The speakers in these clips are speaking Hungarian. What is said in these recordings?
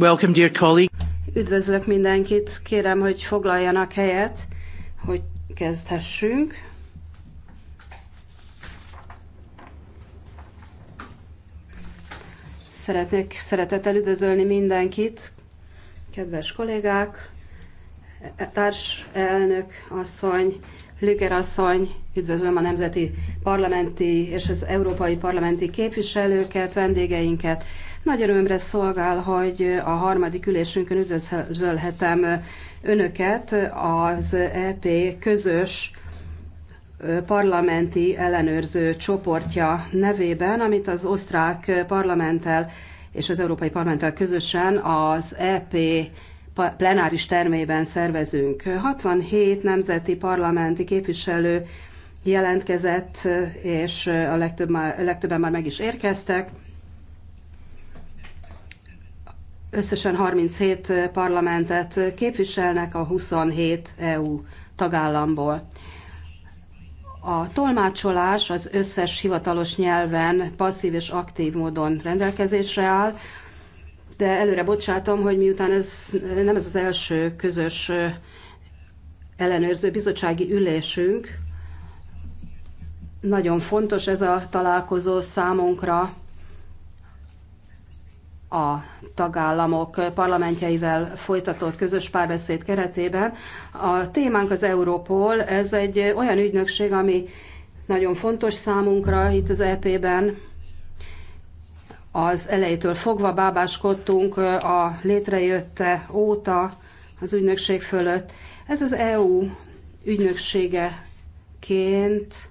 Welcome, dear colleague. Üdvözlök mindenkit, kérem, hogy foglaljanak helyet, hogy kezdhessünk. Szeretnék szeretettel üdvözölni mindenkit, kedves kollégák, társ elnök asszony, Lüger asszony, üdvözlöm a nemzeti parlamenti és az európai parlamenti képviselőket, vendégeinket, nagy örömre szolgál, hogy a harmadik ülésünkön üdvözölhetem önöket az EP közös parlamenti ellenőrző csoportja nevében, amit az osztrák parlamenttel és az Európai Parlamenttel közösen az EP plenáris termében szervezünk. 67 nemzeti parlamenti képviselő jelentkezett, és a legtöbb már, legtöbben már meg is érkeztek összesen 37 eh, parlamentet képviselnek a 27 EU tagállamból. A tolmácsolás az összes hivatalos nyelven passzív és aktív módon rendelkezésre áll, de előre bocsátom, hogy miután ez nem ez az első közös eh, ellenőrző bizottsági ülésünk, nagyon fontos ez a találkozó számunkra, a tagállamok parlamentjeivel folytatott közös párbeszéd keretében. A témánk az Európol, ez egy olyan ügynökség, ami nagyon fontos számunkra itt az EP-ben. Az elejétől fogva bábáskodtunk a létrejötte óta az ügynökség fölött. Ez az EU ügynökségeként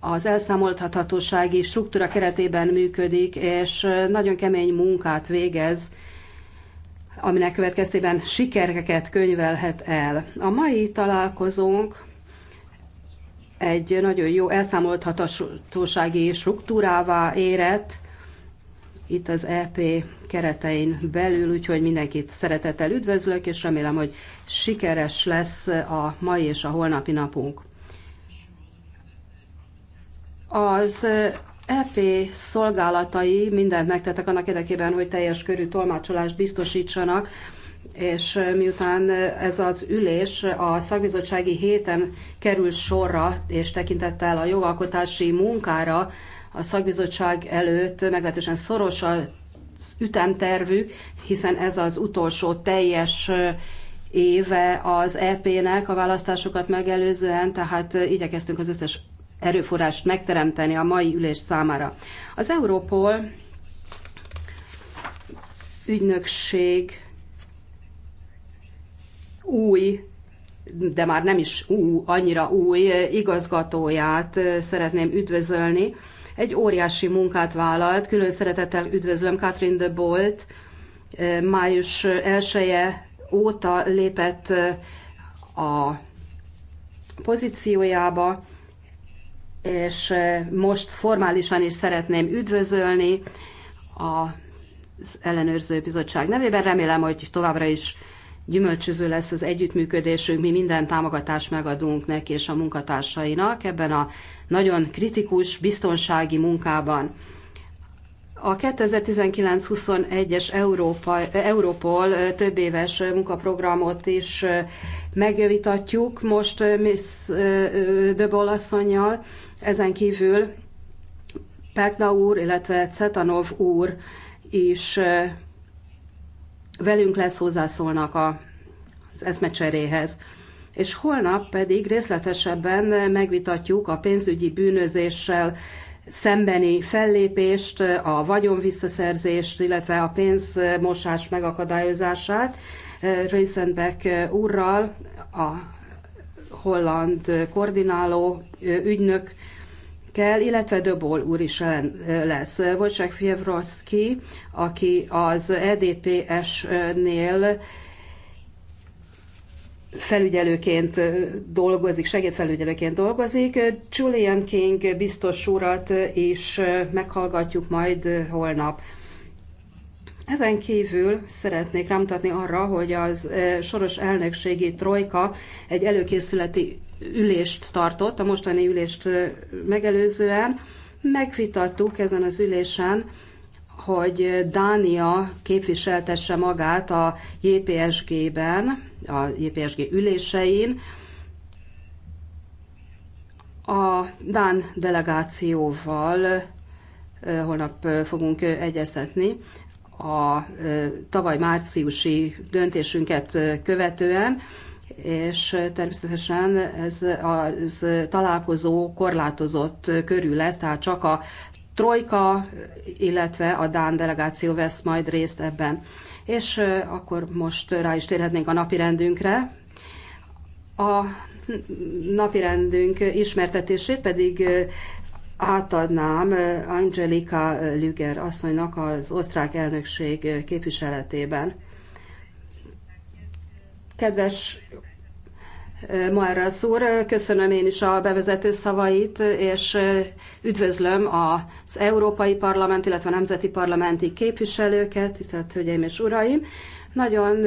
az elszámoltathatósági struktúra keretében működik, és nagyon kemény munkát végez, aminek következtében sikereket könyvelhet el. A mai találkozónk egy nagyon jó elszámoltathatósági struktúrává érett, itt az EP keretein belül, úgyhogy mindenkit szeretettel üdvözlök, és remélem, hogy sikeres lesz a mai és a holnapi napunk. Az EP szolgálatai mindent megtettek annak érdekében, hogy teljes körű tolmácsolást biztosítsanak, és miután ez az ülés a szakbizottsági héten kerül sorra, és tekintettel a jogalkotási munkára a szakbizottság előtt meglehetősen szoros az ütemtervük, hiszen ez az utolsó teljes éve az EP-nek a választásokat megelőzően, tehát igyekeztünk az összes erőforrást megteremteni a mai ülés számára. Az Európol ügynökség új, de már nem is ú, annyira új igazgatóját szeretném üdvözölni. Egy óriási munkát vállalt, külön szeretettel üdvözlöm Katrin de Bolt, május 1 -e óta lépett a pozíciójába, és most formálisan is szeretném üdvözölni az ellenőrző bizottság nevében. Remélem, hogy továbbra is gyümölcsöző lesz az együttműködésünk, mi minden támogatást megadunk neki és a munkatársainak ebben a nagyon kritikus biztonsági munkában. A 2019-21-es Európol több éves munkaprogramot is megvitatjuk most Miss Döbol asszonynal, ezen kívül Pekna úr, illetve Cetanov úr is velünk lesz hozzászólnak az eszmecseréhez. És holnap pedig részletesebben megvitatjuk a pénzügyi bűnözéssel szembeni fellépést, a visszaszerzést, illetve a pénzmosás megakadályozását Reisenbeck úrral, a holland koordináló ügynök kell, illetve Döbol úr is lesz. Wojciech Fievroszki, aki az EDPS-nél felügyelőként dolgozik, segédfelügyelőként dolgozik. Julian King biztos urat is meghallgatjuk majd holnap. Ezen kívül szeretnék rámutatni arra, hogy az e, soros elnökségi trojka egy előkészületi ülést tartott, a mostani ülést e, megelőzően. Megvitattuk ezen az ülésen, hogy Dánia képviseltesse magát a JPSG-ben, a JPSG ülésein, a Dán delegációval e, holnap fogunk egyeztetni a tavaly márciusi döntésünket követően, és természetesen ez a találkozó korlátozott körül lesz, tehát csak a Trojka, illetve a Dán delegáció vesz majd részt ebben. És akkor most rá is térhetnénk a napirendünkre. A napirendünk ismertetését pedig átadnám Angelika Lüger asszonynak az osztrák elnökség képviseletében. Kedves Moeras úr, köszönöm én is a bevezető szavait, és üdvözlöm az Európai Parlament, illetve a Nemzeti Parlamenti képviselőket, tisztelt Hölgyeim és Uraim. Nagyon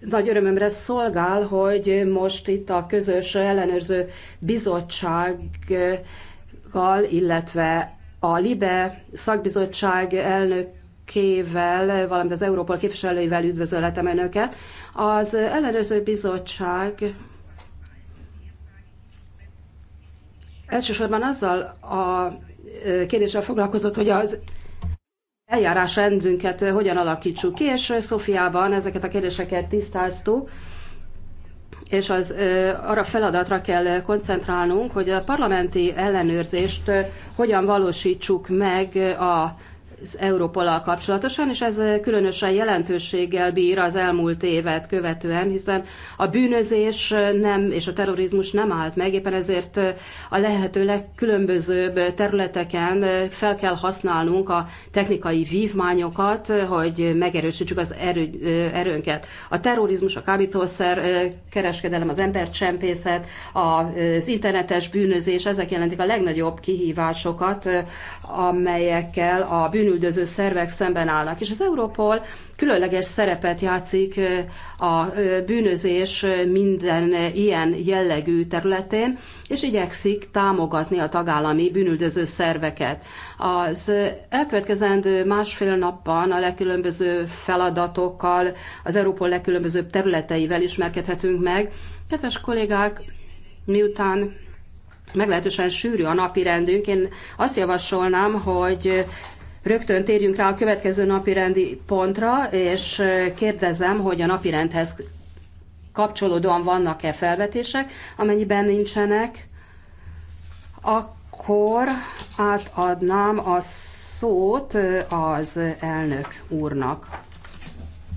nagy örömömre szolgál, hogy most itt a közös ellenőrző bizottság gal, illetve a LIBE szakbizottság elnökével, valamint az Európol képviselőivel üdvözölhetem önöket. Az ellenőrző bizottság elsősorban azzal a kérdéssel foglalkozott, hogy az eljárásrendünket hogyan alakítsuk ki, és Szofiában ezeket a kérdéseket tisztáztuk és az arra feladatra kell koncentrálnunk, hogy a parlamenti ellenőrzést hogyan valósítsuk meg a az Európolal kapcsolatosan, és ez különösen jelentőséggel bír az elmúlt évet követően, hiszen a bűnözés nem, és a terrorizmus nem állt meg, éppen ezért a lehető legkülönbözőbb területeken fel kell használnunk a technikai vívmányokat, hogy megerősítsük az erő, erőnket. A terrorizmus, a kábítószer kereskedelem, az embercsempészet, az internetes bűnözés, ezek jelentik a legnagyobb kihívásokat, amelyekkel a bűnözés bűnüldöző szervek szemben állnak. És az Európol különleges szerepet játszik a bűnözés minden ilyen jellegű területén, és igyekszik támogatni a tagállami bűnüldöző szerveket. Az elkövetkezendő másfél napban a legkülönböző feladatokkal, az Európol legkülönbözőbb területeivel ismerkedhetünk meg. Kedves kollégák, miután meglehetősen sűrű a napi rendünk, én azt javasolnám, hogy rögtön térjünk rá a következő napirendi pontra, és kérdezem, hogy a napirendhez kapcsolódóan vannak-e felvetések, amennyiben nincsenek, akkor átadnám a szót az elnök úrnak.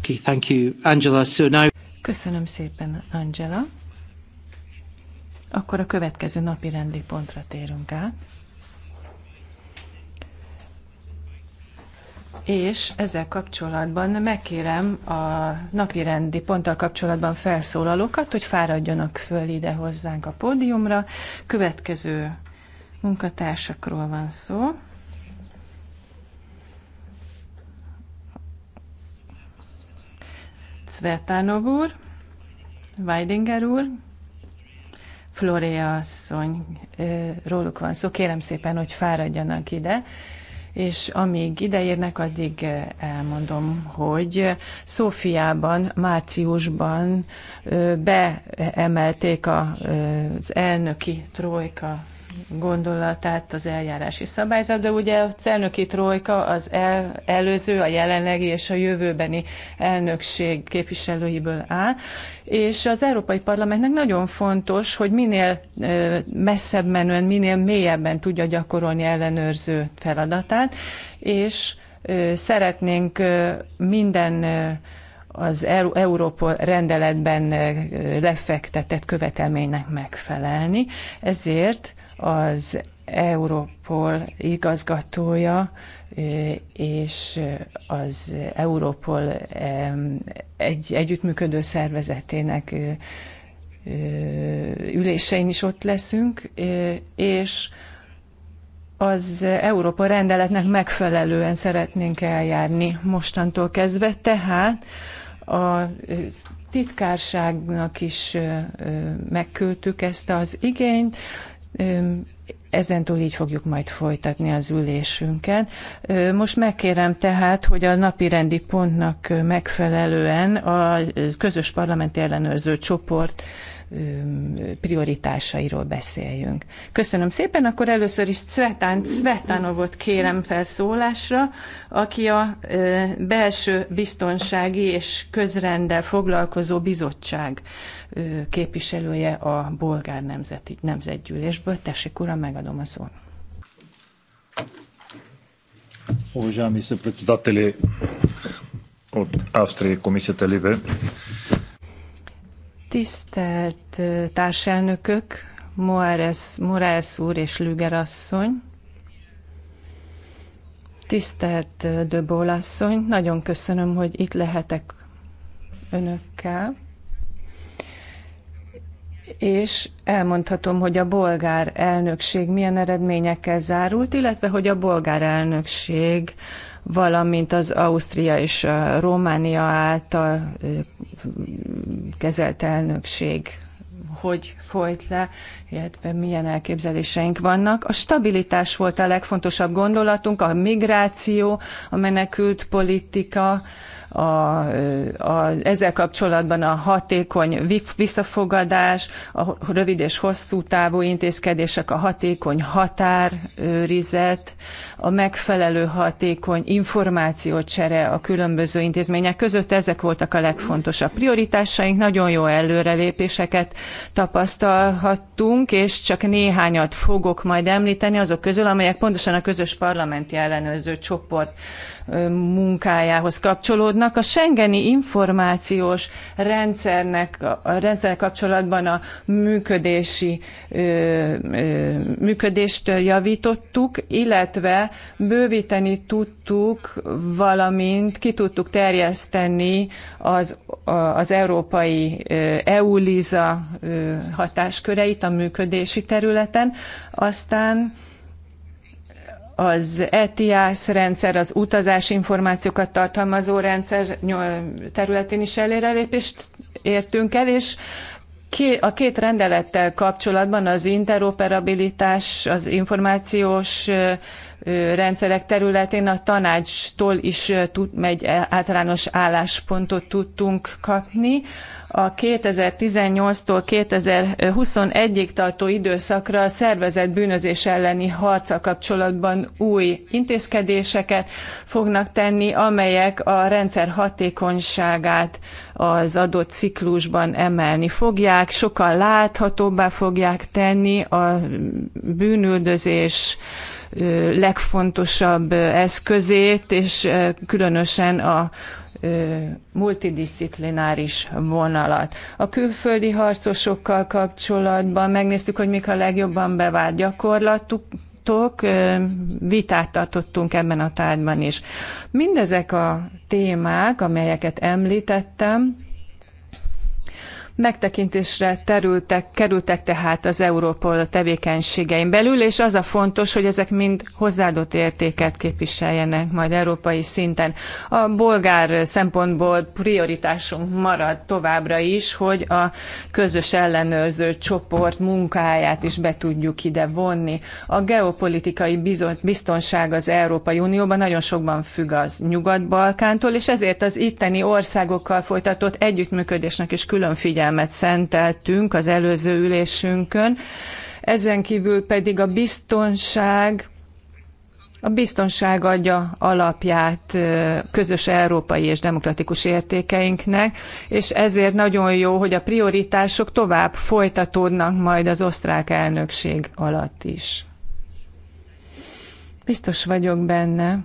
Okay, thank you, Angela. So now... Köszönöm szépen, Angela. Akkor a következő napi rendi pontra térünk át. és ezzel kapcsolatban megkérem a napirendi ponttal kapcsolatban felszólalókat, hogy fáradjanak föl ide hozzánk a pódiumra. Következő munkatársakról van szó. Cvetánov úr, Weidinger úr, Florea asszony, róluk van szó. Kérem szépen, hogy fáradjanak ide és amíg ideérnek, addig eh, elmondom, hogy Szófiában, márciusban beemelték az elnöki trojka gondolatát az eljárási szabályzat, de ugye a celnöki trojka az el, előző, a jelenlegi és a jövőbeni elnökség képviselőiből áll, és az Európai Parlamentnek nagyon fontos, hogy minél messzebb menően, minél mélyebben tudja gyakorolni ellenőrző feladatát, és szeretnénk minden az Európa rendeletben lefektetett követelménynek megfelelni. Ezért az Europol igazgatója és az Europol egy, együttműködő szervezetének ülésein is ott leszünk, és az Európa rendeletnek megfelelően szeretnénk eljárni mostantól kezdve, tehát a titkárságnak is megküldtük ezt az igényt, Ezentúl így fogjuk majd folytatni az ülésünket. Most megkérem tehát, hogy a napi rendi pontnak megfelelően a közös parlamenti ellenőrző csoport prioritásairól beszéljünk. Köszönöm szépen, akkor először is Cvetán Cvetanovot kérem felszólásra, aki a belső biztonsági és közrendel foglalkozó bizottság képviselője a Bolgár Nemzeti Nemzetgyűlésből. Tessék, uram, megadom a szót. Уважаеми съпредседатели от Австрия и Комисията Либе, Tisztelt társelnökök, Moares, Moraes úr és Lüger asszony, tisztelt Döbol asszony, nagyon köszönöm, hogy itt lehetek önökkel és elmondhatom, hogy a bolgár elnökség milyen eredményekkel zárult, illetve hogy a bolgár elnökség valamint az Ausztria és a Románia által kezelt elnökség hogy folyt le, illetve milyen elképzeléseink vannak. A stabilitás volt a legfontosabb gondolatunk, a migráció, a menekült politika, a, a, ezzel kapcsolatban a hatékony visszafogadás, a rövid és hosszú távú intézkedések, a hatékony határőrizet, a megfelelő hatékony információcsere a különböző intézmények között, ezek voltak a legfontosabb prioritásaink, nagyon jó előrelépéseket tapasztalhattunk, és csak néhányat fogok majd említeni azok közül, amelyek pontosan a közös parlamenti ellenőrző csoport munkájához kapcsolódnak. A Schengeni információs rendszernek a rendszer kapcsolatban a működési működést javítottuk, illetve bővíteni tudtuk, valamint ki tudtuk terjeszteni az, az európai EULISA hatásköreit a működési területen. Aztán az ETIAS rendszer, az utazási információkat tartalmazó rendszer területén is előrelépést értünk el, és a két rendelettel kapcsolatban az interoperabilitás, az információs rendszerek területén a tanácstól is tud, egy általános álláspontot tudtunk kapni a 2018-tól 2021-ig tartó időszakra a szervezett bűnözés elleni harca kapcsolatban új intézkedéseket fognak tenni, amelyek a rendszer hatékonyságát az adott ciklusban emelni fogják, sokkal láthatóbbá fogják tenni a bűnüldözés legfontosabb eszközét, és különösen a multidisziplináris vonalat. A külföldi harcosokkal kapcsolatban megnéztük, hogy mik a legjobban bevált gyakorlatuk, hallottok, vitát tartottunk ebben a tárgyban is. Mindezek a témák, amelyeket említettem, Megtekintésre terültek, kerültek tehát az Európol tevékenységein belül, és az a fontos, hogy ezek mind hozzáadott értéket képviseljenek majd európai szinten. A bolgár szempontból prioritásunk marad továbbra is, hogy a közös ellenőrző csoport munkáját is be tudjuk ide vonni. A geopolitikai biztonság az Európai Unióban nagyon sokban függ az Nyugat-Balkántól, és ezért az itteni országokkal folytatott együttműködésnek is külön figyelme figyelmet szenteltünk az előző ülésünkön. Ezen kívül pedig a biztonság, a biztonság adja alapját közös európai és demokratikus értékeinknek, és ezért nagyon jó, hogy a prioritások tovább folytatódnak majd az osztrák elnökség alatt is. Biztos vagyok benne,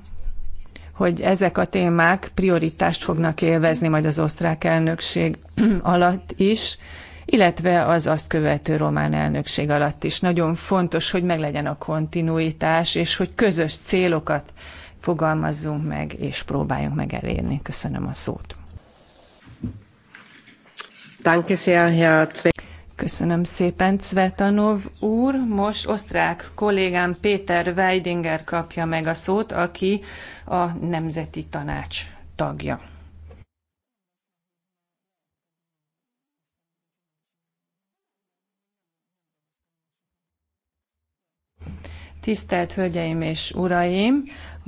hogy ezek a témák prioritást fognak élvezni majd az osztrák elnökség alatt is, illetve az azt követő román elnökség alatt is. Nagyon fontos, hogy meglegyen a kontinuitás, és hogy közös célokat fogalmazzunk meg, és próbáljunk meg elérni. Köszönöm a szót. Köszönöm szépen, Cvetanov úr. Most osztrák kollégám Péter Weidinger kapja meg a szót, aki a Nemzeti Tanács tagja. Tisztelt Hölgyeim és Uraim!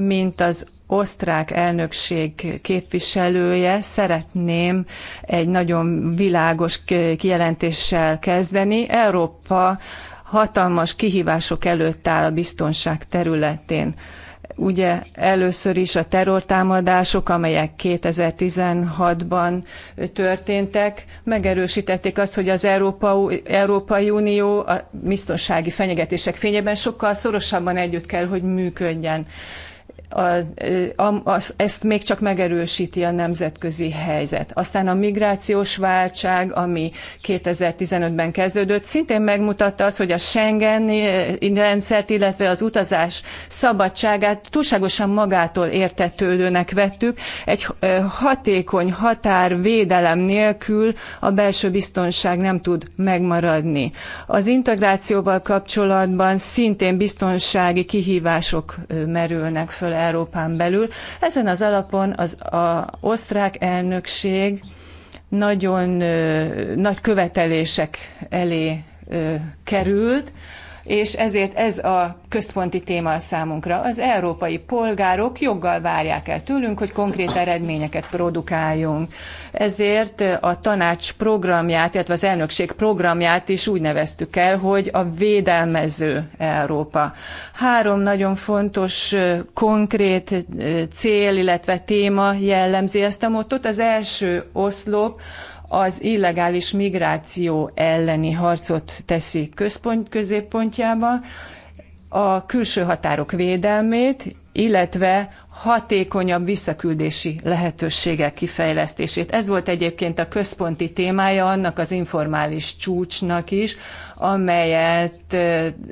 mint az osztrák elnökség képviselője szeretném egy nagyon világos kijelentéssel kezdeni. Európa hatalmas kihívások előtt áll a biztonság területén ugye először is a terrortámadások, amelyek 2016-ban történtek, megerősítették azt, hogy az Európa, Európai Unió a biztonsági fenyegetések fényében sokkal szorosabban együtt kell, hogy működjen a, a, az, ezt még csak megerősíti a nemzetközi helyzet. Aztán a migrációs váltság, ami 2015-ben kezdődött, szintén megmutatta azt, hogy a Schengen rendszert, illetve az utazás szabadságát túlságosan magától értetődőnek vettük. Egy hatékony határvédelem nélkül a belső biztonság nem tud megmaradni. Az integrációval kapcsolatban szintén biztonsági kihívások merülnek föl Európán belül. Ezen az alapon az a osztrák elnökség nagyon ö, nagy követelések elé ö, került, és ezért ez a központi téma a számunkra. Az európai polgárok joggal várják el tőlünk, hogy konkrét eredményeket produkáljunk. Ezért a tanács programját, illetve az elnökség programját is úgy neveztük el, hogy a védelmező Európa. Három nagyon fontos konkrét cél, illetve téma jellemzi ezt a motot. Az első oszlop az illegális migráció elleni harcot teszi központ, középpontjába, a külső határok védelmét, illetve hatékonyabb visszaküldési lehetőségek kifejlesztését. Ez volt egyébként a központi témája annak az informális csúcsnak is, amelyet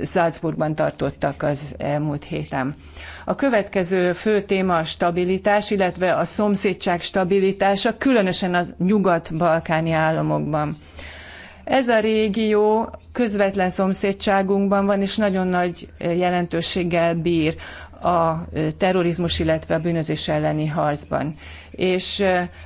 Salzburgban tartottak az elmúlt héten. A következő fő téma a stabilitás, illetve a szomszédság stabilitása, különösen a nyugat-balkáni államokban. Ez a régió közvetlen szomszédságunkban van, és nagyon nagy jelentőséggel bír a terrorizmus, illetve a bűnözés elleni harcban. És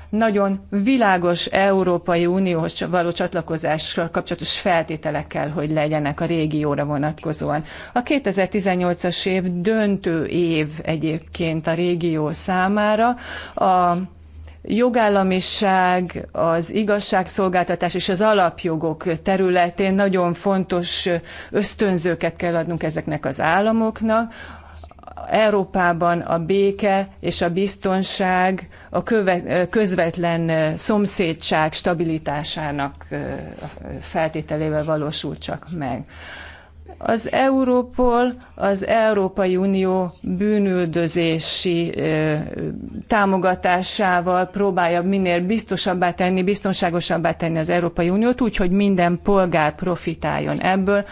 nagyon világos Európai Unióhoz való csatlakozással kapcsolatos feltételek kell, hogy legyenek a régióra vonatkozóan. A 2018-as év döntő év egyébként a régió számára. A jogállamiság, az igazságszolgáltatás és az alapjogok területén nagyon fontos ösztönzőket kell adnunk ezeknek az államoknak, Európában a béke és a biztonság a közvetlen szomszédság stabilitásának feltételével valósul csak meg. Az Európol az Európai Unió bűnüldözési ö, támogatásával próbálja minél biztosabbá tenni, biztonságosabbá tenni az Európai Uniót, úgy, hogy minden polgár profitáljon ebből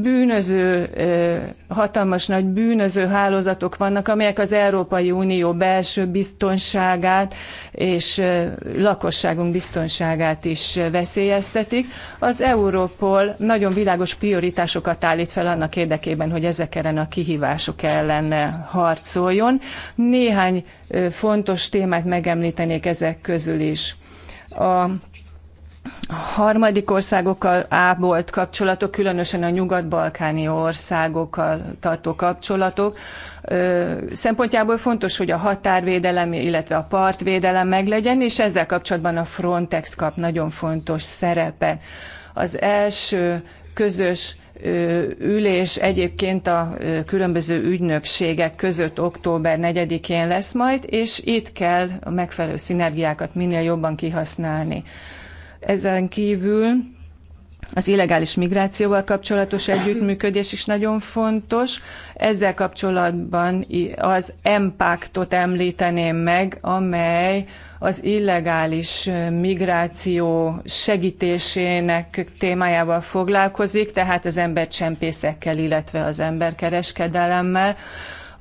bűnöző, hatalmas nagy bűnöző hálózatok vannak, amelyek az Európai Unió belső biztonságát és lakosságunk biztonságát is veszélyeztetik. Az Europol nagyon világos prioritásokat állít fel annak érdekében, hogy ezek ellen a kihívások ellen harcoljon. Néhány fontos témát megemlítenék ezek közül is. A a harmadik országokkal ábolt kapcsolatok, különösen a nyugat-balkáni országokkal tartó kapcsolatok szempontjából fontos, hogy a határvédelem, illetve a partvédelem meglegyen, és ezzel kapcsolatban a Frontex kap nagyon fontos szerepe. Az első közös ülés egyébként a különböző ügynökségek között október 4-én lesz majd, és itt kell a megfelelő szinergiákat minél jobban kihasználni. Ezen kívül az illegális migrációval kapcsolatos együttműködés is nagyon fontos. Ezzel kapcsolatban az impactot említeném meg, amely az illegális migráció segítésének témájával foglalkozik, tehát az embercsempészekkel, illetve az emberkereskedelemmel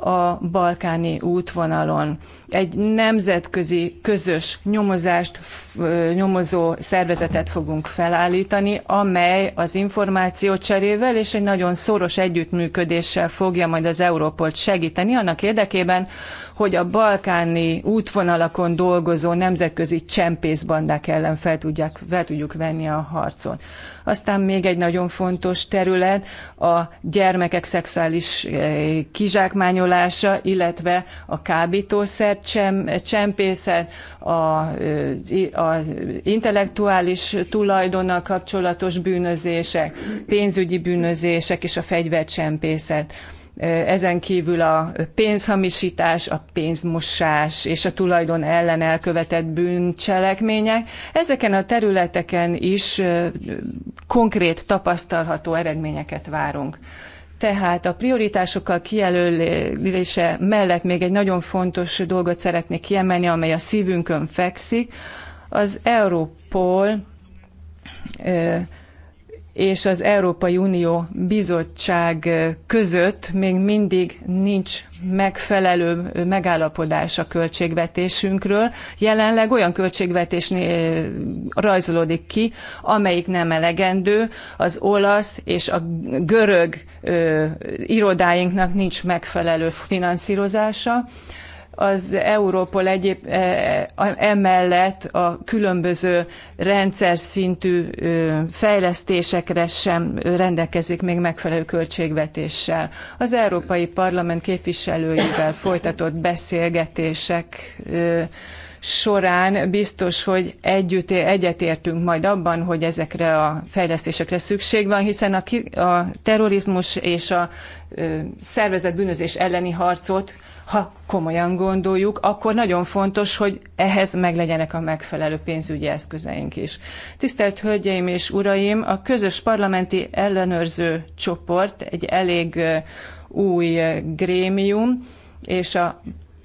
a balkáni útvonalon. Egy nemzetközi közös nyomozást, nyomozó szervezetet fogunk felállítani, amely az információ cserével és egy nagyon szoros együttműködéssel fogja majd az Európolt segíteni annak érdekében, hogy a balkáni útvonalakon dolgozó nemzetközi csempészbandák ellen fel, tudják, fel tudjuk venni a harcot. Aztán még egy nagyon fontos terület a gyermekek szexuális eh, kizsákmányolása, illetve a kábítószer csem, csempészet, a, eh, a intellektuális tulajdonnal kapcsolatos bűnözések, pénzügyi bűnözések és a fegyvercsempészet ezen kívül a pénzhamisítás, a pénzmosás és a tulajdon ellen elkövetett bűncselekmények. Ezeken a területeken is konkrét tapasztalható eredményeket várunk. Tehát a prioritásokkal kijelölése mellett még egy nagyon fontos dolgot szeretnék kiemelni, amely a szívünkön fekszik. Az Európol és az Európai Unió Bizottság között még mindig nincs megfelelő megállapodás a költségvetésünkről. Jelenleg olyan költségvetés rajzolódik ki, amelyik nem elegendő, az olasz és a görög irodáinknak nincs megfelelő finanszírozása az Európol egyéb e, e, emellett a különböző rendszer szintű fejlesztésekre sem rendelkezik még megfelelő költségvetéssel. Az Európai Parlament képviselőivel folytatott beszélgetések során biztos, hogy együtt egyetértünk majd abban, hogy ezekre a fejlesztésekre szükség van, hiszen a, ki, a terrorizmus és a ö, szervezett bűnözés elleni harcot ha komolyan gondoljuk, akkor nagyon fontos, hogy ehhez meglegyenek a megfelelő pénzügyi eszközeink is. Tisztelt Hölgyeim és Uraim, a közös parlamenti ellenőrző csoport egy elég új grémium, és a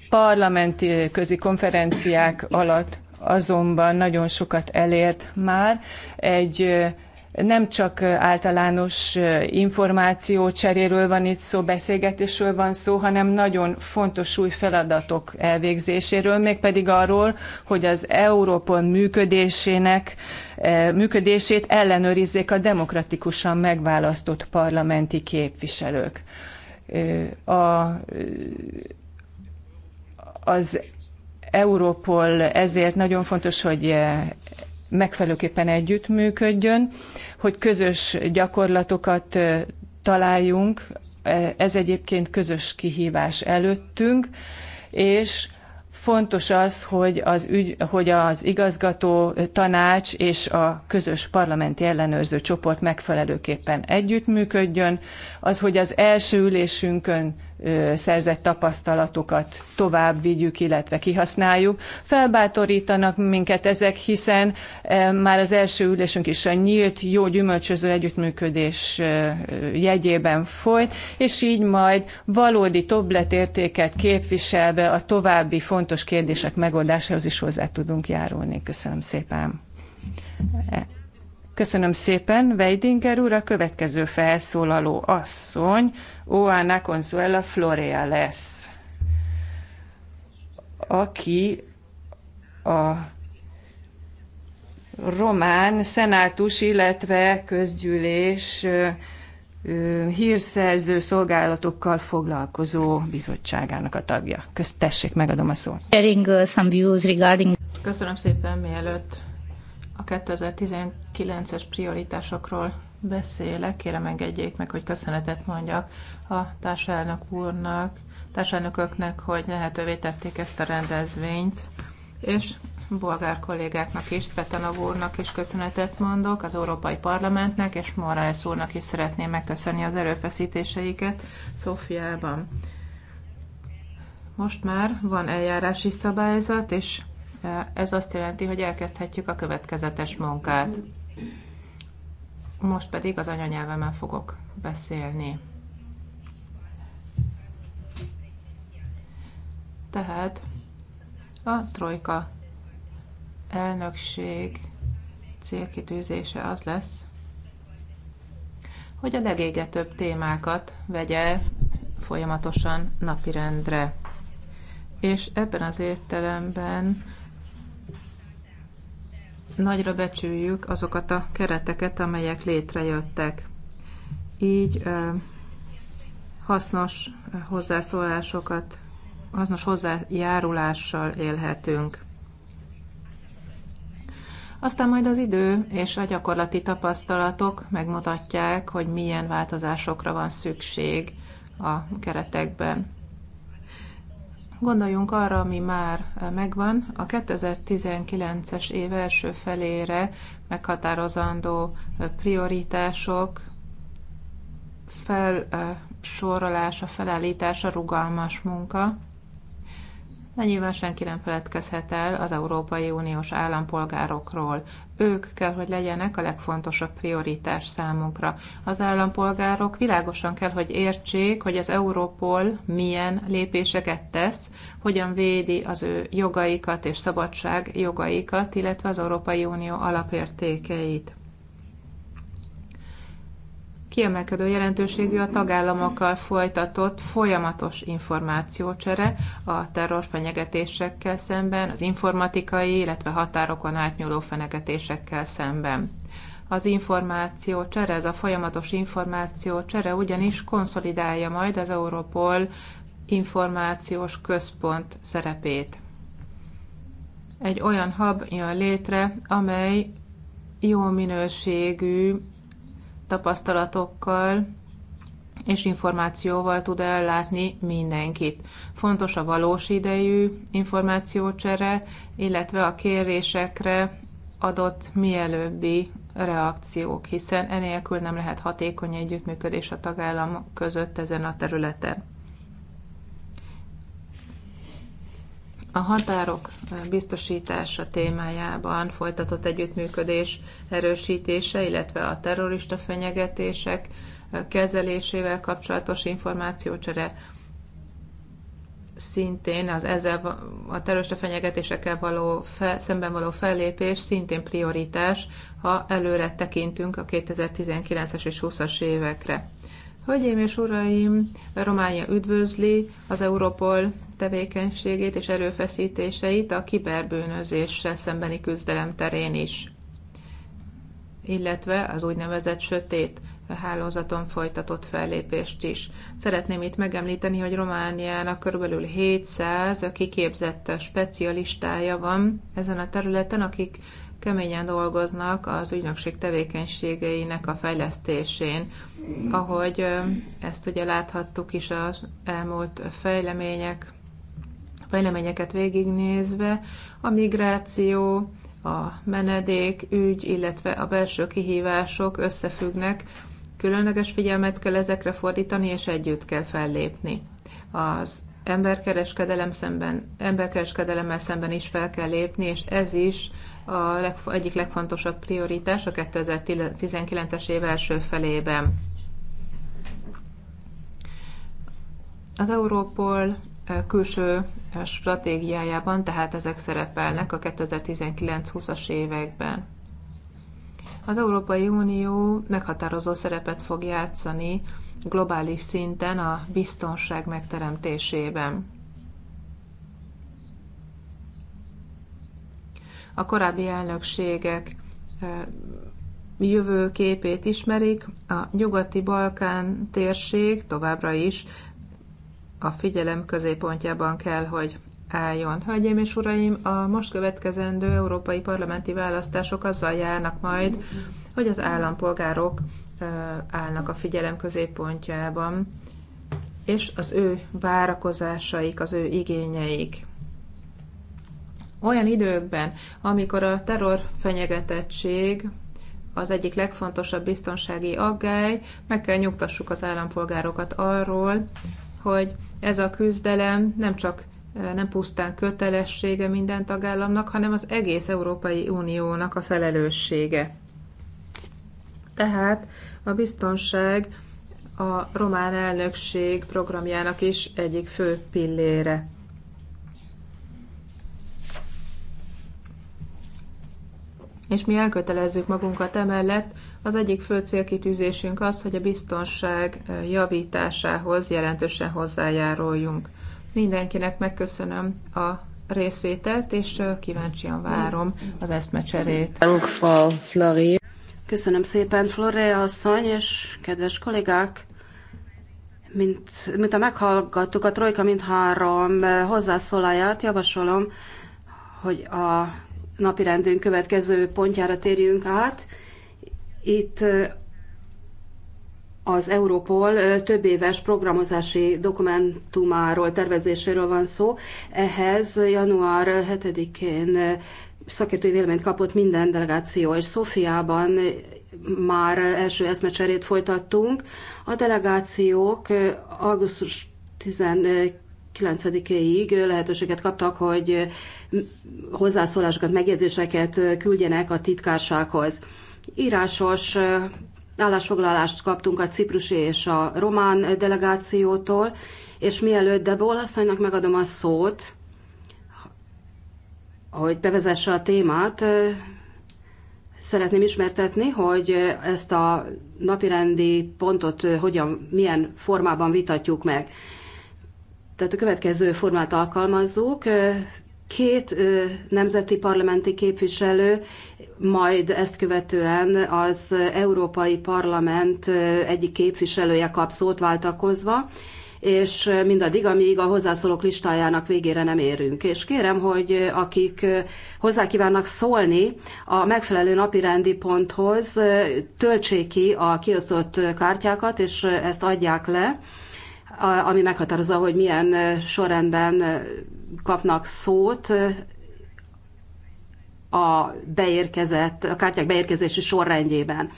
parlamenti közi konferenciák alatt azonban nagyon sokat elért már. Egy nem csak általános információ cseréről van itt szó, beszélgetésről van szó, hanem nagyon fontos új feladatok elvégzéséről, mégpedig arról, hogy az Európol működésének működését ellenőrizzék a demokratikusan megválasztott parlamenti képviselők. A, az Európol ezért nagyon fontos, hogy megfelelőképpen együttműködjön, hogy közös gyakorlatokat találjunk, e, ez egyébként közös kihívás előttünk, és fontos az, hogy az, ügy, hogy az igazgató tanács és a közös parlamenti ellenőrző csoport megfelelőképpen együttműködjön, az, hogy az első ülésünkön szerzett tapasztalatokat tovább vigyük, illetve kihasználjuk. Felbátorítanak minket ezek, hiszen már az első ülésünk is a nyílt, jó gyümölcsöző együttműködés jegyében folyt, és így majd valódi tobletértéket képviselve a további fontos kérdések megoldásához is hozzá tudunk járulni. Köszönöm szépen. Köszönöm szépen, Weidinger úr, a következő felszólaló asszony, Oana Consuela Florea lesz, aki a román szenátus, illetve közgyűlés hírszerző szolgálatokkal foglalkozó bizottságának a tagja. Közt tessék, megadom a szót. Uh, Köszönöm szépen, mielőtt a 2019-es prioritásokról beszélek, kérem engedjék meg, hogy köszönetet mondjak a társelnök úrnak, társelnököknek, hogy lehetővé tették ezt a rendezvényt, és bolgár kollégáknak is, Tvetanov úrnak is köszönetet mondok, az Európai Parlamentnek, és Moraes úrnak is szeretném megköszönni az erőfeszítéseiket Szófiában. Most már van eljárási szabályzat, és ez azt jelenti, hogy elkezdhetjük a következetes munkát. Most pedig az anyanyelvemen fogok beszélni. Tehát a trojka elnökség célkitűzése az lesz, hogy a legégetőbb témákat vegye folyamatosan napirendre. És ebben az értelemben nagyra becsüljük azokat a kereteket, amelyek létrejöttek. Így hasznos hozzászólásokat, hasznos hozzájárulással élhetünk. Aztán majd az idő és a gyakorlati tapasztalatok megmutatják, hogy milyen változásokra van szükség a keretekben. Gondoljunk arra, ami már eh, megvan, a 2019-es év első felére meghatározandó eh, prioritások felsorolása, felállítása, rugalmas munka. De nyilván senki nem feledkezhet el az Európai Uniós állampolgárokról ők kell, hogy legyenek a legfontosabb prioritás számunkra. Az állampolgárok világosan kell, hogy értsék, hogy az Europol milyen lépéseket tesz, hogyan védi az ő jogaikat és szabadság jogaikat, illetve az Európai Unió alapértékeit kiemelkedő jelentőségű a tagállamokkal folytatott folyamatos információcsere a terrorfenyegetésekkel szemben, az informatikai, illetve határokon átnyúló fenyegetésekkel szemben. Az információ csere, ez a folyamatos információ csere ugyanis konszolidálja majd az Europol információs központ szerepét. Egy olyan hub jön létre, amely jó minőségű tapasztalatokkal és információval tud ellátni mindenkit. Fontos a valós idejű információcsere, illetve a kérésekre adott mielőbbi reakciók, hiszen enélkül nem lehet hatékony együttműködés a tagállamok között ezen a területen. A határok biztosítása témájában folytatott együttműködés erősítése, illetve a terrorista fenyegetések kezelésével kapcsolatos információcsere szintén az ezzel a terrorista fenyegetésekkel való szemben való fellépés szintén prioritás, ha előre tekintünk a 2019-es és 20-as évekre. Hölgyeim és uraim, Románia üdvözli az Europol tevékenységét és erőfeszítéseit a kiberbűnözéssel szembeni küzdelem terén is, illetve az úgynevezett sötét hálózaton folytatott fellépést is. Szeretném itt megemlíteni, hogy Romániának körülbelül 700 kiképzett specialistája van ezen a területen, akik keményen dolgoznak az ügynökség tevékenységeinek a fejlesztésén. Ahogy ezt ugye láthattuk is az elmúlt fejlemények fejleményeket végignézve a migráció, a menedék ügy, illetve a belső kihívások összefüggnek, különleges figyelmet kell ezekre fordítani, és együtt kell fellépni. Az emberkereskedelem szemben, emberkereskedelemmel szemben is fel kell lépni, és ez is a leg, egyik legfontosabb prioritás a 2019-es év első felében. Az Európol külső stratégiájában, tehát ezek szerepelnek a 2019-20-as években. Az Európai Unió meghatározó szerepet fog játszani globális szinten a biztonság megteremtésében. A korábbi elnökségek jövőképét ismerik, a nyugati Balkán térség továbbra is a figyelem középpontjában kell, hogy álljon. Hölgyeim és uraim, a most következendő európai parlamenti választások azzal járnak majd, hogy az állampolgárok állnak a figyelem középpontjában, és az ő várakozásaik, az ő igényeik. Olyan időkben, amikor a terror fenyegetettség az egyik legfontosabb biztonsági aggály, meg kell nyugtassuk az állampolgárokat arról, hogy ez a küzdelem nem csak nem pusztán kötelessége minden tagállamnak, hanem az egész Európai Uniónak a felelőssége. Tehát a biztonság a román elnökség programjának is egyik fő pillére. És mi elkötelezzük magunkat emellett, az egyik fő célkitűzésünk az, hogy a biztonság javításához jelentősen hozzájáruljunk. Mindenkinek megköszönöm a részvételt, és kíváncsian várom az eszmecserét. Köszönöm szépen, Floré asszony, és kedves kollégák! Mint, mint a meghallgattuk a Trojka három hozzászóláját, javasolom, hogy a napirendünk következő pontjára térjünk át. Itt az Európol több éves programozási dokumentumáról, tervezéséről van szó. Ehhez január 7-én szakértői véleményt kapott minden delegáció, és Szofiában már első eszmecserét folytattunk. A delegációk augusztus 19 éig lehetőséget kaptak, hogy hozzászólásokat, megjegyzéseket küldjenek a titkársághoz. Írásos állásfoglalást kaptunk a ciprusi és a román delegációtól, és mielőtt de asszonynak megadom a szót, hogy bevezesse a témát, szeretném ismertetni, hogy ezt a napirendi pontot hogyan, milyen formában vitatjuk meg. Tehát a következő formát alkalmazzuk, két nemzeti parlamenti képviselő, majd ezt követően az Európai Parlament egyik képviselője kap szót váltakozva, és mindaddig, amíg a hozzászólók listájának végére nem érünk. És kérem, hogy akik hozzá kívánnak szólni a megfelelő napi rendi ponthoz, töltsék ki a kiosztott kártyákat, és ezt adják le, ami meghatározza, hogy milyen sorrendben kapnak szót a beérkezett, a kártyák beérkezési sorrendjében.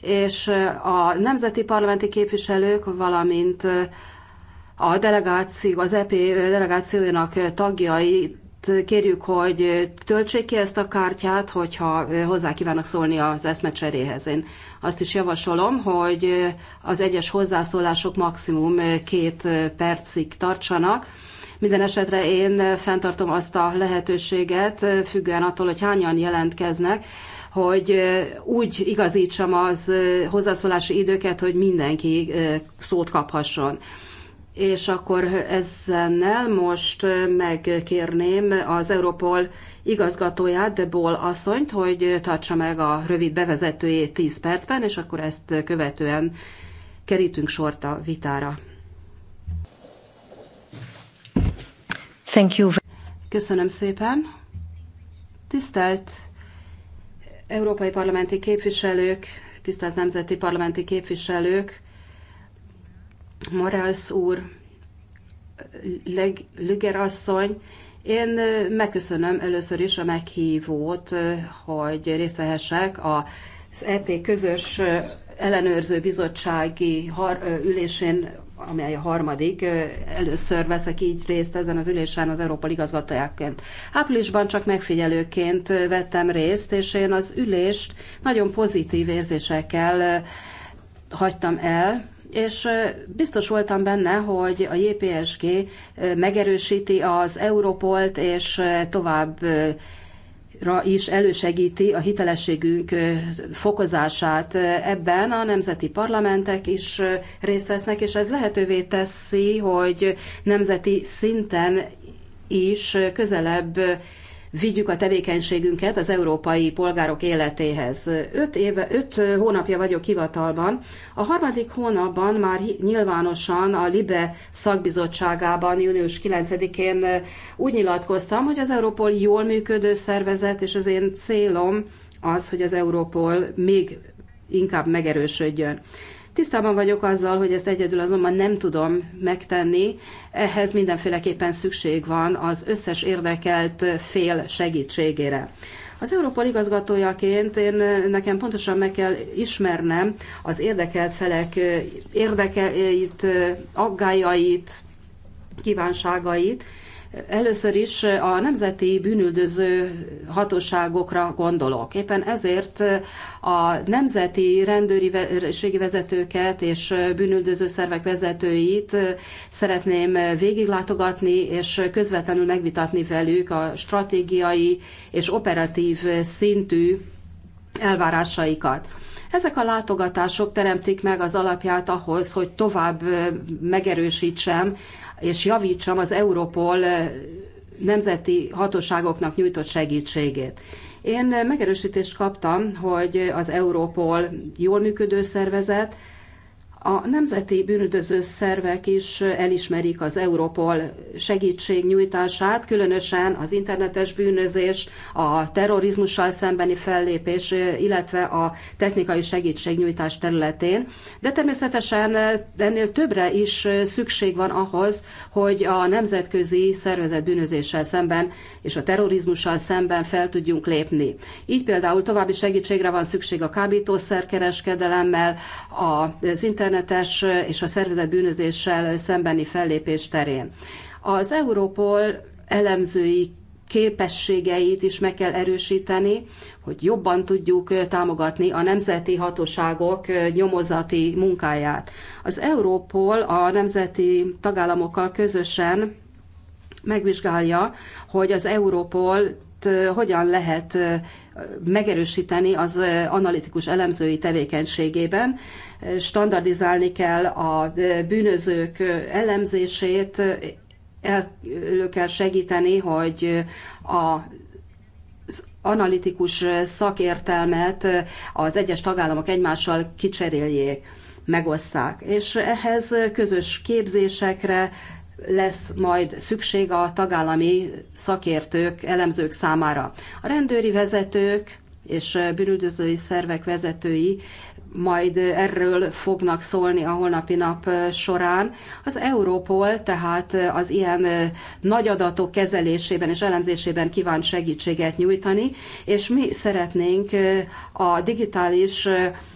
És a nemzeti parlamenti képviselők, valamint a delegáció, az EP delegációjának tagjai Hát kérjük, hogy töltsék ki ezt a kártyát, hogyha hozzá kívánnak szólni az eszmecseréhez. Én azt is javasolom, hogy az egyes hozzászólások maximum két percig tartsanak. Minden esetre én fenntartom azt a lehetőséget, függően attól, hogy hányan jelentkeznek, hogy úgy igazítsam az hozzászólási időket, hogy mindenki szót kaphasson. És akkor ezzel most megkérném az Europol igazgatóját, de Ból asszonyt, hogy tartsa meg a rövid bevezetőjét 10 percben, és akkor ezt követően kerítünk sort a vitára. Thank you. Köszönöm szépen. Tisztelt Európai Parlamenti képviselők, tisztelt Nemzeti Parlamenti képviselők, Morales úr, Lüger asszony, én megköszönöm először is a meghívót, hogy részt vehessek az EP közös ellenőrző bizottsági ülésén, amely a harmadik, először veszek így részt ezen az ülésen az Európa igazgatójáként. Áprilisban csak megfigyelőként vettem részt, és én az ülést nagyon pozitív érzésekkel hagytam el, és biztos voltam benne, hogy a JPSG megerősíti az Europolt, és tovább is elősegíti a hitelességünk fokozását. Ebben a nemzeti parlamentek is részt vesznek, és ez lehetővé teszi, hogy nemzeti szinten is közelebb vigyük a tevékenységünket az európai polgárok életéhez. Öt, éve, öt hónapja vagyok hivatalban. A harmadik hónapban már nyilvánosan a LIBE szakbizottságában június 9-én úgy nyilatkoztam, hogy az Európol jól működő szervezet, és az én célom az, hogy az Európol még inkább megerősödjön. Tisztában vagyok azzal, hogy ezt egyedül azonban nem tudom megtenni, ehhez mindenféleképpen szükség van az összes érdekelt fél segítségére. Az Európol igazgatójaként én nekem pontosan meg kell ismernem az érdekelt felek érdekeit, aggájait, kívánságait, Először is a nemzeti bűnüldöző hatóságokra gondolok. Éppen ezért a nemzeti rendőrségi vezetőket és bűnüldöző szervek vezetőit szeretném végiglátogatni és közvetlenül megvitatni velük a stratégiai és operatív szintű elvárásaikat. Ezek a látogatások teremtik meg az alapját ahhoz, hogy tovább megerősítsem és javítsam az Európol eh, nemzeti hatóságoknak nyújtott segítségét. Én megerősítést kaptam, hogy az Európol jól működő szervezet, a nemzeti bűnüldöző szervek is elismerik az Europol segítségnyújtását, különösen az internetes bűnözés, a terrorizmussal szembeni fellépés, illetve a technikai segítségnyújtás területén. De természetesen ennél többre is szükség van ahhoz, hogy a nemzetközi szervezet bűnözéssel szemben és a terrorizmussal szemben fel tudjunk lépni. Így például további segítségre van szükség a kábítószerkereskedelemmel, az internet internetes és a szervezett bűnözéssel szembeni fellépés terén. Az Európol elemzői képességeit is meg kell erősíteni, hogy jobban tudjuk támogatni a nemzeti hatóságok nyomozati munkáját. Az Európol a nemzeti tagállamokkal közösen megvizsgálja, hogy az Európol hogyan lehet megerősíteni az analitikus elemzői tevékenységében. Standardizálni kell a bűnözők elemzését, elő kell segíteni, hogy a analitikus szakértelmet az egyes tagállamok egymással kicseréljék, megosszák. És ehhez közös képzésekre, lesz majd szükség a tagállami szakértők, elemzők számára. A rendőri vezetők és bűnüldözői szervek vezetői majd erről fognak szólni a holnapi nap során. Az Európol tehát az ilyen nagy adatok kezelésében és elemzésében kíván segítséget nyújtani, és mi szeretnénk a digitális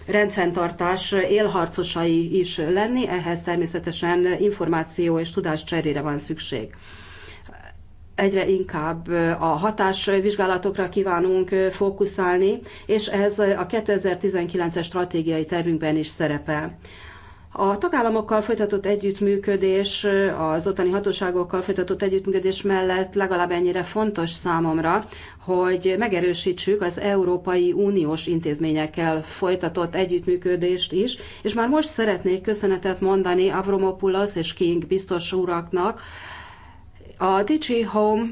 rendfenntartás élharcosai is lenni, ehhez természetesen információ és tudás cserére van szükség egyre inkább a hatásvizsgálatokra kívánunk fókuszálni, és ez a 2019-es stratégiai tervünkben is szerepel. A tagállamokkal folytatott együttműködés, az otthoni hatóságokkal folytatott együttműködés mellett legalább ennyire fontos számomra, hogy megerősítsük az Európai Uniós intézményekkel folytatott együttműködést is, és már most szeretnék köszönetet mondani Avromopoulos és King biztos uraknak, a Digi Home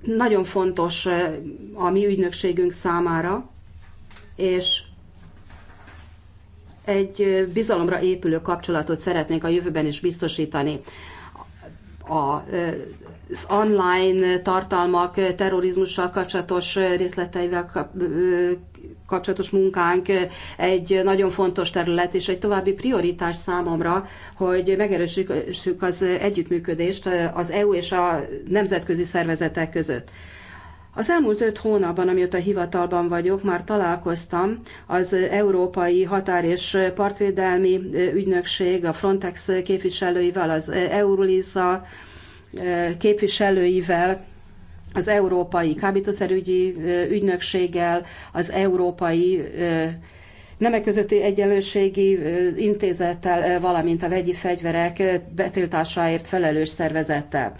nagyon fontos eh, a mi ügynökségünk számára, és egy eh, bizalomra épülő kapcsolatot szeretnénk a jövőben is biztosítani a eh, az online tartalmak terrorizmussal kapcsolatos részleteivel kapcsolatos munkánk egy nagyon fontos terület, és egy további prioritás számomra, hogy megerősítsük az együttműködést az EU és a nemzetközi szervezetek között. Az elmúlt öt hónapban, amióta hivatalban vagyok, már találkoztam az Európai Határ és Partvédelmi Ügynökség, a Frontex képviselőivel, az Eurulisa, képviselőivel, az Európai Kábítószerügyi Ügynökséggel, az Európai Nemek közötti egyenlőségi intézettel, valamint a vegyi fegyverek betiltásáért felelős szervezettel.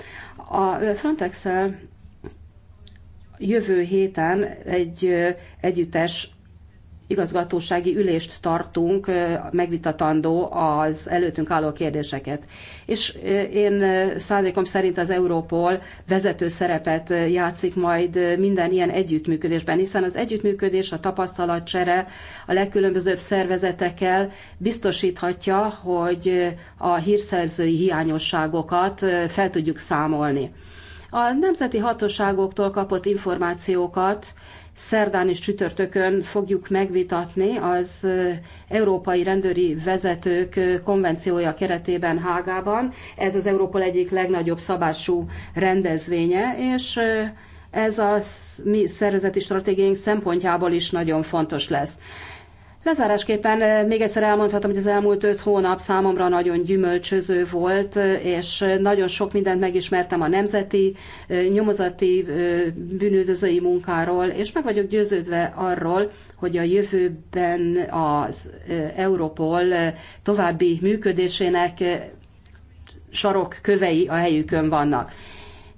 A frontex jövő héten egy együttes igazgatósági ülést tartunk, megvitatandó az előttünk álló kérdéseket. És én szándékom szerint az Európol vezető szerepet játszik majd minden ilyen együttműködésben, hiszen az együttműködés, a tapasztalatcsere a legkülönbözőbb szervezetekkel biztosíthatja, hogy a hírszerzői hiányosságokat fel tudjuk számolni. A nemzeti hatóságoktól kapott információkat szerdán és csütörtökön fogjuk megvitatni az európai rendőri vezetők konvenciója keretében Hágában. Ez az Európa egyik legnagyobb szabású rendezvénye, és ez a mi szervezeti stratégiánk szempontjából is nagyon fontos lesz. Lezárásképpen eh, még egyszer elmondhatom, hogy az elmúlt öt hónap számomra nagyon gyümölcsöző volt, eh, és nagyon sok mindent megismertem a nemzeti, eh, nyomozati, bűnüldözői munkáról, és meg vagyok győződve arról, hogy a jövőben az Europol további működésének sarokkövei a helyükön vannak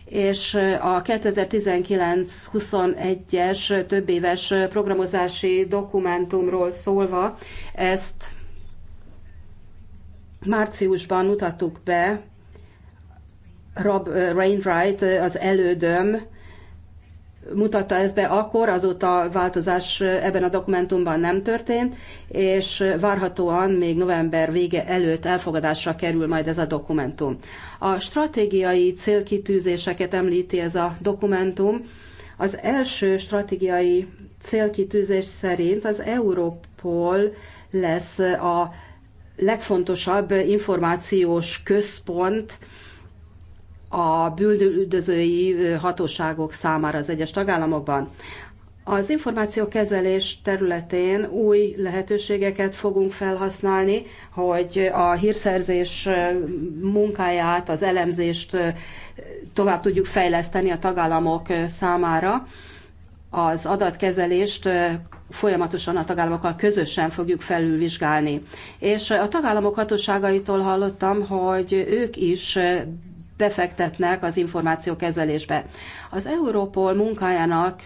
és a 2019-21-es többéves programozási dokumentumról szólva ezt márciusban mutattuk be Rob Rainwright, az elődöm, mutatta ezt be akkor, azóta változás ebben a dokumentumban nem történt, és várhatóan még november vége előtt elfogadásra kerül majd ez a dokumentum. A stratégiai célkitűzéseket említi ez a dokumentum. Az első stratégiai célkitűzés szerint az Európol lesz a legfontosabb információs központ, a bűnüldözői hatóságok számára az egyes tagállamokban. Az információkezelés területén új lehetőségeket fogunk felhasználni, hogy a hírszerzés munkáját, az elemzést tovább tudjuk fejleszteni a tagállamok számára. Az adatkezelést folyamatosan a tagállamokkal közösen fogjuk felülvizsgálni. És a tagállamok hatóságaitól hallottam, hogy ők is befektetnek az információkezelésbe. Az Európol munkájának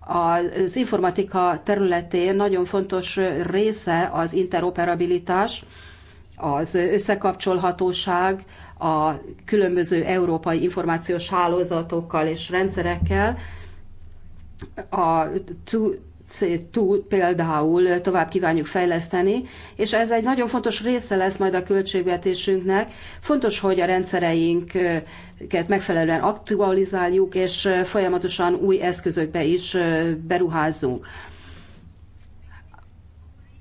az informatika területén nagyon fontos része az interoperabilitás, az összekapcsolhatóság a különböző európai információs hálózatokkal és rendszerekkel, a tud például tovább kívánjuk fejleszteni, és ez egy nagyon fontos része lesz majd a költségvetésünknek. Fontos, hogy a rendszereinket megfelelően aktualizáljuk, és folyamatosan új eszközökbe is beruházzunk.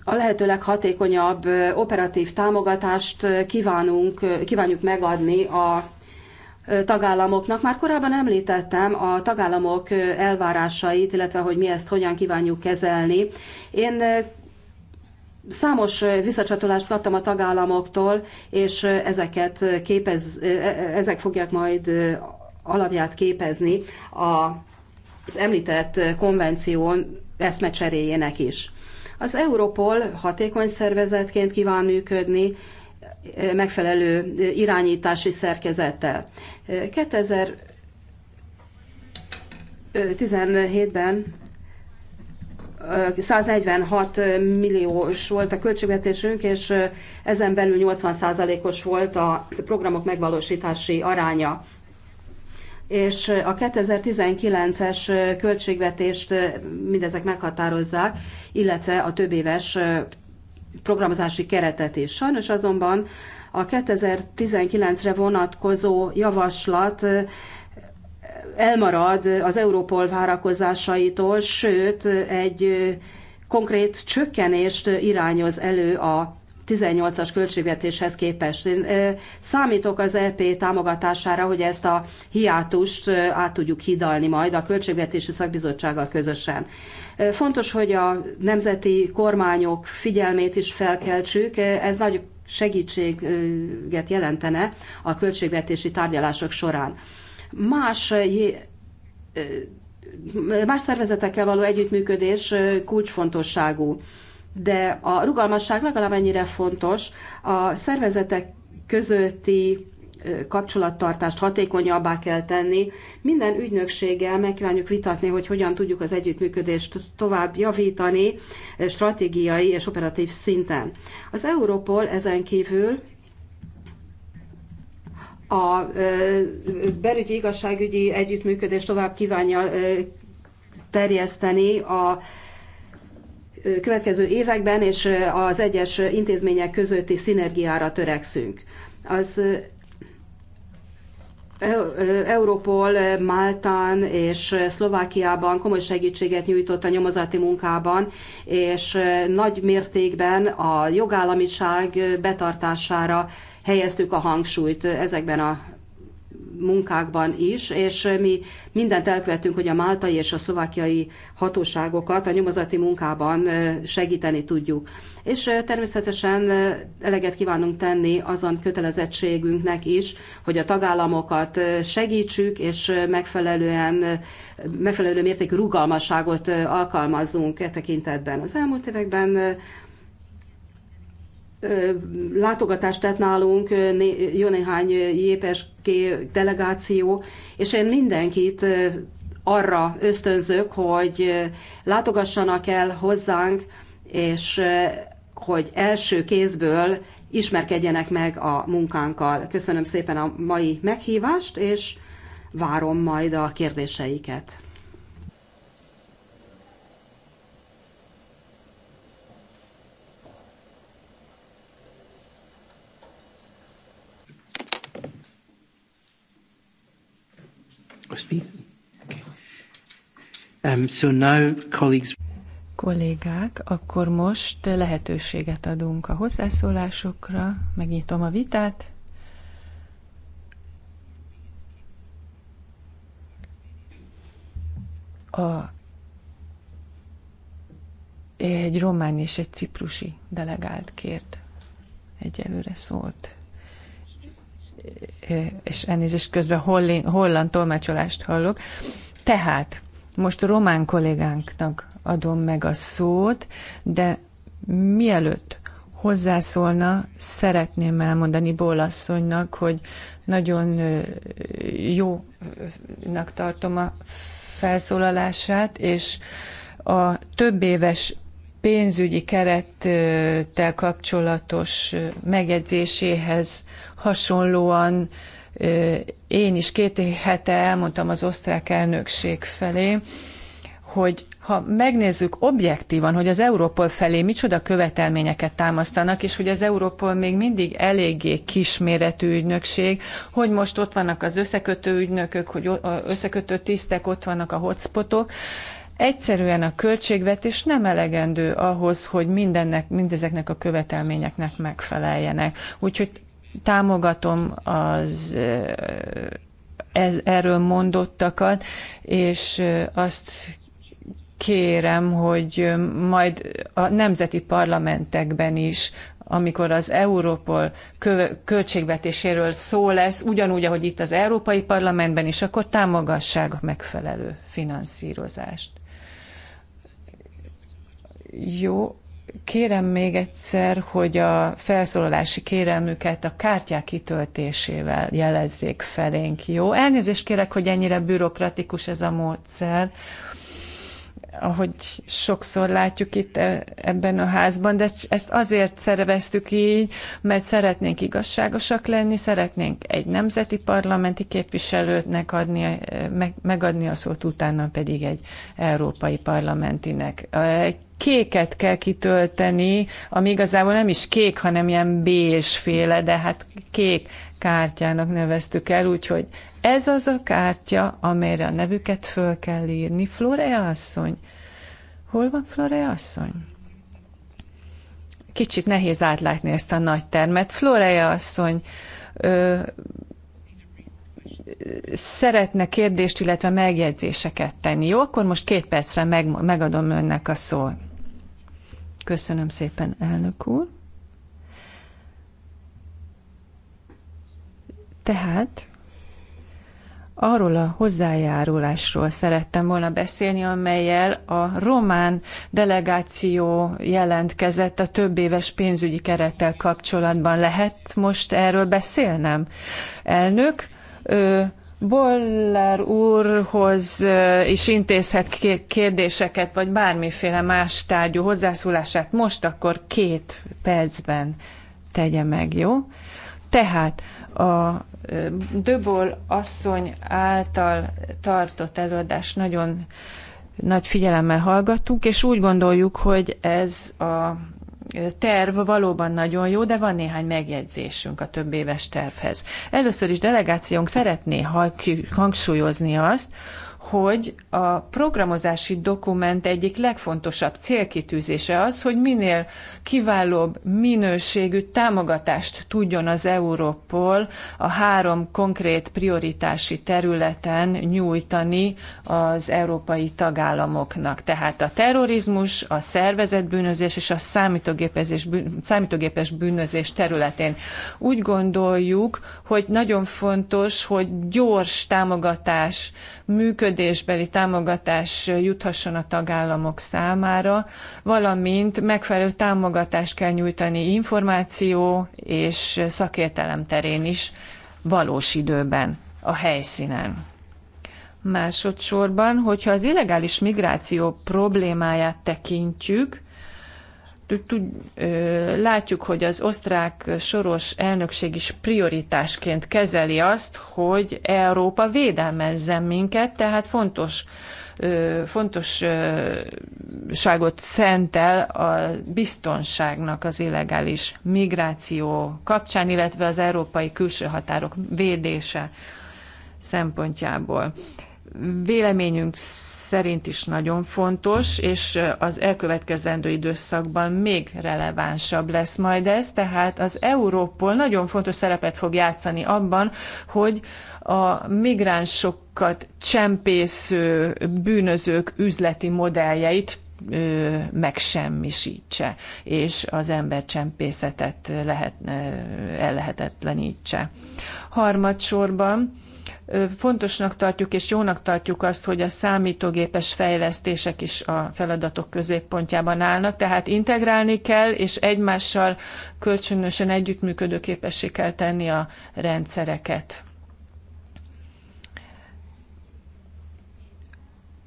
A lehető leghatékonyabb operatív támogatást kívánunk, kívánjuk megadni a tagállamoknak. Már korábban említettem a tagállamok elvárásait, illetve hogy mi ezt hogyan kívánjuk kezelni. Én Számos visszacsatolást kaptam a tagállamoktól, és ezeket képez, e, e, ezek fogják majd alapját képezni az említett konvención eszmecseréjének is. Az Europol hatékony szervezetként kíván működni, megfelelő irányítási szerkezettel. 2017-ben 146 milliós volt a költségvetésünk, és ezen belül 80%-os volt a programok megvalósítási aránya. És a 2019-es költségvetést mindezek meghatározzák, illetve a többéves programozási keretet is. Sajnos azonban a 2019-re vonatkozó javaslat elmarad az Európol várakozásaitól, sőt egy konkrét csökkenést irányoz elő a 18 as költségvetéshez képest. Én számítok az EP támogatására, hogy ezt a hiátust át tudjuk hidalni majd a költségvetési szakbizottsággal közösen. Fontos, hogy a nemzeti kormányok figyelmét is felkeltsük, ez nagy segítséget jelentene a költségvetési tárgyalások során. Más más szervezetekkel való együttműködés kulcsfontosságú de a rugalmasság legalább ennyire fontos. A szervezetek közötti kapcsolattartást hatékonyabbá kell tenni. Minden ügynökséggel megkívánjuk vitatni, hogy hogyan tudjuk az együttműködést tovább javítani stratégiai és operatív szinten. Az Europol ezen kívül a belügyi igazságügyi együttműködést tovább kívánja terjeszteni a következő években és az egyes intézmények közötti szinergiára törekszünk. Az Európol, Máltán és Szlovákiában komoly segítséget nyújtott a nyomozati munkában, és nagy mértékben a jogállamiság betartására helyeztük a hangsúlyt ezekben a munkákban is, és mi mindent elkövetünk, hogy a máltai és a szlovákiai hatóságokat a nyomozati munkában segíteni tudjuk. És természetesen eleget kívánunk tenni azon kötelezettségünknek is, hogy a tagállamokat segítsük, és megfelelően, megfelelő mértékű rugalmasságot alkalmazzunk e tekintetben. Az elmúlt években látogatást tett nálunk jó néhány jépeské delegáció, és én mindenkit arra ösztönzök, hogy látogassanak el hozzánk, és hogy első kézből ismerkedjenek meg a munkánkkal. Köszönöm szépen a mai meghívást, és várom majd a kérdéseiket. Um, Kollégák, akkor most lehetőséget adunk a hozzászólásokra. Megnyitom a vitát. a, egy román és egy ciprusi delegált kért egyelőre szólt és elnézést közben holland tolmácsolást hallok. Tehát most román kollégánknak adom meg a szót, de mielőtt hozzászólna, szeretném elmondani Bólasszonynak, hogy nagyon jónak tartom a felszólalását, és a több éves pénzügyi kerettel kapcsolatos megjegyzéséhez hasonlóan én is két hete elmondtam az osztrák elnökség felé, hogy ha megnézzük objektívan, hogy az Európol felé micsoda követelményeket támasztanak, és hogy az Európol még mindig eléggé kisméretű ügynökség, hogy most ott vannak az összekötő ügynökök, hogy összekötő tisztek, ott vannak a hotspotok, Egyszerűen a költségvetés nem elegendő ahhoz, hogy mindennek, mindezeknek a követelményeknek megfeleljenek. Úgyhogy támogatom az eh, ez, erről mondottakat, és eh, azt kérem, hogy eh, majd a nemzeti parlamentekben is amikor az Európol költségvetéséről szó lesz, ugyanúgy, ahogy itt az Európai Parlamentben is, akkor támogassák a megfelelő finanszírozást. Jó, kérem még egyszer, hogy a felszólalási kérelmüket a kártyák kitöltésével jelezzék felénk. Jó, elnézést kérek, hogy ennyire bürokratikus ez a módszer, ahogy sokszor látjuk itt e, ebben a házban, de ezt azért szerveztük így, mert szeretnénk igazságosak lenni, szeretnénk egy nemzeti parlamenti képviselőtnek adni, e, megadni a szót, utána pedig egy európai parlamentinek. Egy kéket kell kitölteni, ami igazából nem is kék, hanem ilyen bézsféle, de hát kék kártyának neveztük el, úgyhogy ez az a kártya, amelyre a nevüket föl kell írni. Florea asszony. Hol van Florea asszony? Kicsit nehéz átlátni ezt a nagy termet. Florea asszony ö, szeretne kérdést, illetve megjegyzéseket tenni. Jó, akkor most két percre meg, megadom önnek a szót. Köszönöm szépen, elnök úr. Tehát arról a hozzájárulásról szerettem volna beszélni, amelyel a román delegáció jelentkezett a több éves pénzügyi kerettel kapcsolatban. Lehet most erről beszélnem? Elnök, ö, Boller úrhoz is intézhet kérdéseket, vagy bármiféle más tárgyú hozzászólását most akkor két percben tegye meg, jó? Tehát a Döbol asszony által tartott előadást nagyon nagy figyelemmel hallgattuk, és úgy gondoljuk, hogy ez a terv valóban nagyon jó, de van néhány megjegyzésünk a több éves tervhez. Először is delegációnk szeretné hangsúlyozni azt, hogy a programozási dokument egyik legfontosabb célkitűzése az, hogy minél kiválóbb minőségű támogatást tudjon az Európol a három konkrét prioritási területen nyújtani az európai tagállamoknak. Tehát a terrorizmus, a szervezetbűnözés és a számítógépezés, bűn, számítógépes bűnözés területén. Úgy gondoljuk, hogy nagyon fontos, hogy gyors támogatás működik, fejlődésbeli támogatás juthasson a tagállamok számára, valamint megfelelő támogatást kell nyújtani információ és szakértelem terén is valós időben a helyszínen. Másodszorban, hogyha az illegális migráció problémáját tekintjük, tud, látjuk, hogy az osztrák soros elnökség is prioritásként kezeli azt, hogy Európa védelmezzen minket, tehát fontos fontosságot szentel a biztonságnak az illegális migráció kapcsán, illetve az európai külső határok védése szempontjából. Véleményünk szerint is nagyon fontos, és az elkövetkezendő időszakban még relevánsabb lesz majd ez, tehát az Európol nagyon fontos szerepet fog játszani abban, hogy a migránsokat csempésző bűnözők üzleti modelljeit ö, megsemmisítse, és az embercsempészetet lehet, ellehetetlenítse. Harmadsorban Fontosnak tartjuk és jónak tartjuk azt, hogy a számítógépes fejlesztések is a feladatok középpontjában állnak, tehát integrálni kell, és egymással kölcsönösen együttműködő képessé kell tenni a rendszereket.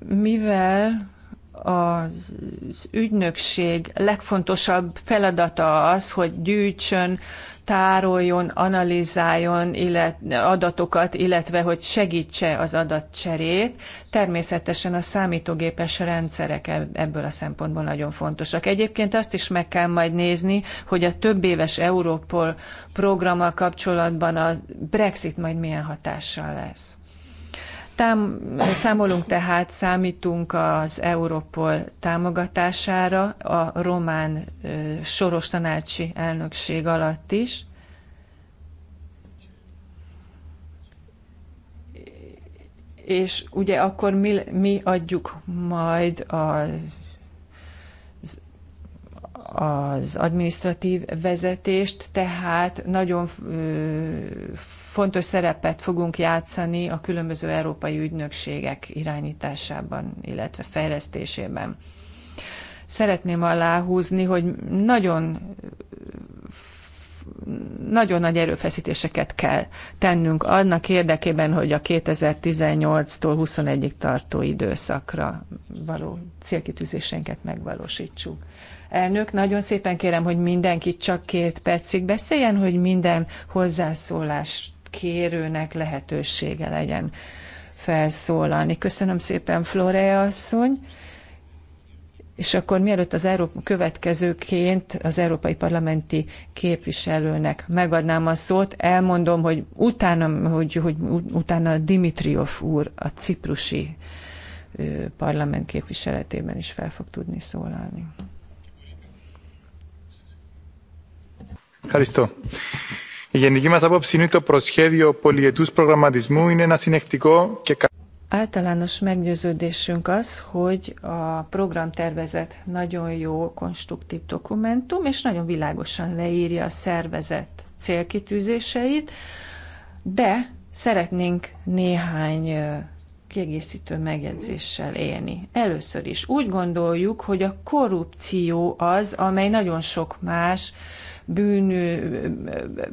Mivel az ügynökség legfontosabb feladata az, hogy gyűjtsön, tároljon, analizáljon illet, adatokat, illetve hogy segítse az adatcserét. Természetesen a számítógépes rendszerek ebből a szempontból nagyon fontosak. Egyébként azt is meg kell majd nézni, hogy a több éves Európol programmal kapcsolatban a Brexit majd milyen hatással lesz. Tám, számolunk tehát, számítunk az Európol támogatására a román soros tanácsi elnökség alatt is. és ugye akkor mi, mi adjuk majd a az administratív vezetést, tehát nagyon fontos szerepet fogunk játszani a különböző európai ügynökségek irányításában, illetve fejlesztésében. Szeretném aláhúzni, hogy nagyon nagyon nagy erőfeszítéseket kell tennünk annak érdekében, hogy a 2018-tól 21-ig tartó időszakra való célkitűzésénket megvalósítsuk. Elnök, nagyon szépen kérem, hogy mindenki csak két percig beszéljen, hogy minden hozzászólás kérőnek lehetősége legyen felszólalni. Köszönöm szépen, Florea asszony. És akkor mielőtt az Európa következőként az Európai Parlamenti képviselőnek megadnám a szót, elmondom, hogy utána, hogy, hogy utána Dimitriov úr a ciprusi parlament képviseletében is fel fog tudni szólalni. Ευχαριστώ. Η γενική μας άποψη είναι το προσχέδιο πολυετούς προγραμματισμού είναι ένα συνεκτικό και Általános meggyőződésünk az, hogy a programtervezet nagyon jó, konstruktív dokumentum, és nagyon világosan leírja a szervezet célkitűzéseit, de szeretnénk néhány kiegészítő megjegyzéssel élni. Először is úgy gondoljuk, hogy a korrupció az, amely nagyon sok más bűn,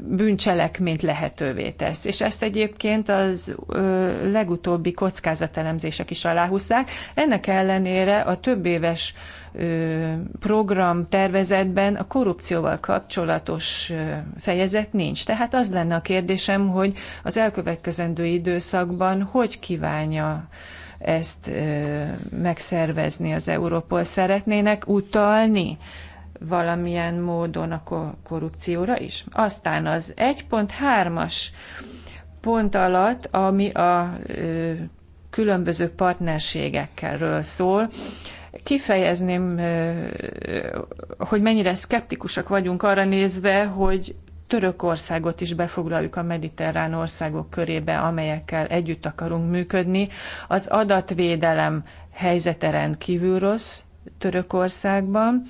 bűncselekményt lehetővé tesz. És ezt egyébként az ö, legutóbbi kockázatelemzések is aláhúzták. Ennek ellenére a több éves ö, program tervezetben a korrupcióval kapcsolatos ö, fejezet nincs. Tehát az lenne a kérdésem, hogy az elkövetkezendő időszakban hogy kívánja ezt ö, megszervezni az Európol. Szeretnének utalni valamilyen módon a korrupcióra is. Aztán az 1.3-as pont alatt, ami a ö, különböző partnerségekkelről szól, kifejezném, ö, hogy mennyire szkeptikusak vagyunk arra nézve, hogy Törökországot is befoglaljuk a mediterrán országok körébe, amelyekkel együtt akarunk működni. Az adatvédelem helyzete rendkívül rossz Törökországban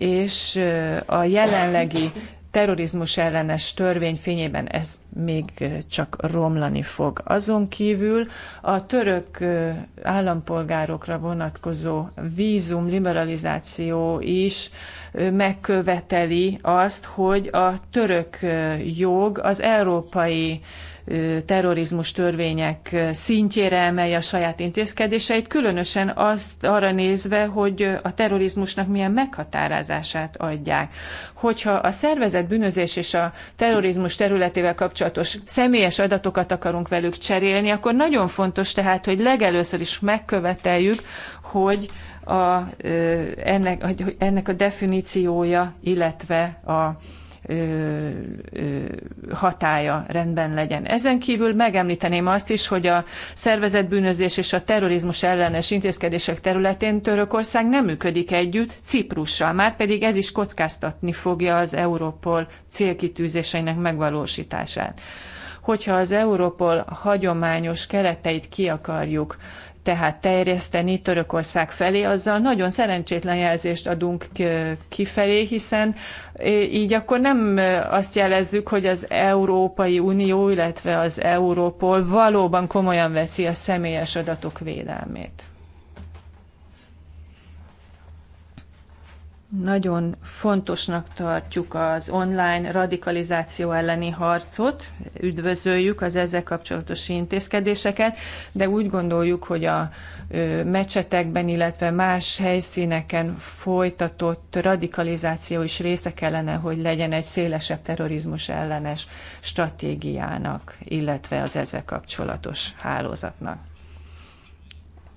és a jelenlegi terrorizmus ellenes törvény fényében ez még csak romlani fog. Azon kívül a török állampolgárokra vonatkozó vízum liberalizáció is megköveteli azt, hogy a török jog az európai terrorizmus törvények szintjére emelje a saját intézkedéseit, különösen azt arra nézve, hogy a terrorizmusnak milyen meghatározását adják. Hogyha a szervezet bűnözés és a terrorizmus területével kapcsolatos személyes adatokat akarunk velük cserélni, akkor nagyon fontos tehát, hogy legelőször is megköveteljük, hogy a, ennek, ennek a definíciója, illetve a hatája rendben legyen. Ezen kívül megemlíteném azt is, hogy a szervezetbűnözés és a terrorizmus ellenes intézkedések területén Törökország nem működik együtt Ciprussal, már pedig ez is kockáztatni fogja az Europol célkitűzéseinek megvalósítását hogyha az Európol hagyományos kereteit ki akarjuk tehát terjeszteni Törökország felé, azzal nagyon szerencsétlen jelzést adunk kifelé, hiszen így akkor nem azt jelezzük, hogy az Európai Unió, illetve az Európol valóban komolyan veszi a személyes adatok védelmét. Nagyon fontosnak tartjuk az online radikalizáció elleni harcot, üdvözöljük az ezzel kapcsolatos intézkedéseket, de úgy gondoljuk, hogy a mecsetekben, illetve más helyszíneken folytatott radikalizáció is része kellene, hogy legyen egy szélesebb terrorizmus ellenes stratégiának, illetve az ezzel kapcsolatos hálózatnak.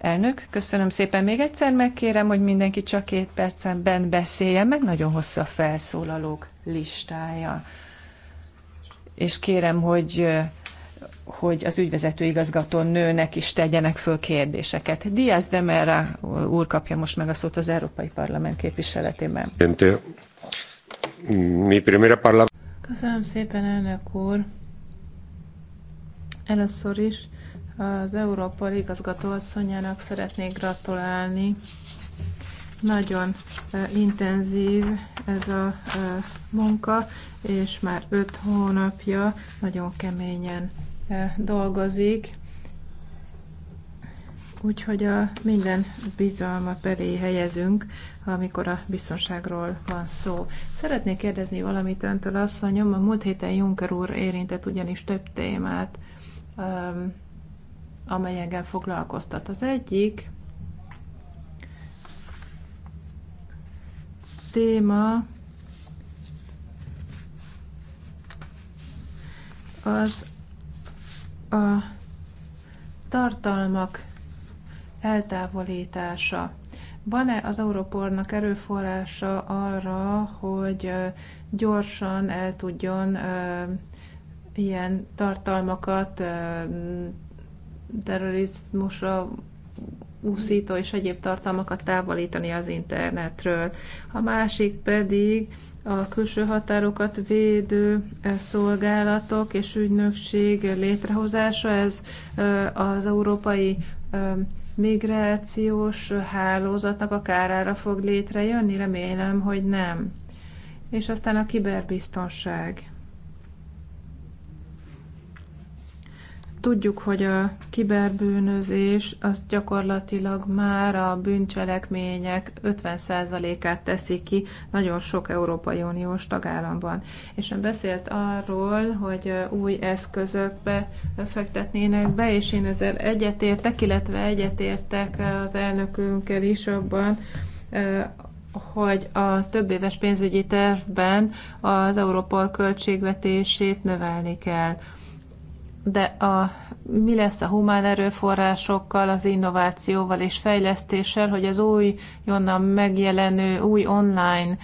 Elnök, köszönöm szépen. Még egyszer megkérem, hogy mindenki csak két percen ben beszéljen, meg nagyon hosszú a felszólalók listája. És kérem, hogy hogy az ügyvezető igazgató nőnek is tegyenek föl kérdéseket. Diaz de Mera úr kapja most meg a szót az Európai Parlament képviseletében. Köszönöm szépen, elnök úr. Először is az Európa igazgatóasszonyának szeretnék gratulálni. Nagyon intenzív ez a munka, és már öt hónapja nagyon keményen dolgozik. Úgyhogy a minden bizalmat pedé helyezünk, amikor a biztonságról van szó. Szeretnék kérdezni valamit öntől, asszonyom. A múlt héten Juncker úr érintett ugyanis több témát amely engem foglalkoztat. Az egyik téma az a tartalmak eltávolítása. Van-e az Európornak erőforrása arra, hogy gyorsan el tudjon ilyen tartalmakat, terrorizmusra úszító és egyéb tartalmakat távolítani az internetről. A másik pedig a külső határokat védő szolgálatok és ügynökség létrehozása, ez az európai migrációs hálózatnak a kárára fog létrejönni? Remélem, hogy nem. És aztán a kiberbiztonság. Tudjuk, hogy a kiberbűnözés az gyakorlatilag már a bűncselekmények 50%-át teszi ki nagyon sok Európai Uniós tagállamban. És ön beszélt arról, hogy új eszközökbe fektetnének be, és én ezzel egyetértek, illetve egyetértek az elnökünkkel is abban, hogy a több éves pénzügyi tervben az Európa költségvetését növelni kell de a, mi lesz a humán erőforrásokkal, az innovációval és fejlesztéssel, hogy az új, jonnan megjelenő, új online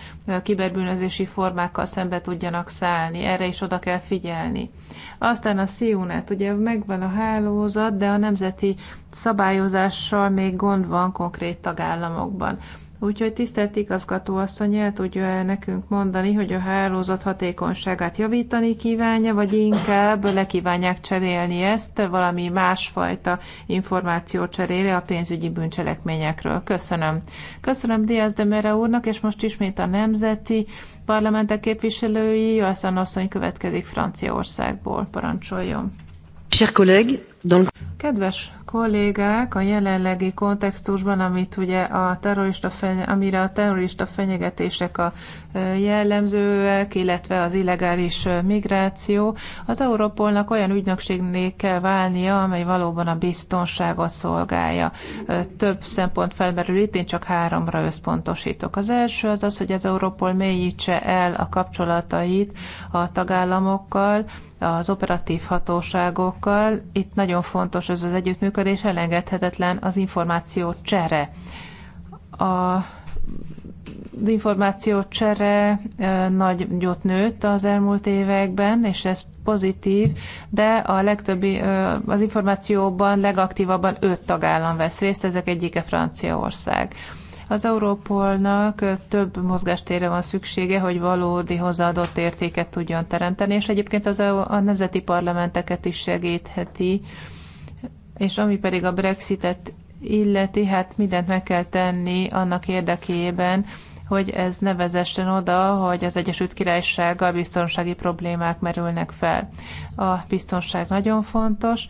kiberbűnözési formákkal szembe tudjanak szállni. Erre is oda kell figyelni. Aztán a SIUNET, ugye megvan a hálózat, de a nemzeti szabályozással még gond van konkrét tagállamokban. Úgyhogy tisztelt igazgató asszony, el tudja -e nekünk mondani, hogy a hálózat hatékonyságát javítani kívánja, vagy inkább le kívánják cserélni ezt valami másfajta információ cserére a pénzügyi bűncselekményekről. Köszönöm. Köszönöm Diaz de Mera úrnak, és most ismét a Nemzeti Parlamentek képviselői, Jószán asszony következik Franciaországból. Parancsoljon. Kedves kollégák, a jelenlegi kontextusban, amit ugye a terrorista, amire a terrorista fenyegetések a jellemzőek, illetve az illegális migráció. Az Európolnak olyan ügynökségné kell válnia, amely valóban a biztonságot szolgálja. Több szempont felmerül itt, én csak háromra összpontosítok. Az első az az, hogy az Európol mélyítse el a kapcsolatait a tagállamokkal, az operatív hatóságokkal. Itt nagyon fontos ez az együttműködés, elengedhetetlen az információ csere. A az információcsere nagyot nőtt az elmúlt években, és ez pozitív, de a legtöbbi, az információban legaktívabban öt tagállam vesz részt, ezek egyike Franciaország. Az Európolnak több mozgástére van szüksége, hogy valódi hozzáadott értéket tudjon teremteni, és egyébként az e a nemzeti parlamenteket is segítheti, és ami pedig a Brexitet illeti, hát mindent meg kell tenni annak érdekében, hogy ez ne vezessen oda, hogy az Egyesült Királysággal biztonsági problémák merülnek fel. A biztonság nagyon fontos,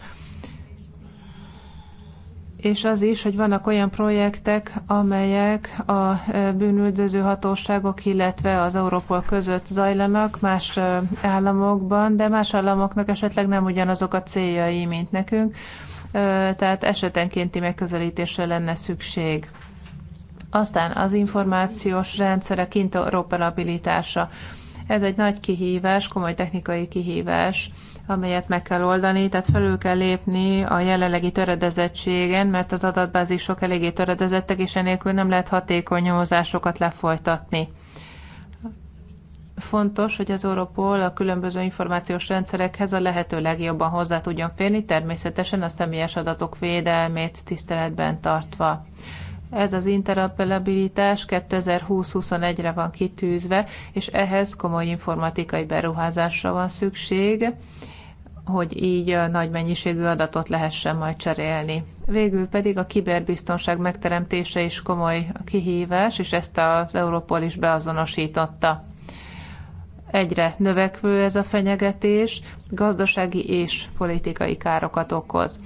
és az is, hogy vannak olyan projektek, amelyek a e, bűnüldöző hatóságok, illetve az Európol között zajlanak más e, államokban, de más államoknak esetleg nem ugyanazok a céljai, mint nekünk tehát esetenkénti megközelítésre lenne szükség. Aztán az információs rendszerek interoperabilitása. Ez egy nagy kihívás, komoly technikai kihívás, amelyet meg kell oldani, tehát felül kell lépni a jelenlegi töredezettségen, mert az adatbázisok eléggé töredezettek, és enélkül nem lehet hatékony lefolytatni fontos, hogy az Europol a különböző információs rendszerekhez a lehető legjobban hozzá tudjon férni, természetesen a személyes adatok védelmét tiszteletben tartva. Ez az interoperabilitás 2020-21-re van kitűzve, és ehhez komoly informatikai beruházásra van szükség, hogy így nagy mennyiségű adatot lehessen majd cserélni. Végül pedig a kiberbiztonság megteremtése is komoly kihívás, és ezt az Europol is beazonosította egyre növekvő ez a fenyegetés, gazdasági és politikai károkat okoz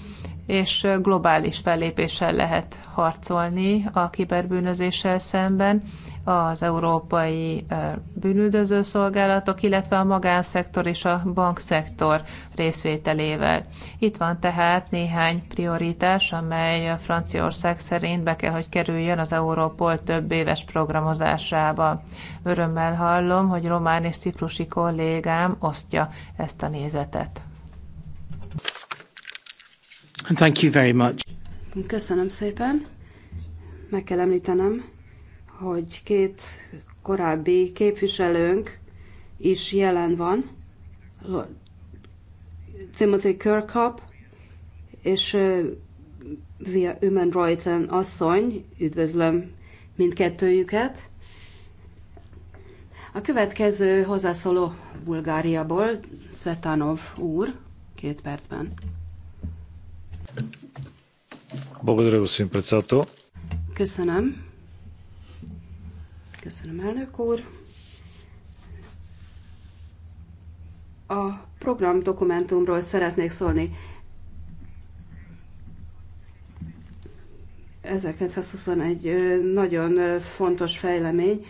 és globális fellépéssel lehet harcolni a kiberbűnözéssel szemben, az európai bűnüldöző szolgálatok, illetve a magánszektor és a bankszektor részvételével. Itt van tehát néhány prioritás, amely Franciaország szerint be kell, hogy kerüljön az Európol több éves programozásába. Örömmel hallom, hogy román és ciprusi kollégám osztja ezt a nézetet. Thank you very much. Köszönöm szépen. Meg kell említenem, hogy két korábbi képviselőnk is jelen van, Timothy Kirkup és Via Human Rights asszony, üdvözlöm mindkettőjüket. A következő hozzászóló Bulgáriából, Svetanov úr, két percben. Köszönöm. Köszönöm, elnök úr. A program dokumentumról szeretnék szólni. 1921 nagyon fontos fejlemény.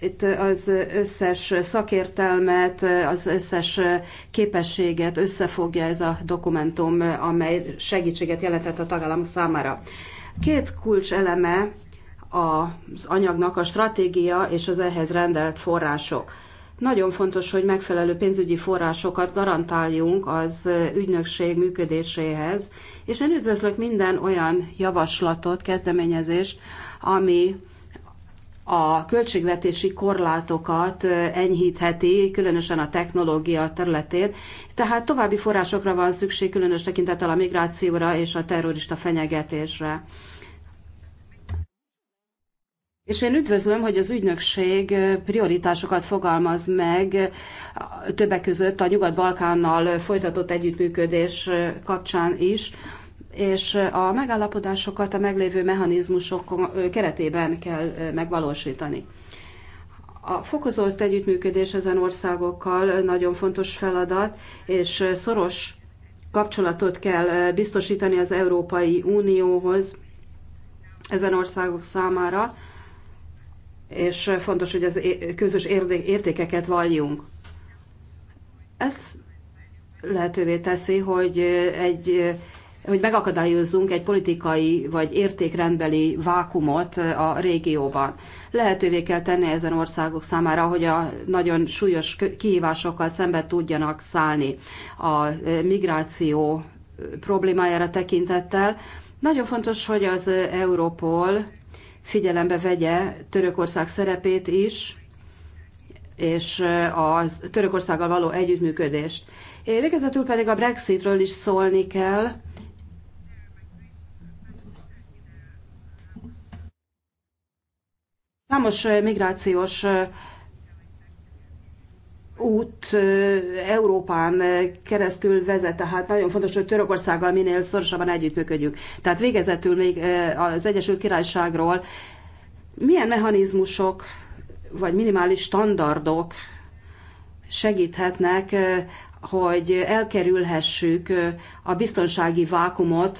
Itt az összes szakértelmet, az összes képességet összefogja ez a dokumentum, amely segítséget jelentett a tagállam számára. Két kulcs eleme az anyagnak a stratégia és az ehhez rendelt források. Nagyon fontos, hogy megfelelő pénzügyi forrásokat garantáljunk az ügynökség működéséhez, és én üdvözlök minden olyan javaslatot, kezdeményezést, ami a költségvetési korlátokat enyhítheti, különösen a technológia területén. Tehát további forrásokra van szükség, különös tekintettel a migrációra és a terrorista fenyegetésre. És én üdvözlöm, hogy az ügynökség prioritásokat fogalmaz meg többek között a Nyugat-Balkánnal folytatott együttműködés kapcsán is, és a megállapodásokat a meglévő mechanizmusok keretében kell megvalósítani. A fokozott együttműködés ezen országokkal nagyon fontos feladat, és szoros kapcsolatot kell biztosítani az Európai Unióhoz ezen országok számára és fontos, hogy az közös értékeket valljunk. Ez lehetővé teszi, hogy egy hogy megakadályozzunk egy politikai vagy értékrendbeli vákumot a régióban. Lehetővé kell tenni ezen országok számára, hogy a nagyon súlyos kihívásokkal szembe tudjanak szállni a e, migráció problémájára tekintettel. Nagyon fontos, hogy az Európol figyelembe vegye Törökország szerepét is, és a Törökországgal való együttműködést. Végezetül pedig a Brexitről is szólni kell. Számos migrációs út Európán keresztül vezet, tehát nagyon fontos, hogy Törökországgal minél szorosabban együttműködjük. Tehát végezetül még az Egyesült Királyságról milyen mechanizmusok vagy minimális standardok segíthetnek, hogy elkerülhessük a biztonsági vákumot,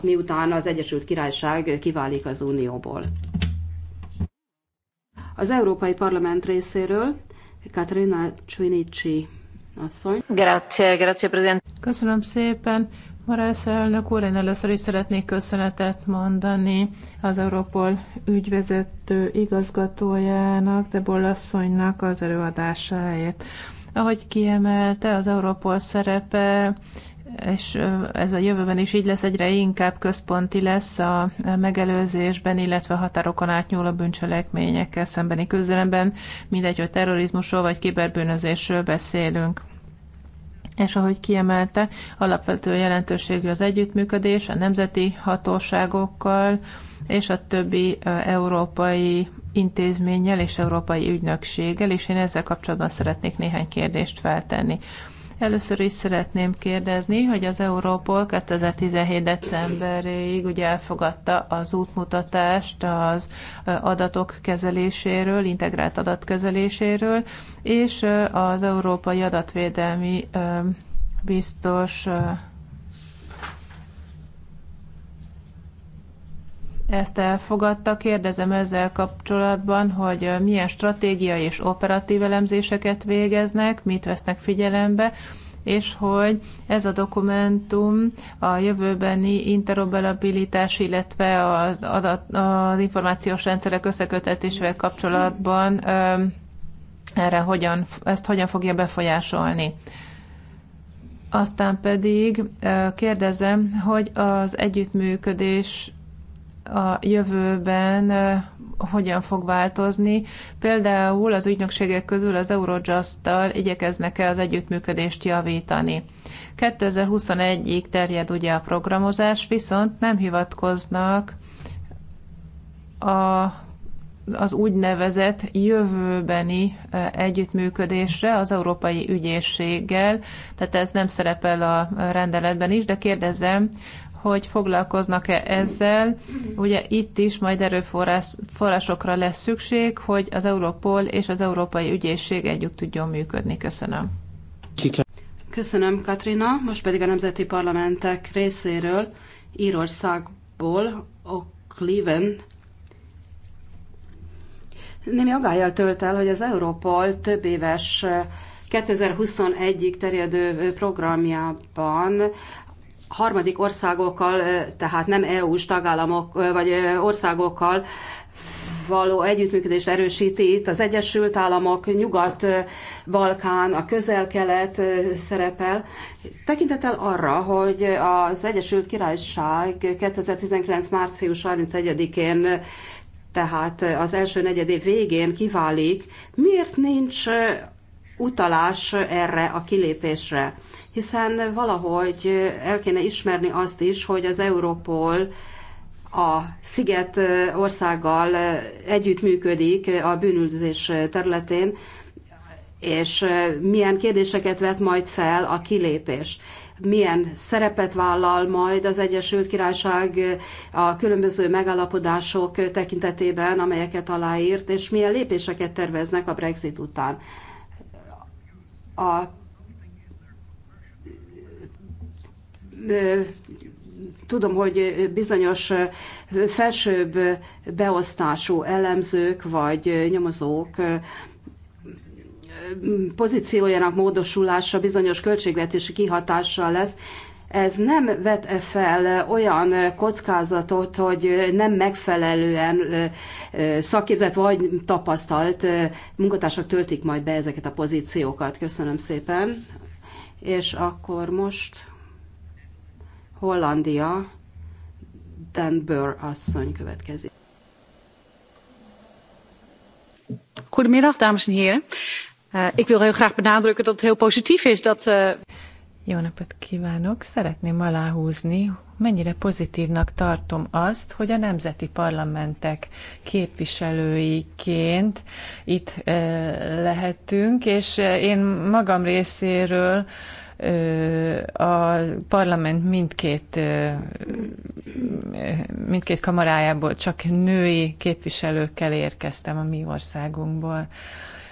miután az Egyesült Királyság kiválik az Unióból. Az Európai Parlament részéről Katrina Csinicsi asszony. Grazie, grazie, Köszönöm szépen. Marász elnök úr, én először is szeretnék köszönetet mondani az Europol ügyvezető igazgatójának, de Bollasszonynak az előadásáért. Ahogy kiemelte, az Europol szerepe és ez a jövőben is így lesz, egyre inkább központi lesz a megelőzésben, illetve határokon átnyúló bűncselekményekkel szembeni küzdelemben, mindegy, hogy terrorizmusról vagy kiberbűnözésről beszélünk. És ahogy kiemelte, alapvető jelentőségű az együttműködés a nemzeti hatóságokkal és a többi európai intézménnyel és európai ügynökséggel, és én ezzel kapcsolatban szeretnék néhány kérdést feltenni. Először is szeretném kérdezni, hogy az Európol 2017. decemberéig ugye elfogadta az útmutatást az adatok kezeléséről, integrált adatkezeléséről, és az Európai Adatvédelmi Biztos ezt elfogadta. Kérdezem ezzel kapcsolatban, hogy milyen stratégiai és operatív elemzéseket végeznek, mit vesznek figyelembe, és hogy ez a dokumentum a jövőbeni interoperabilitás, illetve az, adat, az információs rendszerek összekötetésével kapcsolatban erre hogyan, ezt hogyan fogja befolyásolni. Aztán pedig kérdezem, hogy az együttműködés a jövőben hogyan fog változni. Például az ügynökségek közül az Eurojust-tal igyekeznek-e az együttműködést javítani. 2021-ig terjed ugye a programozás, viszont nem hivatkoznak a az úgynevezett jövőbeni együttműködésre az Európai Ügyészséggel, tehát ez nem szerepel a rendeletben is, de kérdezem, hogy foglalkoznak-e ezzel. Ugye itt is majd erőforrásokra lesz szükség, hogy az Európol és az Európai Ügyészség együtt tudjon működni. Köszönöm. Köszönöm, Katrina. Most pedig a Nemzeti Parlamentek részéről Írországból Cleven Némi agályjal tölt el, hogy az Európol több éves eh, 2021-ig terjedő programjában harmadik országokkal, tehát nem EU-s tagállamok vagy országokkal való együttműködést erősíti itt az Egyesült Államok, Nyugat-Balkán, a közel-kelet szerepel. Tekintettel arra, hogy az Egyesült Királyság 2019. március 31-én tehát az első negyedév végén kiválik, miért nincs utalás erre a kilépésre? hiszen valahogy el kéne ismerni azt is, hogy az Európol a sziget országgal együttműködik a bűnüldözés területén, és milyen kérdéseket vet majd fel a kilépés. Milyen szerepet vállal majd az Egyesült Királyság a különböző megállapodások tekintetében, amelyeket aláírt, és milyen lépéseket terveznek a Brexit után. A tudom, hogy bizonyos felsőbb beosztású elemzők vagy nyomozók pozíciójának módosulása bizonyos költségvetési kihatással lesz. Ez nem vet -e fel olyan kockázatot, hogy nem megfelelően szakképzett vagy tapasztalt munkatársak töltik majd be ezeket a pozíciókat. Köszönöm szépen. És akkor most Hollandia, Dan Burr asszony következik. Goedemiddag, dames en heren. Uh, ik wil heel graag benadrukken dat het heel positief is dat... Uh... Jó napot kívánok! Szeretném aláhúzni, mennyire pozitívnak tartom azt, hogy a nemzeti parlamentek képviselőiként itt uh, eh, lehetünk, és én magam részéről uh, a parlament mindkét, mindkét kamarájából csak női képviselőkkel érkeztem a mi országunkból,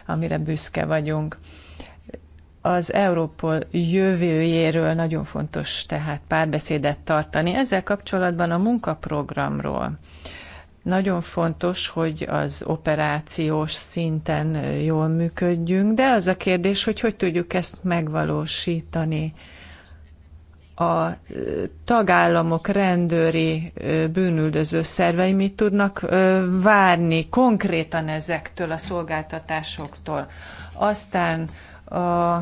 amire büszke vagyunk. Az Európol jövőjéről nagyon fontos tehát párbeszédet tartani. Ezzel kapcsolatban a munkaprogramról nagyon fontos, hogy az operációs szinten jól működjünk, de az a kérdés, hogy hogy tudjuk ezt megvalósítani a tagállamok rendőri bűnüldöző szervei mit tudnak várni konkrétan ezektől a szolgáltatásoktól. Aztán a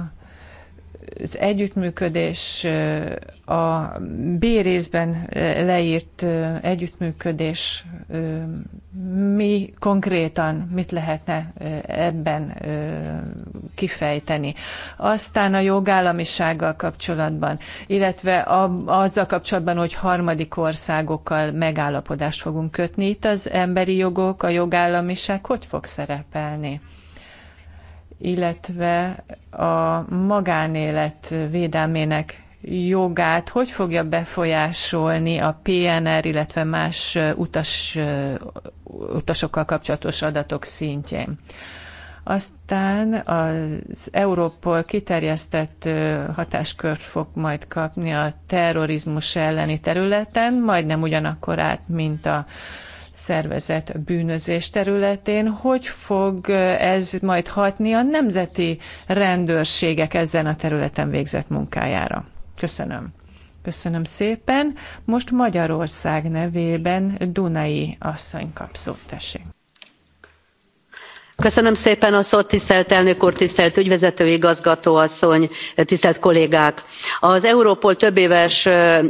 az együttműködés, a B részben leírt együttműködés mi konkrétan, mit lehetne ebben kifejteni. Aztán a jogállamisággal kapcsolatban, illetve a, azzal kapcsolatban, hogy harmadik országokkal megállapodást fogunk kötni, itt az emberi jogok, a jogállamiság hogy fog szerepelni? illetve a magánélet védelmének jogát hogy fogja befolyásolni a PNR, illetve más utas, utasokkal kapcsolatos adatok szintjén. Aztán az Európol kiterjesztett hatáskört fog majd kapni a terrorizmus elleni területen, majdnem ugyanakkor át, mint a szervezett bűnözés területén. Hogy fog ez majd hatni a nemzeti rendőrségek ezen a területen végzett munkájára? Köszönöm. Köszönöm szépen. Most Magyarország nevében Dunai asszony kapszó. tessék. Köszönöm szépen a szót, tisztelt elnök úr, tisztelt ügyvezető igazgató asszony, tisztelt kollégák! Az Európol többéves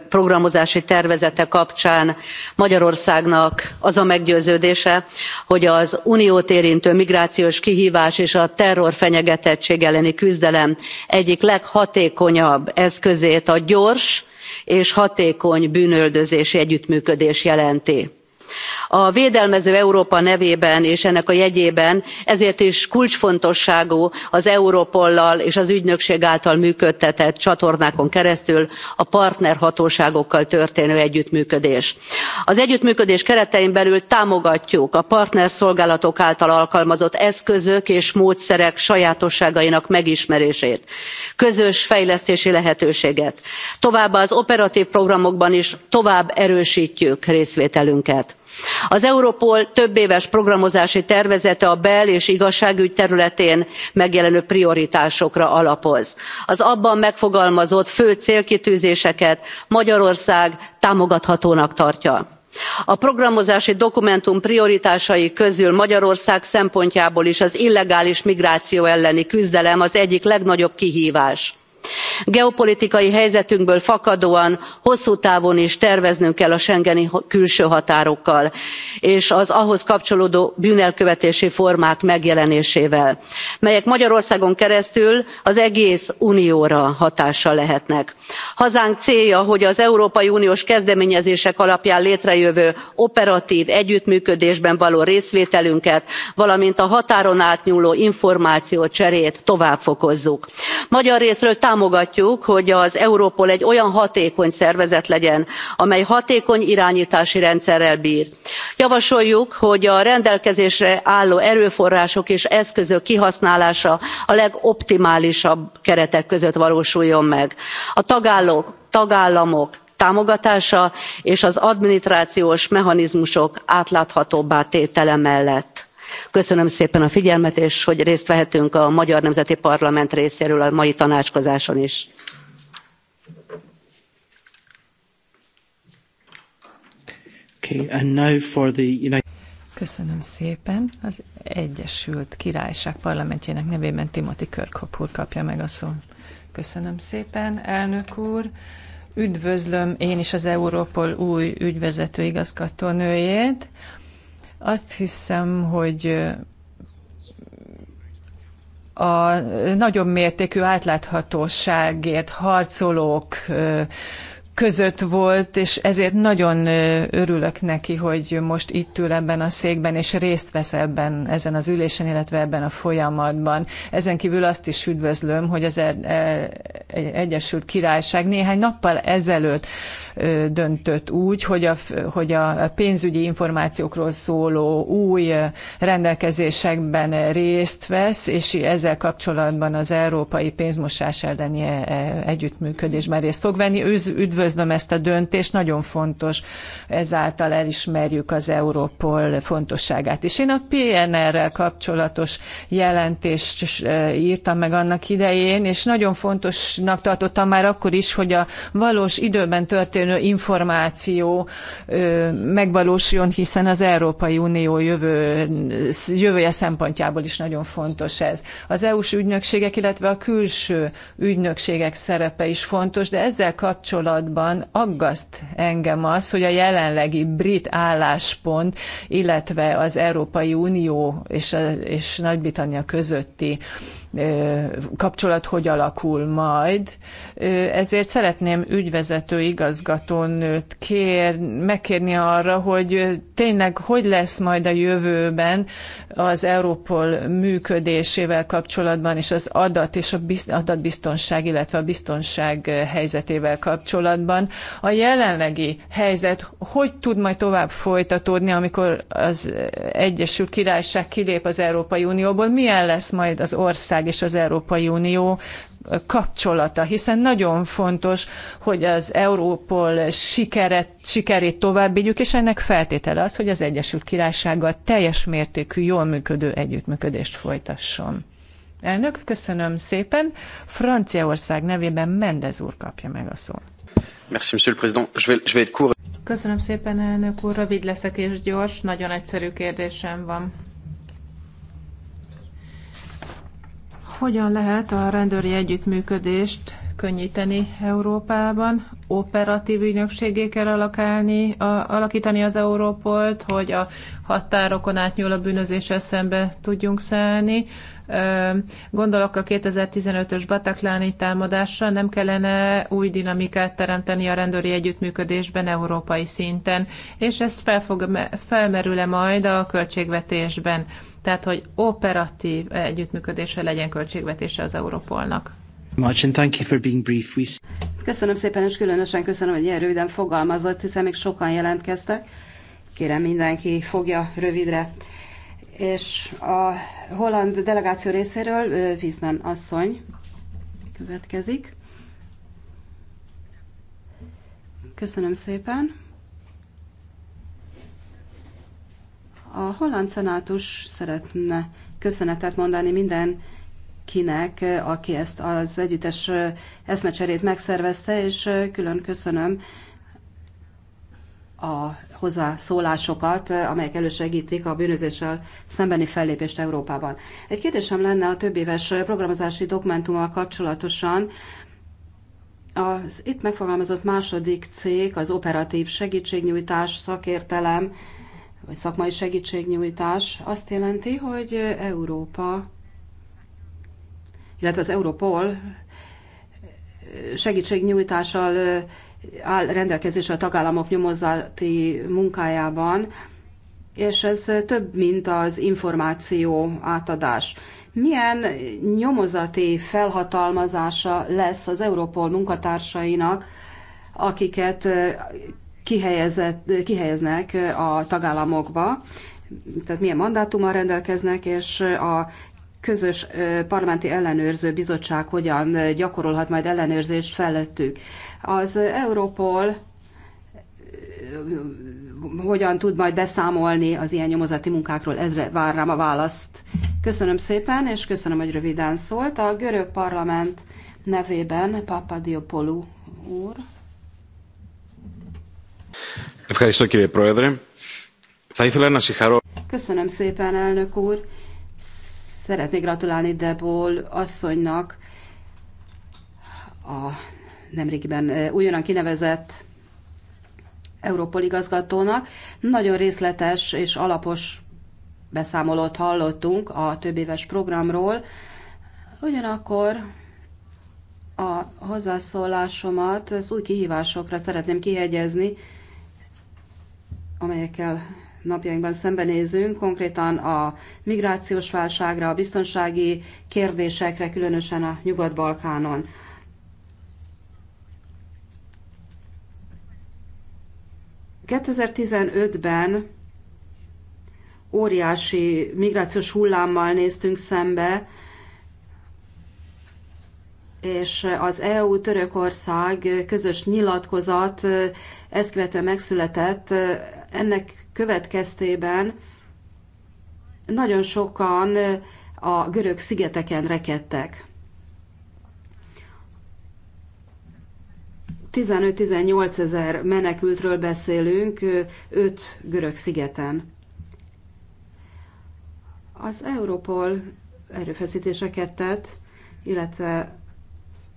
programozási tervezete kapcsán Magyarországnak az a meggyőződése, hogy az uniót érintő migrációs kihívás és a terror fenyegetettség elleni küzdelem egyik leghatékonyabb eszközét a gyors és hatékony bűnöldözési együttműködés jelenti a védelmező európa nevében és ennek a jegyében ezért is kulcsfontosságú az europollal és az ügynökség által működtetett csatornákon keresztül a partnerhatóságokkal történő együttműködés. az együttműködés keretein belül támogatjuk a partnerszolgálatok által alkalmazott eszközök és módszerek sajátosságainak megismerését közös fejlesztési lehetőséget továbbá az operatv programokban is tovább erőstjük részvételünket az europol többéves programozási tervezete a bel és igazságügy területén megjelenő prioritásokra alapoz. az abban megfogalmazott fő célkitűzéseket magyarország támogathatónak tartja. a programozási dokumentum prioritásai közül magyarország szempontjából is az illegális migráció elleni küzdelem az egyik legnagyobb kihvás geopolitikai helyzetünkből fakadóan hosszú távon is terveznünk kell a schengeni külső határokkal és az ahhoz kapcsolódó bűnelkövetési formák megjelenésével melyek magyarországon keresztül az egész unióra hatással lehetnek. hazánk célja hogy az európai uniós kezdeményezések alapján létrejövő operatv együttműködésben való részvételünket valamint a határon átnyúló információcserét tovább fokozzuk. magyar részről támogatjuk hogy az europol egy olyan hatékony szervezet legyen amely hatékony iránytási rendszerrel br. javasoljuk hogy a rendelkezésre álló erőforrások és eszközök kihasználása a legoptimálisabb keretek között valósuljon meg. a tagállamok támogatása és az adminisztrációs mechanizmusok átláthatóbbá tétele mellett köszönöm szépen a figyelmet és hogy részt vehetünk a magyar nemzeti parlament részéről a mai tanácskozáson is. Köszönöm szépen. Az Egyesült Királyság parlamentjének nevében Timothy Kirkhope úr kapja meg a szót. Köszönöm szépen, elnök úr. Üdvözlöm én is az Európol új ügyvezető igazgatónőjét, azt hiszem, hogy a nagyobb mértékű átláthatóságért harcolók között volt, és ezért nagyon örülök neki, hogy most itt ül ebben a székben, és részt vesz ebben, ezen az ülésen, illetve ebben a folyamatban. Ezen kívül azt is üdvözlöm, hogy az e- e- Egyesült Királyság néhány nappal ezelőtt döntött úgy, hogy a, hogy a pénzügyi információkról szóló új rendelkezésekben részt vesz, és ezzel kapcsolatban az európai pénzmosás elleni e, e, együttműködésben részt fog venni. üdvözlöm ezt a döntést, nagyon fontos, ezáltal elismerjük az Európol fontosságát. És én a PNR-rel kapcsolatos jelentést e, írtam meg annak idején, és nagyon fontosnak tartottam már akkor is, hogy a valós időben történő információ megvalósuljon, hiszen az Európai Unió jövő, jövője szempontjából is nagyon fontos ez. Az EU-s ügynökségek, illetve a külső ügynökségek szerepe is fontos, de ezzel kapcsolatban aggaszt engem az, hogy a jelenlegi brit álláspont, illetve az Európai Unió és, a, és Nagy-Britannia közötti kapcsolat hogy alakul majd. Ezért szeretném ügyvezető igazgatónőt kér, megkérni arra, hogy tényleg hogy lesz majd a jövőben az Európol működésével kapcsolatban, és az adat és a adatbiztonság, illetve a biztonság helyzetével kapcsolatban. A jelenlegi helyzet hogy tud majd tovább folytatódni, amikor az Egyesült Királyság kilép az Európai Unióból, milyen lesz majd az ország Bizottság és az Európai Unió kapcsolata, hiszen nagyon fontos, hogy az Európol sikeret, sikerét továbbvigyük, és ennek feltétele az, hogy az Egyesült Királysággal teljes mértékű, jól működő együttműködést folytasson. Elnök, köszönöm szépen. Franciaország nevében Mendez úr kapja meg a szót. Merci, monsieur le président. Je vais, je vais être court. Köszönöm szépen, elnök úr. Rövid leszek és gyors. Nagyon egyszerű kérdésem van. Hogyan lehet a rendőri együttműködést könnyíteni Európában, operatív ügynökségé kell alakálni, a, alakítani az Európolt, hogy a határokon a bűnözéssel szembe tudjunk szállni. Gondolok a 2015-ös Batakláni támadásra, nem kellene új dinamikát teremteni a rendőri együttműködésben európai szinten, és ez fel fog, felmerül-e majd a költségvetésben tehát hogy operatív együttműködésre legyen költségvetése az Europolnak. Köszönöm szépen, és különösen köszönöm, hogy ilyen röviden fogalmazott, hiszen még sokan jelentkeztek. Kérem mindenki fogja rövidre. És a holland delegáció részéről Vízmen asszony következik. Köszönöm szépen. A holland szenátus szeretne köszönetet mondani minden kinek, aki ezt az együttes eszmecserét megszervezte, és külön köszönöm a hozzászólásokat, amelyek elősegítik a bűnözéssel szembeni fellépést Európában. Egy kérdésem lenne a több éves programozási dokumentummal kapcsolatosan. Az itt megfogalmazott második cég, az operatív segítségnyújtás, szakértelem, vagy szakmai segítségnyújtás azt jelenti, hogy Európa, illetve az Europol segítségnyújtással áll rendelkezésre a tagállamok nyomozati munkájában, és ez több, mint az információ átadás. Milyen nyomozati felhatalmazása lesz az Europol munkatársainak, akiket kihelyezett, kihelyeznek a tagállamokba, tehát milyen mandátummal rendelkeznek, és a közös parlamenti ellenőrző bizottság hogyan gyakorolhat majd ellenőrzést felettük. Az Europol hogyan tud majd beszámolni az ilyen nyomozati munkákról, ezre várnám a választ. Köszönöm szépen, és köszönöm, hogy röviden szólt. A görög parlament nevében Papadiopoulou úr. Köszönöm szépen, elnök úr. Szeretnék gratulálni Debol asszonynak a nemrégiben újonnan kinevezett Európol igazgatónak. Nagyon részletes és alapos beszámolót hallottunk a többéves programról. Ugyanakkor a hozzászólásomat az új kihívásokra szeretném kihegyezni, amelyekkel napjainkban szembenézünk, konkrétan a migrációs válságra, a biztonsági kérdésekre, különösen a Nyugat-Balkánon. ben óriási migrációs hullámmal néztünk szembe, és az EU-Törökország közös nyilatkozat ezt követően megszületett. Ennek következtében nagyon sokan a görög szigeteken rekedtek. 15-18 ezer menekültről beszélünk, 5 görög szigeten. Az Europol erőfeszítéseket tett, illetve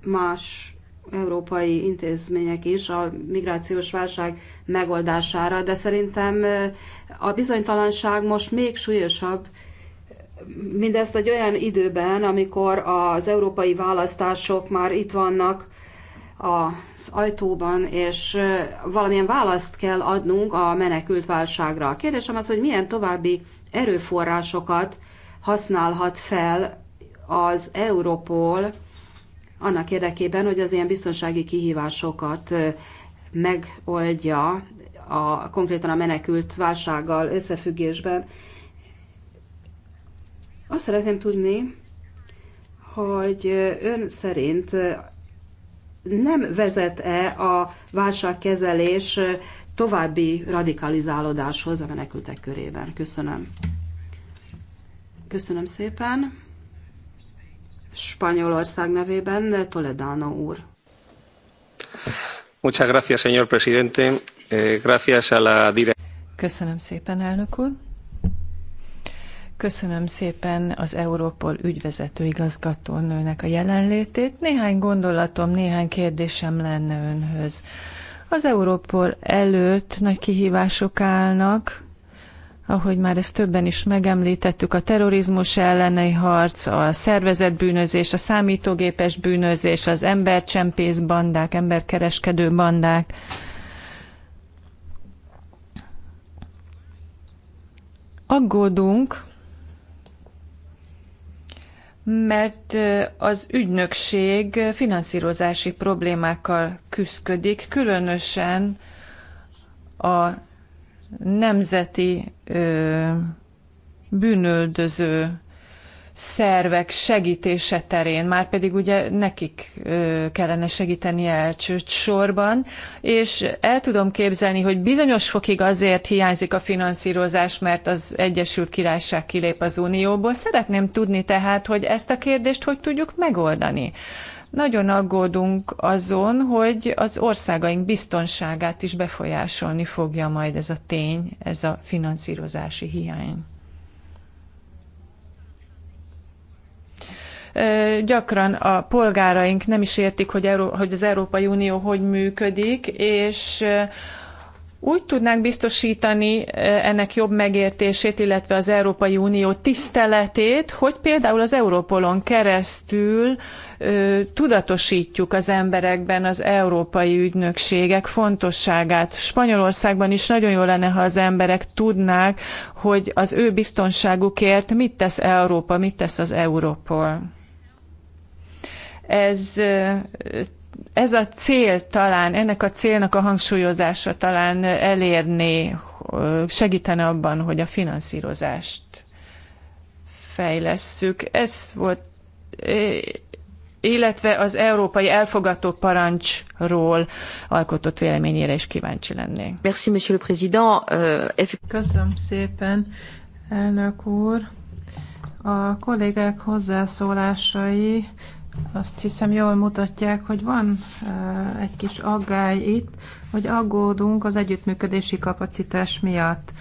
más európai intézmények is a migrációs válság megoldására, de szerintem eh, a bizonytalanság most még súlyosabb, mindezt egy olyan időben, amikor az európai választások már itt vannak az ajtóban, és eh, valamilyen választ kell adnunk a menekült válságra. A kérdésem az, hogy milyen további erőforrásokat használhat fel az Európol, annak érdekében, hogy az ilyen biztonsági kihívásokat megoldja a, konkrétan a menekült válsággal összefüggésben. Azt szeretném tudni, hogy ön szerint nem vezet-e a válságkezelés további radikalizálódáshoz a menekültek körében? Köszönöm. Köszönöm szépen. Spanyolország nevében Toledano úr. Muchas gracias, señor presidente. Eh, gracias a la Köszönöm szépen, elnök úr. Köszönöm szépen az Európol ügyvezető igazgatónőnek a jelenlétét. Néhány gondolatom, néhány kérdésem lenne önhöz. Az Európol előtt nagy kihívások állnak, ahogy már ezt többen is megemlítettük, a terrorizmus elleni harc, a szervezett bűnözés, a számítógépes bűnözés, az embercsempész bandák, emberkereskedő bandák. Aggódunk, mert az ügynökség finanszírozási problémákkal küszködik, különösen a nemzeti bűnöldöző szervek segítése terén, már pedig ugye nekik kellene segíteni elsősorban, és el tudom képzelni, hogy bizonyos fokig azért hiányzik a finanszírozás, mert az Egyesült Királyság kilép az Unióból. Szeretném tudni tehát, hogy ezt a kérdést hogy tudjuk megoldani. Nagyon aggódunk azon, hogy az országaink biztonságát is befolyásolni fogja majd ez a tény, ez a finanszírozási hiány. gyakran a polgáraink nem is értik, hogy, az Európai Unió hogy működik, és úgy tudnánk biztosítani ennek jobb megértését, illetve az Európai Unió tiszteletét, hogy például az Európolon keresztül ö, tudatosítjuk az emberekben az európai ügynökségek fontosságát. Spanyolországban is nagyon jó lenne, ha az emberek tudnák, hogy az ő biztonságukért mit tesz Európa, mit tesz az Európol. Ez ez a cél talán, ennek a célnak a hangsúlyozása talán elérni, segítene abban, hogy a finanszírozást fejlesszük. Ez volt, illetve az európai elfogató parancsról alkotott véleményére is kíváncsi lennék. Merci, monsieur le président. Euh, Köszönöm szépen, elnök úr. A kollégák hozzászólásai azt hiszem jól mutatják, hogy van egy kis aggály itt, hogy aggódunk az együttműködési kapacitás miatt.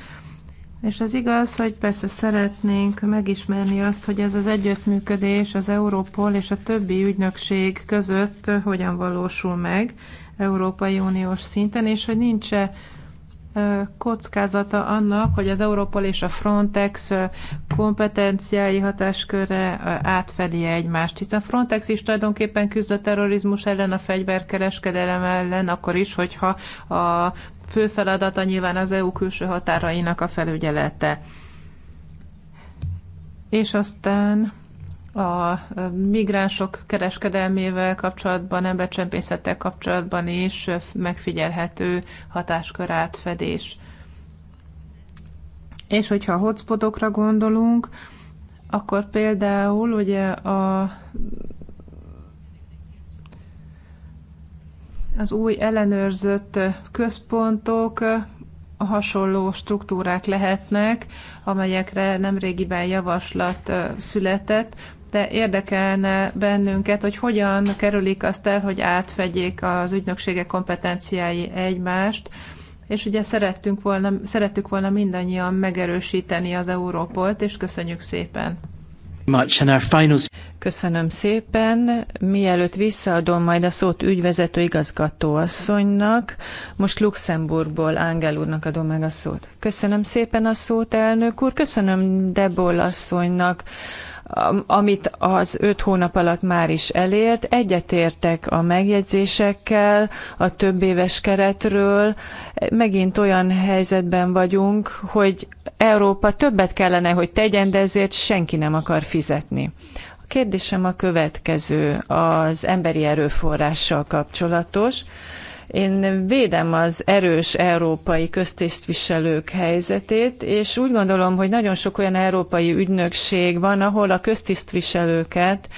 És az igaz, hogy persze szeretnénk megismerni azt, hogy ez az együttműködés az Európol és a többi ügynökség között hogyan valósul meg Európai Uniós szinten, és hogy nincs-e kockázata annak, hogy az Europol és a Frontex kompetenciái hatásköre átfedi egymást, hiszen Frontex is tulajdonképpen küzd a terrorizmus ellen, a fegyverkereskedelem ellen, akkor is, hogyha a fő feladata nyilván az EU külső határainak a felügyelete. És aztán a migránsok kereskedelmével kapcsolatban, embercsempészettel kapcsolatban is megfigyelhető hatáskör átfedés. És hogyha a hotspotokra gondolunk, akkor például ugye a az új ellenőrzött központok hasonló struktúrák lehetnek, amelyekre nemrégiben javaslat született, de érdekelne bennünket, hogy hogyan kerülik azt el, hogy átfedjék az ügynökségek kompetenciái egymást, és ugye szerettünk volna, szerettük volna mindannyian megerősíteni az Európolt, és köszönjük szépen! Köszönöm szépen. Mielőtt visszaadom majd a szót ügyvezető igazgató asszonynak, most Luxemburgból Ángel úrnak adom meg a szót. Köszönöm szépen a szót, elnök úr. Köszönöm Debol asszonynak amit az öt hónap alatt már is elért. Egyetértek a megjegyzésekkel, a több éves keretről. Megint olyan helyzetben vagyunk, hogy Európa többet kellene, hogy tegyen, de ezért senki nem akar fizetni. A kérdésem a következő, az emberi erőforrással kapcsolatos. Én védem az erős európai köztisztviselők helyzetét, és úgy gondolom, hogy nagyon sok olyan európai ügynökség van, ahol a köztisztviselőket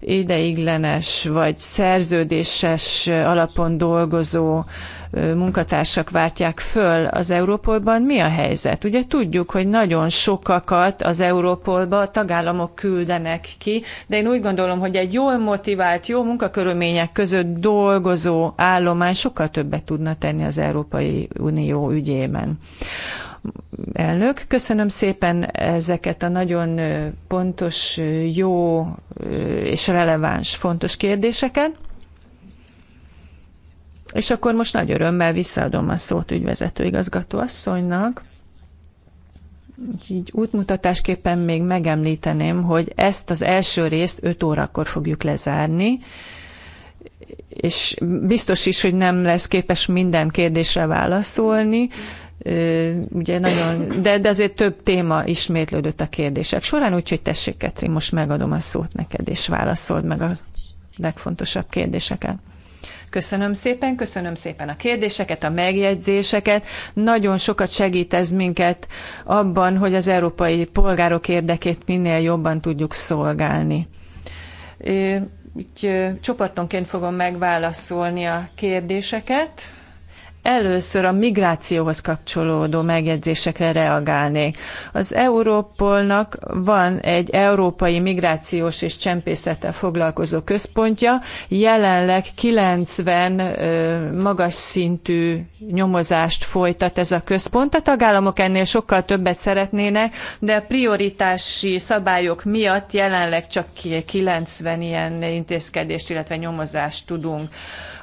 ideiglenes vagy szerződéses alapon dolgozó munkatársak váltják föl az Európolban, mi a helyzet? Ugye tudjuk, hogy nagyon sokakat az Európolba a tagállamok küldenek ki, de én úgy gondolom, hogy egy jól motivált, jó munkakörülmények között dolgozó állomány sokkal többet tudna tenni az Európai Unió ügyében elnök. Köszönöm szépen ezeket a nagyon pontos, jó és releváns, fontos kérdéseket. És akkor most nagy örömmel visszaadom a szót ügyvezető igazgató asszonynak. Így útmutatásképpen még megemlíteném, hogy ezt az első részt 5 órakor fogjuk lezárni, és biztos is, hogy nem lesz képes minden kérdésre válaszolni, ugye nagyon, de, de azért több téma ismétlődött a kérdések során, úgyhogy tessék, Ketri, most megadom a szót neked, és válaszold meg a legfontosabb kérdéseket. Köszönöm szépen, köszönöm szépen a kérdéseket, a megjegyzéseket. Nagyon sokat segít ez minket abban, hogy az európai polgárok érdekét minél jobban tudjuk szolgálni. Úgy, csoportonként fogom megválaszolni a kérdéseket először a migrációhoz kapcsolódó megjegyzésekre reagálnék. Az Európolnak van egy európai migrációs és csempészettel foglalkozó központja, jelenleg 90 magas szintű nyomozást folytat ez a központ. A tagállamok ennél sokkal többet szeretnének, de a prioritási szabályok miatt jelenleg csak 90 ilyen intézkedést, illetve nyomozást tudunk.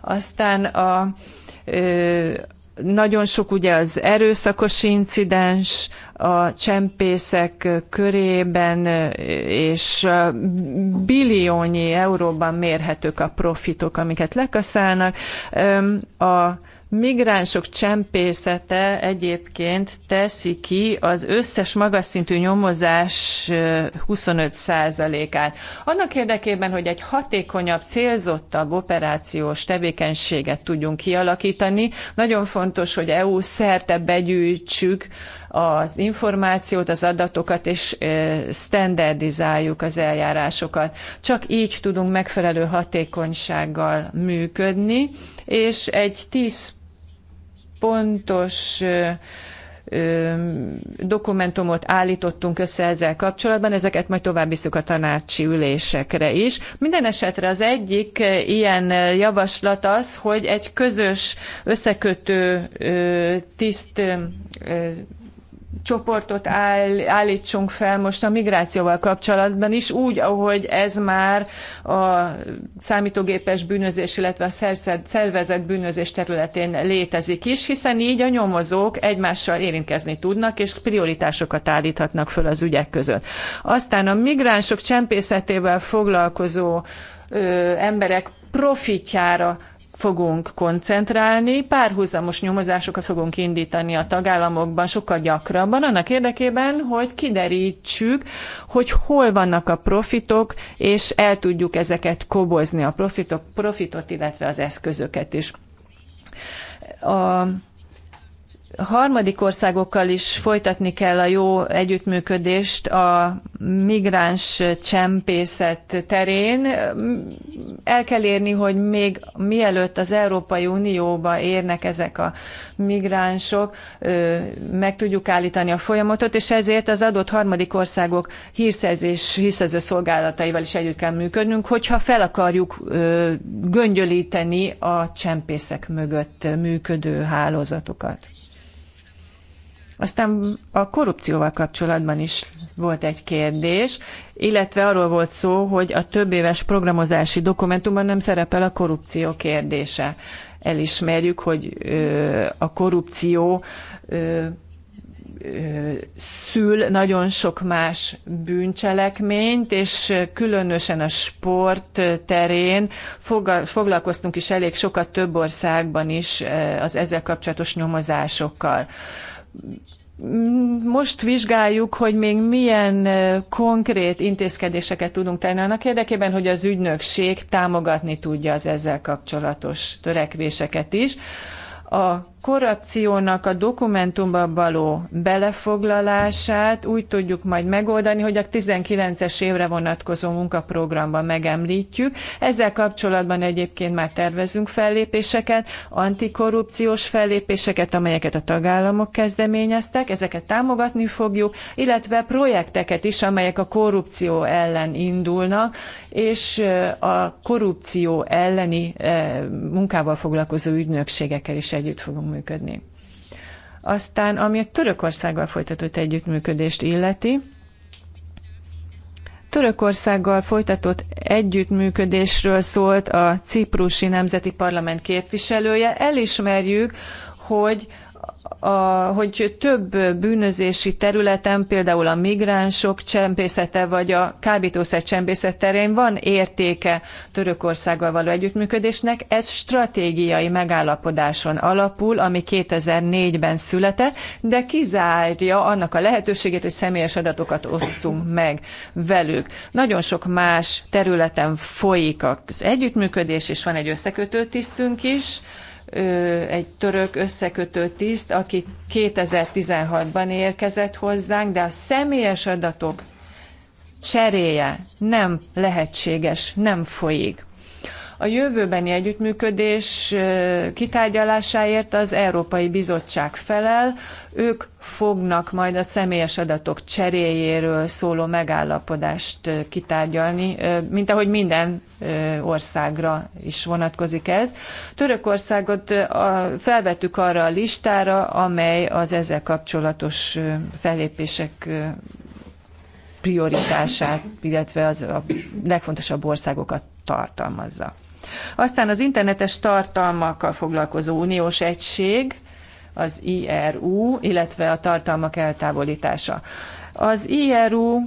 Aztán a nagyon sok ugye az erőszakos incidens a csempészek körében, és billiónyi euróban mérhetők a profitok, amiket lekaszálnak. A migránsok csempészete egyébként teszi ki az összes magas szintű nyomozás 25%-át. Annak érdekében, hogy egy hatékonyabb, célzottabb operációs tevékenységet tudjunk kialakítani, nagyon fontos, hogy EU szerte begyűjtsük az információt, az adatokat, és standardizáljuk az eljárásokat. Csak így tudunk megfelelő hatékonysággal működni, és egy 10 pontos dokumentumot állítottunk össze ezzel kapcsolatban, ezeket majd tovább visszük a tanácsi ülésekre is. Minden esetre az egyik ilyen javaslat az, hogy egy közös összekötő tiszt csoportot áll, állítsunk fel most a migrációval kapcsolatban is, úgy, ahogy ez már a számítógépes bűnözés, illetve a szervezett bűnözés területén létezik is, hiszen így a nyomozók egymással érintkezni tudnak, és prioritásokat állíthatnak föl az ügyek között. Aztán a migránsok csempészetével foglalkozó ö, emberek profitjára fogunk koncentrálni, párhuzamos nyomozásokat fogunk indítani a tagállamokban sokkal gyakrabban, annak érdekében, hogy kiderítsük, hogy hol vannak a profitok, és el tudjuk ezeket kobozni, a profitok, profitot, illetve az eszközöket is. A harmadik országokkal is folytatni kell a jó együttműködést a migráns csempészet terén. El kell érni, hogy még mielőtt az Európai Unióba érnek ezek a migránsok, meg tudjuk állítani a folyamatot, és ezért az adott harmadik országok hírszerzés, hírszerző szolgálataival is együtt kell működnünk, hogyha fel akarjuk göngyölíteni a csempészek mögött működő hálózatokat. Aztán a korrupcióval kapcsolatban is volt egy kérdés, illetve arról volt szó, hogy a több éves programozási dokumentumban nem szerepel a korrupció kérdése. Elismerjük, hogy ö, a korrupció ö, szül nagyon sok más bűncselekményt, és különösen a sport terén foglalkoztunk is elég sokat több országban is az ezzel kapcsolatos nyomozásokkal most vizsgáljuk, hogy még milyen konkrét intézkedéseket tudunk tenni annak érdekében, hogy az ügynökség támogatni tudja az ezzel kapcsolatos törekvéseket is. A korrupciónak a dokumentumba való belefoglalását úgy tudjuk majd megoldani, hogy a 19-es évre vonatkozó munkaprogramban megemlítjük. Ezzel kapcsolatban egyébként már tervezünk fellépéseket, antikorrupciós fellépéseket, amelyeket a tagállamok kezdeményeztek, ezeket támogatni fogjuk, illetve projekteket is, amelyek a korrupció ellen indulnak, és a korrupció elleni munkával foglalkozó ügynökségekkel is együtt fogunk működni. Aztán, ami a Törökországgal folytatott együttműködést illeti, Törökországgal folytatott együttműködésről szólt a ciprusi nemzeti parlament képviselője. Elismerjük, hogy a, hogy több bűnözési területen, például a migránsok csempészete vagy a kábítószer csempészet terén van értéke Törökországgal való együttműködésnek. Ez stratégiai megállapodáson alapul, ami 2004-ben született, de kizárja annak a lehetőségét, hogy személyes adatokat osszunk meg velük. Nagyon sok más területen folyik az együttműködés, és van egy összekötő tisztünk is, egy török összekötő tiszt, aki 2016-ban érkezett hozzánk, de a személyes adatok cseréje nem lehetséges, nem folyik. A jövőbeni együttműködés kitárgyalásáért az Európai Bizottság felel, ők fognak majd a személyes adatok cseréjéről szóló megállapodást kitárgyalni, mint ahogy minden országra is vonatkozik ez. Törökországot felvettük arra a listára, amely az ezzel kapcsolatos fellépések prioritását, illetve az a legfontosabb országokat tartalmazza. Aztán az internetes tartalmakkal foglalkozó uniós egység, az IRU, illetve a tartalmak eltávolítása. Az IRU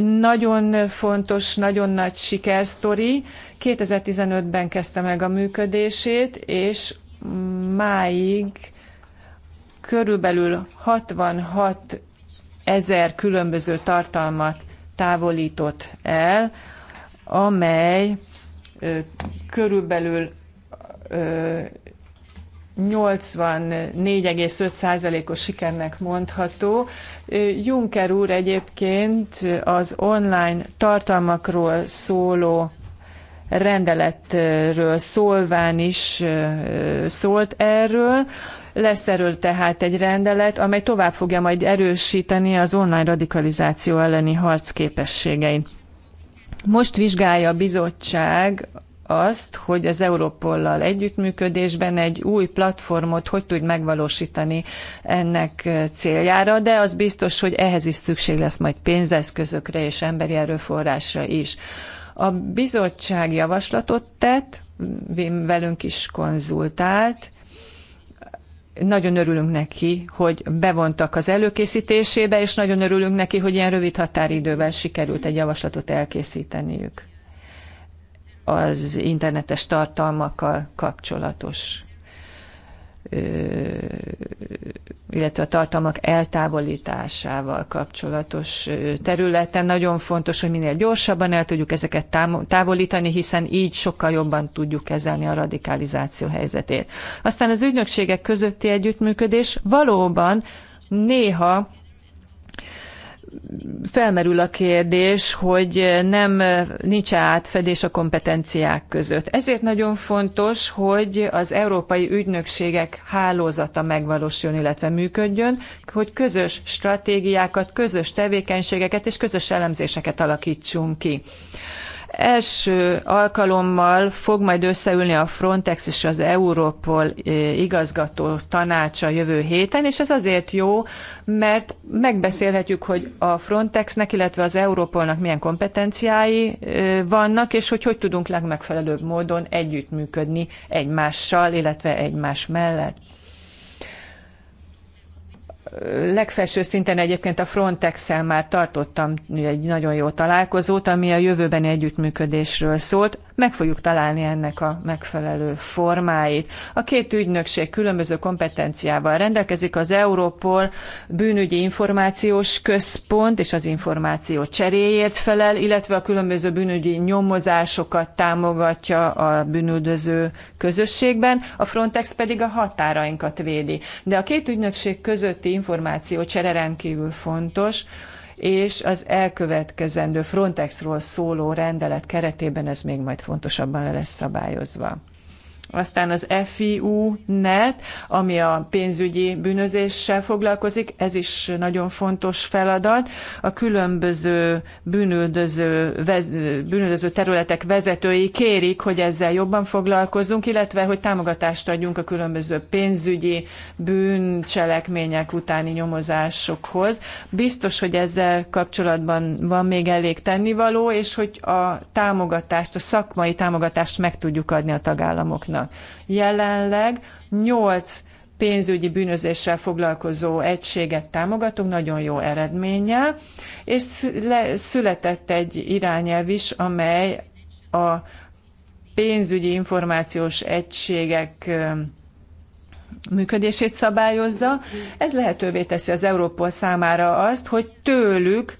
nagyon fontos, nagyon nagy sikersztori. 2015-ben kezdte meg a működését, és máig körülbelül 66 ezer különböző tartalmat távolított el, amely körülbelül 84,5%-os sikernek mondható. Juncker úr egyébként az online tartalmakról szóló rendeletről szólván is szólt erről. Lesz erről tehát egy rendelet, amely tovább fogja majd erősíteni az online radikalizáció elleni harc képességeit. Most vizsgálja a bizottság azt, hogy az Európollal együttműködésben egy új platformot hogy tud megvalósítani ennek céljára, de az biztos, hogy ehhez is szükség lesz majd pénzeszközökre és emberi erőforrásra is. A bizottság javaslatot tett, velünk is konzultált, nagyon örülünk neki, hogy bevontak az előkészítésébe, és nagyon örülünk neki, hogy ilyen rövid határidővel sikerült egy javaslatot elkészíteniük az internetes tartalmakkal kapcsolatos illetve a tartalmak eltávolításával kapcsolatos területen. Nagyon fontos, hogy minél gyorsabban el tudjuk ezeket távolítani, hiszen így sokkal jobban tudjuk kezelni a radikalizáció helyzetét. Aztán az ügynökségek közötti együttműködés valóban néha felmerül a kérdés, hogy nem nincs átfedés a kompetenciák között. Ezért nagyon fontos, hogy az európai ügynökségek hálózata megvalósuljon, illetve működjön, hogy közös stratégiákat, közös tevékenységeket és közös elemzéseket alakítsunk ki első alkalommal fog majd összeülni a Frontex és az Europol eh, igazgató tanácsa jövő héten, és ez azért jó, mert megbeszélhetjük, hogy a Frontexnek, illetve az Europolnak milyen kompetenciái eh, vannak, és hogy hogy tudunk legmegfelelőbb módon együttműködni egymással, illetve egymás mellett legfelső szinten egyébként a Frontex-el már tartottam egy nagyon jó találkozót, ami a jövőbeni együttműködésről szólt meg fogjuk találni ennek a megfelelő formáit. A két ügynökség különböző kompetenciával rendelkezik, az Európol bűnügyi információs központ és az információ cseréjét felel, illetve a különböző bűnügyi nyomozásokat támogatja a bűnüldöző közösségben, a Frontex pedig a határainkat védi. De a két ügynökség közötti információ csere rendkívül fontos, és az elkövetkezendő Frontexról szóló rendelet keretében ez még majd fontosabban le lesz szabályozva. Aztán az FIU net, ami a pénzügyi bűnözéssel foglalkozik, ez is nagyon fontos feladat. A különböző bűnöldöző, vez, bűnöldöző területek vezetői kérik, hogy ezzel jobban foglalkozunk, illetve hogy támogatást adjunk a különböző pénzügyi bűncselekmények utáni nyomozásokhoz. Biztos, hogy ezzel kapcsolatban van még elég tennivaló, és hogy a támogatást, a szakmai támogatást meg tudjuk adni a tagállamoknak vannak. Jelenleg 8 pénzügyi bűnözéssel foglalkozó egységet támogatunk, nagyon jó eredménnyel, és született egy irányelv is, amely a pénzügyi információs egységek működését szabályozza. Ez lehetővé teszi az Európol számára azt, hogy tőlük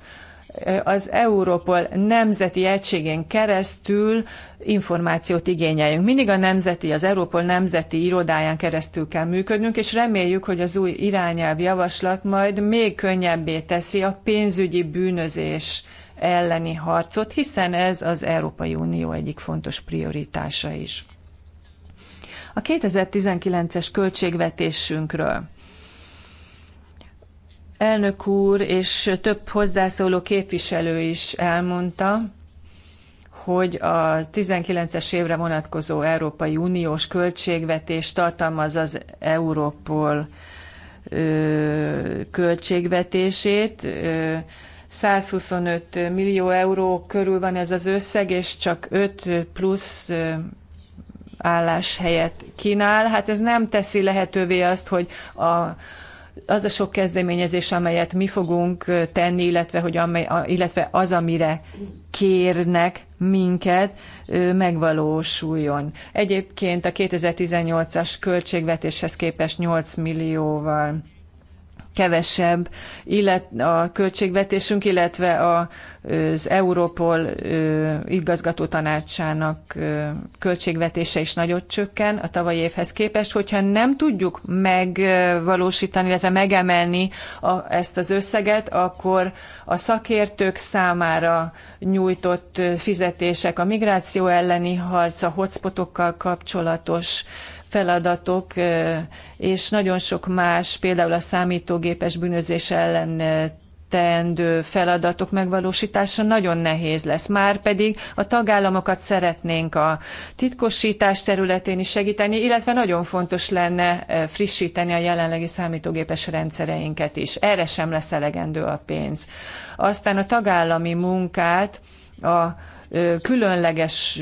az Európol nemzeti egységén keresztül információt igényeljünk. Mindig a nemzeti, az Európol nemzeti irodáján keresztül kell működnünk, és reméljük, hogy az új irányelv javaslat majd még könnyebbé teszi a pénzügyi bűnözés elleni harcot, hiszen ez az Európai Unió egyik fontos prioritása is. A 2019-es költségvetésünkről elnök úr és több hozzászóló képviselő is elmondta, hogy a 19-es évre vonatkozó Európai Uniós költségvetés tartalmaz az Európol költségvetését. 125 millió euró körül van ez az összeg, és csak 5 plusz álláshelyet kínál. Hát ez nem teszi lehetővé azt, hogy a az a sok kezdeményezés, amelyet mi fogunk tenni, illetve, hogy amely, illetve az, amire kérnek minket, megvalósuljon. Egyébként a 2018-as költségvetéshez képest 8 millióval kevesebb illet, a költségvetésünk, illetve a, az Európol igazgató tanácsának költségvetése is nagyot csökken a tavalyi évhez képest. Hogyha nem tudjuk megvalósítani, illetve megemelni a, ezt az összeget, akkor a szakértők számára nyújtott fizetések, a migráció elleni harc, a hotspotokkal kapcsolatos feladatok, és nagyon sok más, például a számítógépes bűnözés ellen teendő feladatok megvalósítása nagyon nehéz lesz. Márpedig a tagállamokat szeretnénk a titkosítás területén is segíteni, illetve nagyon fontos lenne frissíteni a jelenlegi számítógépes rendszereinket is. Erre sem lesz elegendő a pénz. Aztán a tagállami munkát a különleges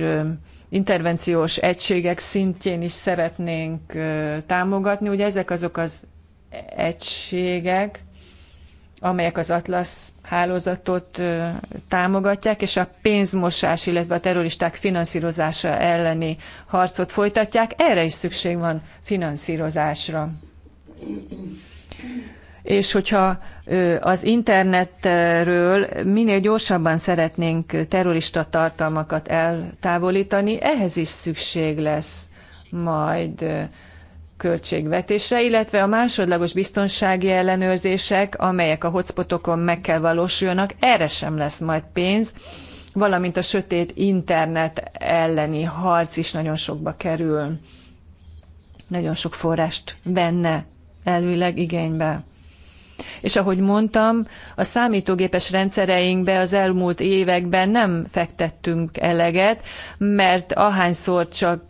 intervenciós egységek szintjén is szeretnénk támogatni. Ugye ezek azok az egységek, amelyek az Atlasz hálózatot támogatják, és a pénzmosás, illetve a terroristák finanszírozása elleni harcot folytatják. Erre is szükség van finanszírozásra és hogyha az internetről minél gyorsabban szeretnénk terrorista tartalmakat eltávolítani, ehhez is szükség lesz majd költségvetésre, illetve a másodlagos biztonsági ellenőrzések, amelyek a hotspotokon meg kell valósuljanak, erre sem lesz majd pénz, valamint a sötét internet elleni harc is nagyon sokba kerül. Nagyon sok forrást venne elvileg igénybe. És ahogy mondtam, a számítógépes rendszereinkbe az elmúlt években nem fektettünk eleget, mert ahányszor csak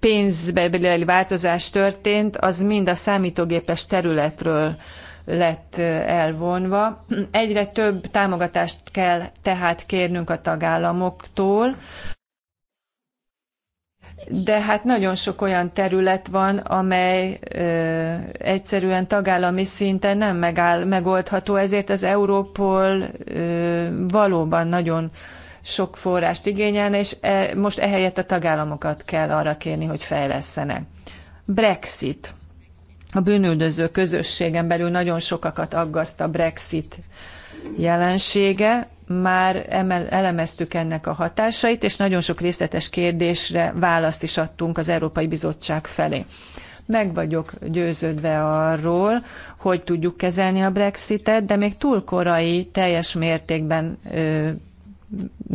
pénzbeli változás történt, az mind a számítógépes területről lett elvonva. Egyre több támogatást kell tehát kérnünk a tagállamoktól, de hát nagyon sok olyan terület van, amely ö, egyszerűen tagállami szinten nem megáll, megoldható, ezért az Európol ö, valóban nagyon sok forrást igényelne, és e, most ehelyett a tagállamokat kell arra kérni, hogy fejlesztenek. Brexit. A bűnüldöző közösségen belül nagyon sokakat aggaszt a Brexit jelensége már emel, elemeztük ennek a hatásait, és nagyon sok részletes kérdésre választ is adtunk az Európai Bizottság felé. Meg vagyok győződve arról, hogy tudjuk kezelni a Brexitet, de még túl korai teljes mértékben ö,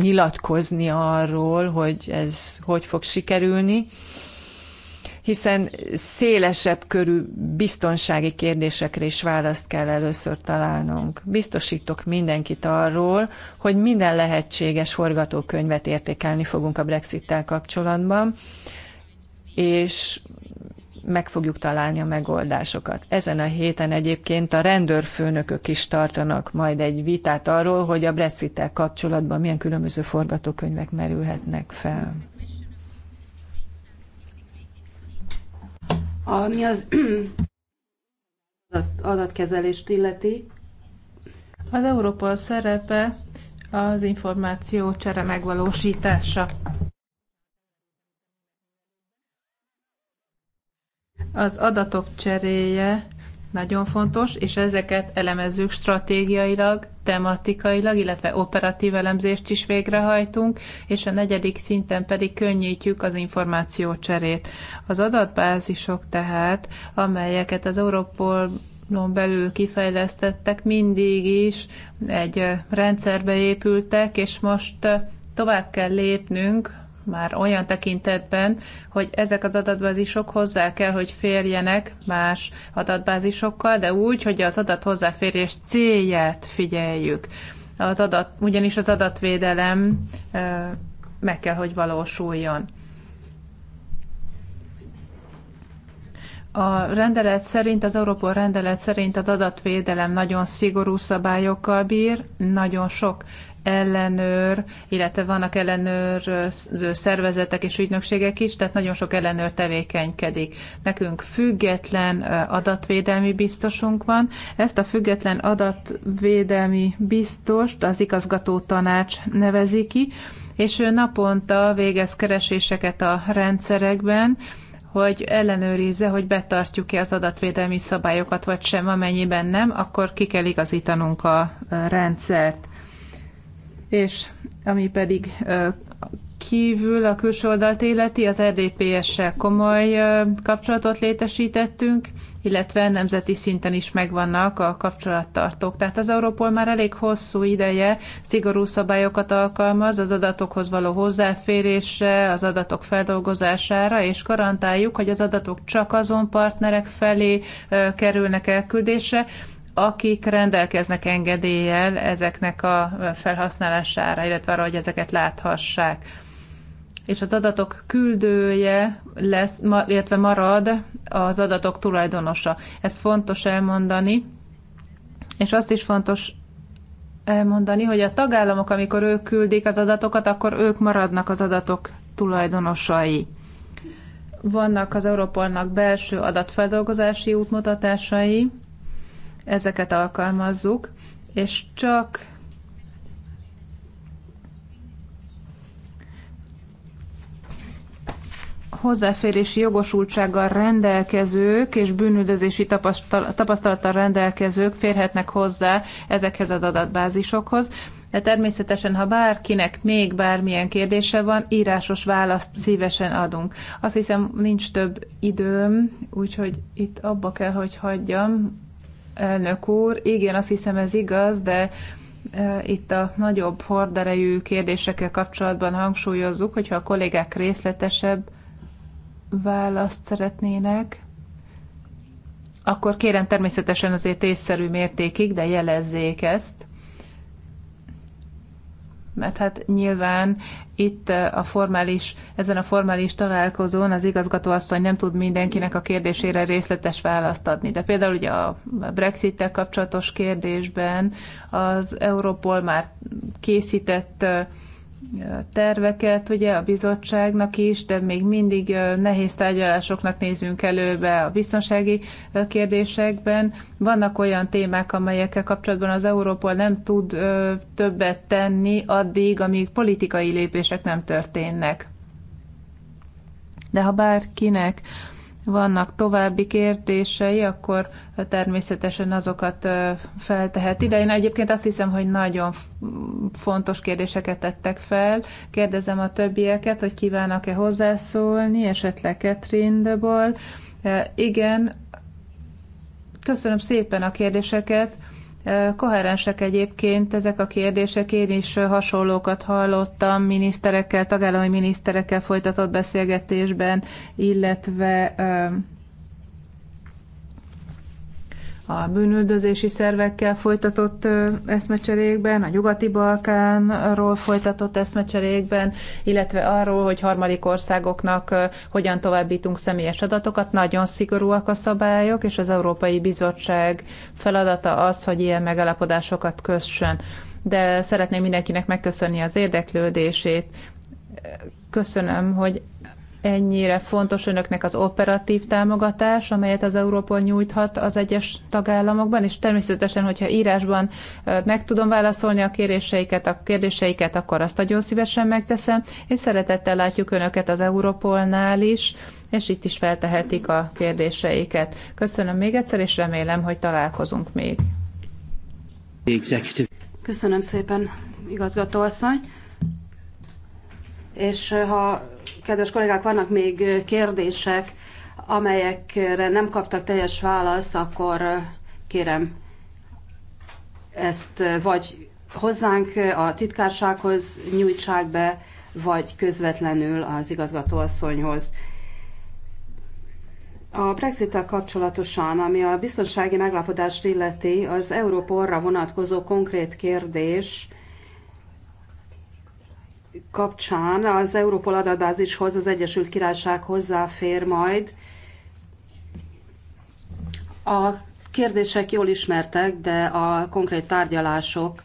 nyilatkozni arról, hogy ez hogy fog sikerülni. Ö, hiszen szélesebb körű biztonsági kérdésekre is választ kell először találnunk. Biztosítok mindenkit arról, hogy minden lehetséges forgatókönyvet értékelni fogunk a Brexit-tel kapcsolatban, és meg fogjuk találni a megoldásokat. Ezen a héten egyébként a rendőrfőnökök is tartanak majd egy vitát arról, hogy a Brexit-tel kapcsolatban milyen különböző forgatókönyvek merülhetnek fel. Ami az adatkezelést illeti. Az Európol szerepe az információ csere megvalósítása. Az adatok cseréje nagyon fontos, és ezeket elemezzük stratégiailag, tematikailag, illetve operatív elemzést is végrehajtunk, és a negyedik szinten pedig könnyítjük az információcserét. Az adatbázisok tehát, amelyeket az Europol belül kifejlesztettek, mindig is egy rendszerbe épültek, és most tovább kell lépnünk már olyan tekintetben, hogy ezek az adatbázisok hozzá kell, hogy férjenek más adatbázisokkal, de úgy, hogy az adat hozzáférés célját figyeljük. Az adat, ugyanis az adatvédelem meg kell, hogy valósuljon. A rendelet szerint, az Europol rendelet szerint az adatvédelem nagyon szigorú szabályokkal bír, nagyon sok ellenőr, illetve vannak ellenőrző szervezetek és ügynökségek is, tehát nagyon sok ellenőr tevékenykedik. Nekünk független adatvédelmi biztosunk van. Ezt a független adatvédelmi biztost az igazgató tanács nevezi ki, és ő naponta végez kereséseket a rendszerekben, hogy ellenőrizze, hogy betartjuk-e az adatvédelmi szabályokat, vagy sem, amennyiben nem, akkor ki kell igazítanunk a rendszert és ami pedig kívül a külső oldalt életi, az RDPS-sel komoly kapcsolatot létesítettünk, illetve nemzeti szinten is megvannak a kapcsolattartók. Tehát az Európol már elég hosszú ideje szigorú szabályokat alkalmaz az adatokhoz való hozzáférésre, az adatok feldolgozására, és garantáljuk, hogy az adatok csak azon partnerek felé kerülnek elküldésre, akik rendelkeznek engedéllyel ezeknek a felhasználására, illetve arra, hogy ezeket láthassák. És az adatok küldője lesz, illetve marad az adatok tulajdonosa. Ez fontos elmondani, és azt is fontos elmondani, hogy a tagállamok, amikor ők küldik az adatokat, akkor ők maradnak az adatok tulajdonosai. Vannak az Európolnak belső adatfeldolgozási útmutatásai, ezeket alkalmazzuk, és csak hozzáférési jogosultsággal rendelkezők és bűnüldözési tapasztalattal rendelkezők férhetnek hozzá ezekhez az adatbázisokhoz. De természetesen, ha bárkinek még bármilyen kérdése van, írásos választ szívesen adunk. Azt hiszem, nincs több időm, úgyhogy itt abba kell, hogy hagyjam elnök úr. Igen, azt hiszem ez igaz, de e, itt a nagyobb horderejű kérdésekkel kapcsolatban hangsúlyozzuk, hogyha a kollégák részletesebb választ szeretnének, akkor kérem természetesen azért észszerű mértékig, de jelezzék ezt mert hát nyilván itt eh, a formális, ezen a formális találkozón az igazgatóasszony nem tud mindenkinek a kérdésére részletes választ adni. De például ugye a Brexit-tel kapcsolatos kérdésben az Europol már készített eh, terveket, ugye a bizottságnak is, de még mindig nehéz tárgyalásoknak nézünk előbe a biztonsági kérdésekben. Vannak olyan témák, amelyekkel kapcsolatban az Európa nem tud többet tenni addig, amíg politikai lépések nem történnek. De ha bárkinek vannak további kérdései, akkor természetesen azokat feltehet ide. Én egyébként azt hiszem, hogy nagyon fontos kérdéseket tettek fel. Kérdezem a többieket, hogy kívánnak-e hozzászólni, esetleg Catherine de Igen, köszönöm szépen a kérdéseket. Koherensek egyébként ezek a kérdések, én is hasonlókat hallottam miniszterekkel, tagállami miniszterekkel folytatott beszélgetésben, illetve a bűnüldözési szervekkel folytatott eszmecserékben, a nyugati Balkánról folytatott eszmecserékben, illetve arról, hogy harmadik országoknak hogyan továbbítunk személyes adatokat. Nagyon szigorúak a szabályok, és az Európai Bizottság feladata az, hogy ilyen megalapodásokat kössön. De szeretném mindenkinek megköszönni az érdeklődését. Köszönöm, hogy ennyire fontos önöknek az operatív támogatás, amelyet az Európol nyújthat az egyes tagállamokban, és természetesen, hogyha írásban meg tudom válaszolni a kéréseiket, a kérdéseiket, akkor azt nagyon szívesen megteszem, és szeretettel látjuk önöket az Európolnál is, és itt is feltehetik a kérdéseiket. Köszönöm még egyszer, és remélem, hogy találkozunk még. Köszönöm szépen, igazgatóasszony és ha kedves kollégák, vannak még kérdések, amelyekre nem kaptak teljes választ, akkor kérem ezt vagy hozzánk a titkársághoz nyújtsák be, vagy közvetlenül az igazgatóasszonyhoz. A brexit kapcsolatosan, ami a biztonsági meglapodást illeti, az Európorra vonatkozó konkrét kérdés kapcsán az Európol adatbázishoz az Egyesült Királyság hozzáfér majd. A kérdések jól ismertek, de a konkrét tárgyalások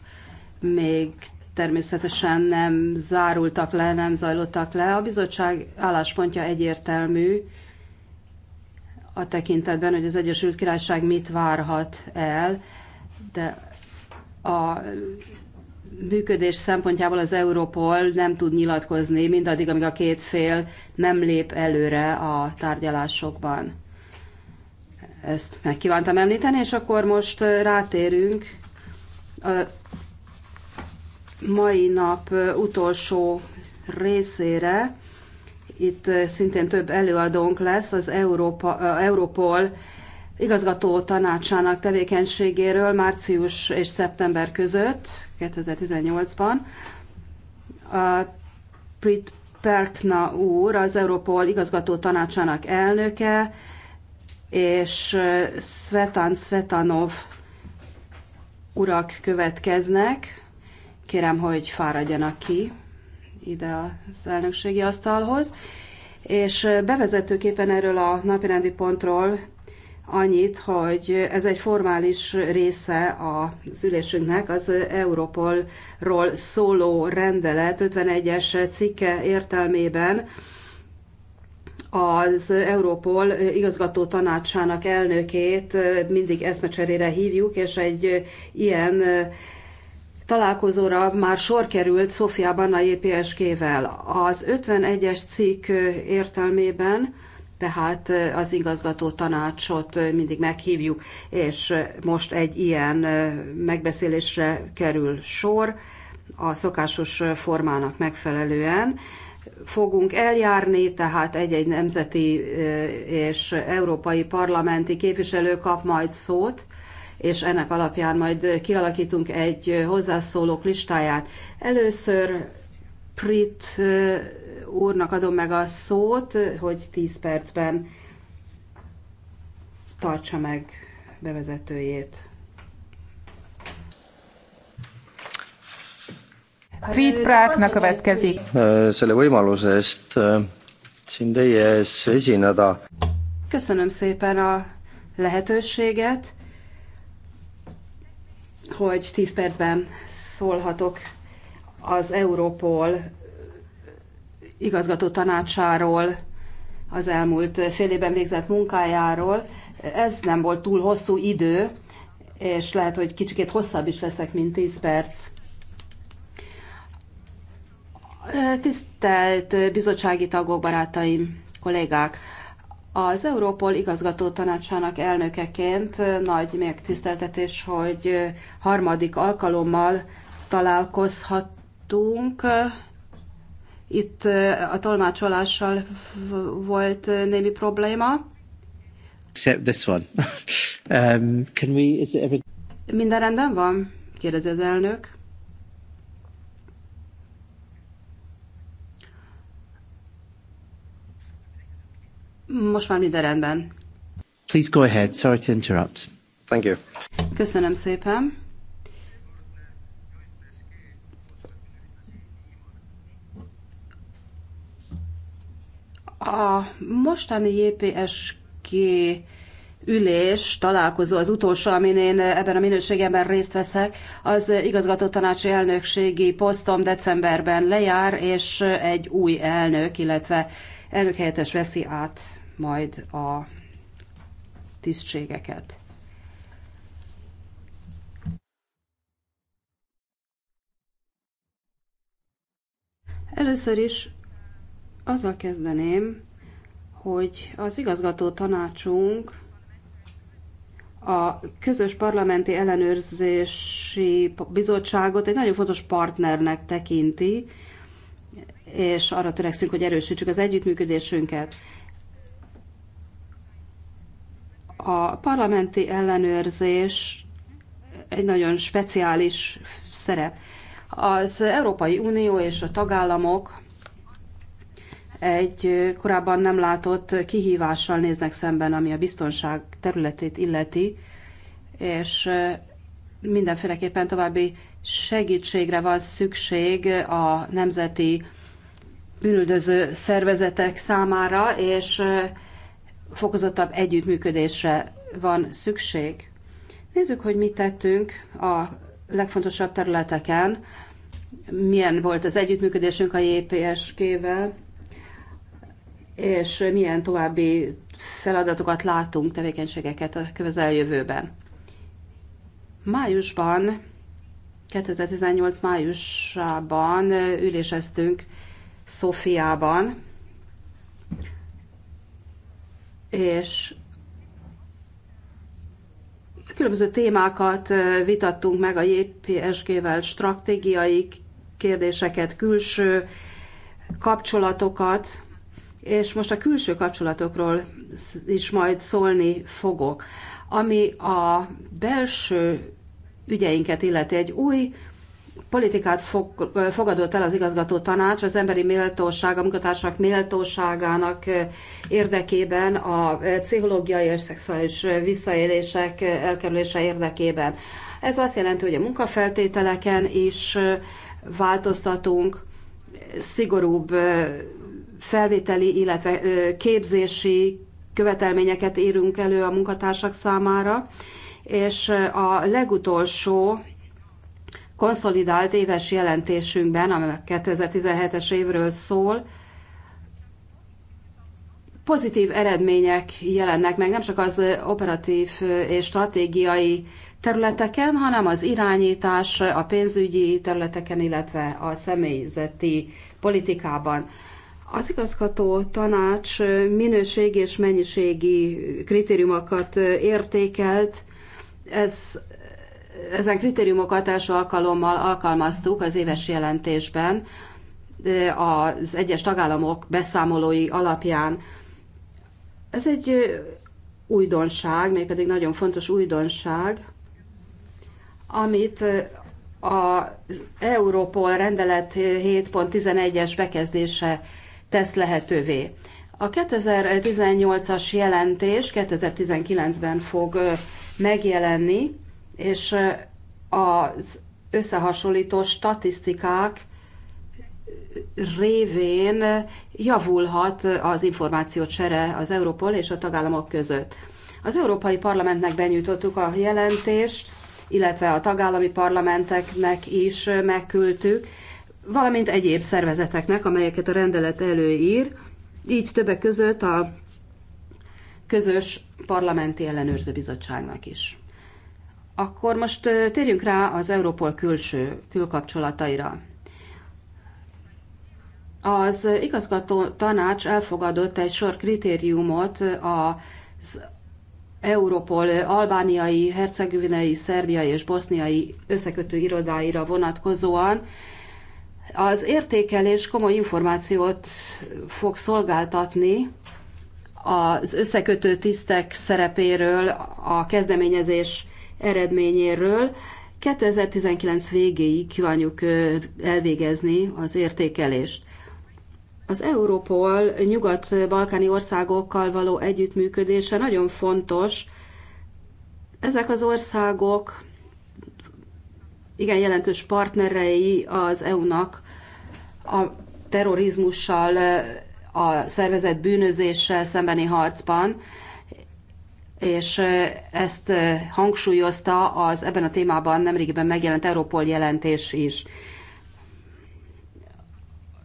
még természetesen nem zárultak le, nem zajlottak le. A bizottság álláspontja egyértelmű a tekintetben, hogy az Egyesült Királyság mit várhat el, de a működés szempontjából az Europol nem tud nyilatkozni, mindaddig, amíg a két fél nem lép előre a tárgyalásokban. Ezt megkívántam említeni, és akkor most rátérünk a mai nap utolsó részére. Itt szintén több előadónk lesz az Európa, Europol igazgató tanácsának tevékenységéről március és szeptember között 2018-ban. A Prit Perkna úr az Europol igazgató tanácsának elnöke, és Svetan Svetanov urak következnek. Kérem, hogy fáradjanak ki ide az elnökségi asztalhoz. És bevezetőképpen erről a napirendi pontról annyit, hogy ez egy formális része a szülésünknek, az Európolról szóló rendelet 51-es cikke értelmében az Európol igazgató tanácsának elnökét mindig eszmecserére hívjuk, és egy ilyen találkozóra már sor került Szofiában a JPSG-vel. Az 51-es cikk értelmében tehát az igazgató tanácsot mindig meghívjuk, és most egy ilyen megbeszélésre kerül sor a szokásos formának megfelelően fogunk eljárni, tehát egy-egy nemzeti és európai parlamenti képviselő kap majd szót, és ennek alapján majd kialakítunk egy hozzászólók listáját. Először Prit úrnak adom meg a szót, hogy 10 percben tartsa meg bevezetőjét. Priit Prákna következik. Selle võimaluse eest äh, siin teie ees esineda. Köszönöm szépen a lehetőséget, hogy 10 percben szólhatok az Európol igazgató tanácsáról, az elmúlt fél évben végzett munkájáról. Ez nem volt túl hosszú idő, és lehet, hogy kicsikét hosszabb is leszek, mint 10 perc. Tisztelt bizottsági tagok, barátaim, kollégák! Az Európol igazgató tanácsának elnökeként nagy megtiszteltetés, hogy harmadik alkalommal találkozhattunk itt a tolmácsolással volt némi probléma. Except this one. um, can we, is it everything? Minden rendben van? kérdezi az elnök. Most már minden rendben. Please go ahead. Sorry to interrupt. Thank you. Köszönöm szépen. A mostani JPSG ülés, találkozó, az utolsó, amin én ebben a minőségemben részt veszek, az igazgató tanácsi elnökségi posztom decemberben lejár, és egy új elnök, illetve elnökhelyettes veszi át majd a tisztségeket. Először is azzal kezdeném, hogy az igazgató tanácsunk a közös parlamenti ellenőrzési bizottságot egy nagyon fontos partnernek tekinti, és arra törekszünk, hogy erősítsük az együttműködésünket. A parlamenti ellenőrzés egy nagyon speciális szerep. Az Európai Unió és a tagállamok egy korábban nem látott kihívással néznek szemben, ami a biztonság területét illeti, és mindenféleképpen további segítségre van szükség a nemzeti bűnöldöző szervezetek számára, és fokozottabb együttműködésre van szükség. Nézzük, hogy mit tettünk a legfontosabb területeken, milyen volt az együttműködésünk a jpsk vel és milyen további feladatokat látunk, tevékenységeket a közeljövőben. Májusban, 2018 májusában üléseztünk Szofiában, és különböző témákat vitattunk meg a JPSG-vel, stratégiai kérdéseket, külső kapcsolatokat, és most a külső kapcsolatokról is majd szólni fogok. Ami a belső ügyeinket illeti, egy új politikát fog, fogadott el az igazgató tanács az emberi méltóság, a munkatársak méltóságának érdekében, a pszichológiai és szexuális visszaélések elkerülése érdekében. Ez azt jelenti, hogy a munkafeltételeken is változtatunk, szigorúbb felvételi, illetve képzési követelményeket írunk elő a munkatársak számára, és a legutolsó konszolidált éves jelentésünkben, amely 2017-es évről szól, pozitív eredmények jelennek meg, nem csak az operatív és stratégiai területeken, hanem az irányítás a pénzügyi területeken, illetve a személyzeti politikában. Az igazgató tanács minőségi és mennyiségi kritériumokat értékelt, ez, ezen kritériumokat első alkalommal alkalmaztuk az éves jelentésben az egyes tagállamok beszámolói alapján. Ez egy újdonság, mégpedig nagyon fontos újdonság, amit az Europol rendelet 7.11-es bekezdése tesz lehetővé. A 2018-as jelentés 2019-ben fog megjelenni, és az összehasonlító statisztikák révén javulhat az információcsere az Európol és a tagállamok között. Az Európai Parlamentnek benyújtottuk a jelentést, illetve a tagállami parlamenteknek is megküldtük, valamint egyéb szervezeteknek, amelyeket a rendelet előír, így többek között a közös parlamenti ellenőrző bizottságnak is. Akkor most térjünk rá az Európol külső külkapcsolataira. Az igazgató tanács elfogadott egy sor kritériumot az Európol albániai, hercegvinei, szerbiai és boszniai összekötő irodáira vonatkozóan, az értékelés komoly információt fog szolgáltatni az összekötő tisztek szerepéről, a kezdeményezés eredményéről. 2019 végéig kívánjuk elvégezni az értékelést. Az Európol nyugat-balkáni országokkal való együttműködése nagyon fontos. Ezek az országok igen jelentős partnerei az EU-nak a terrorizmussal, a szervezett bűnözéssel szembeni harcban, és ezt hangsúlyozta az ebben a témában nemrégiben megjelent Európol jelentés is.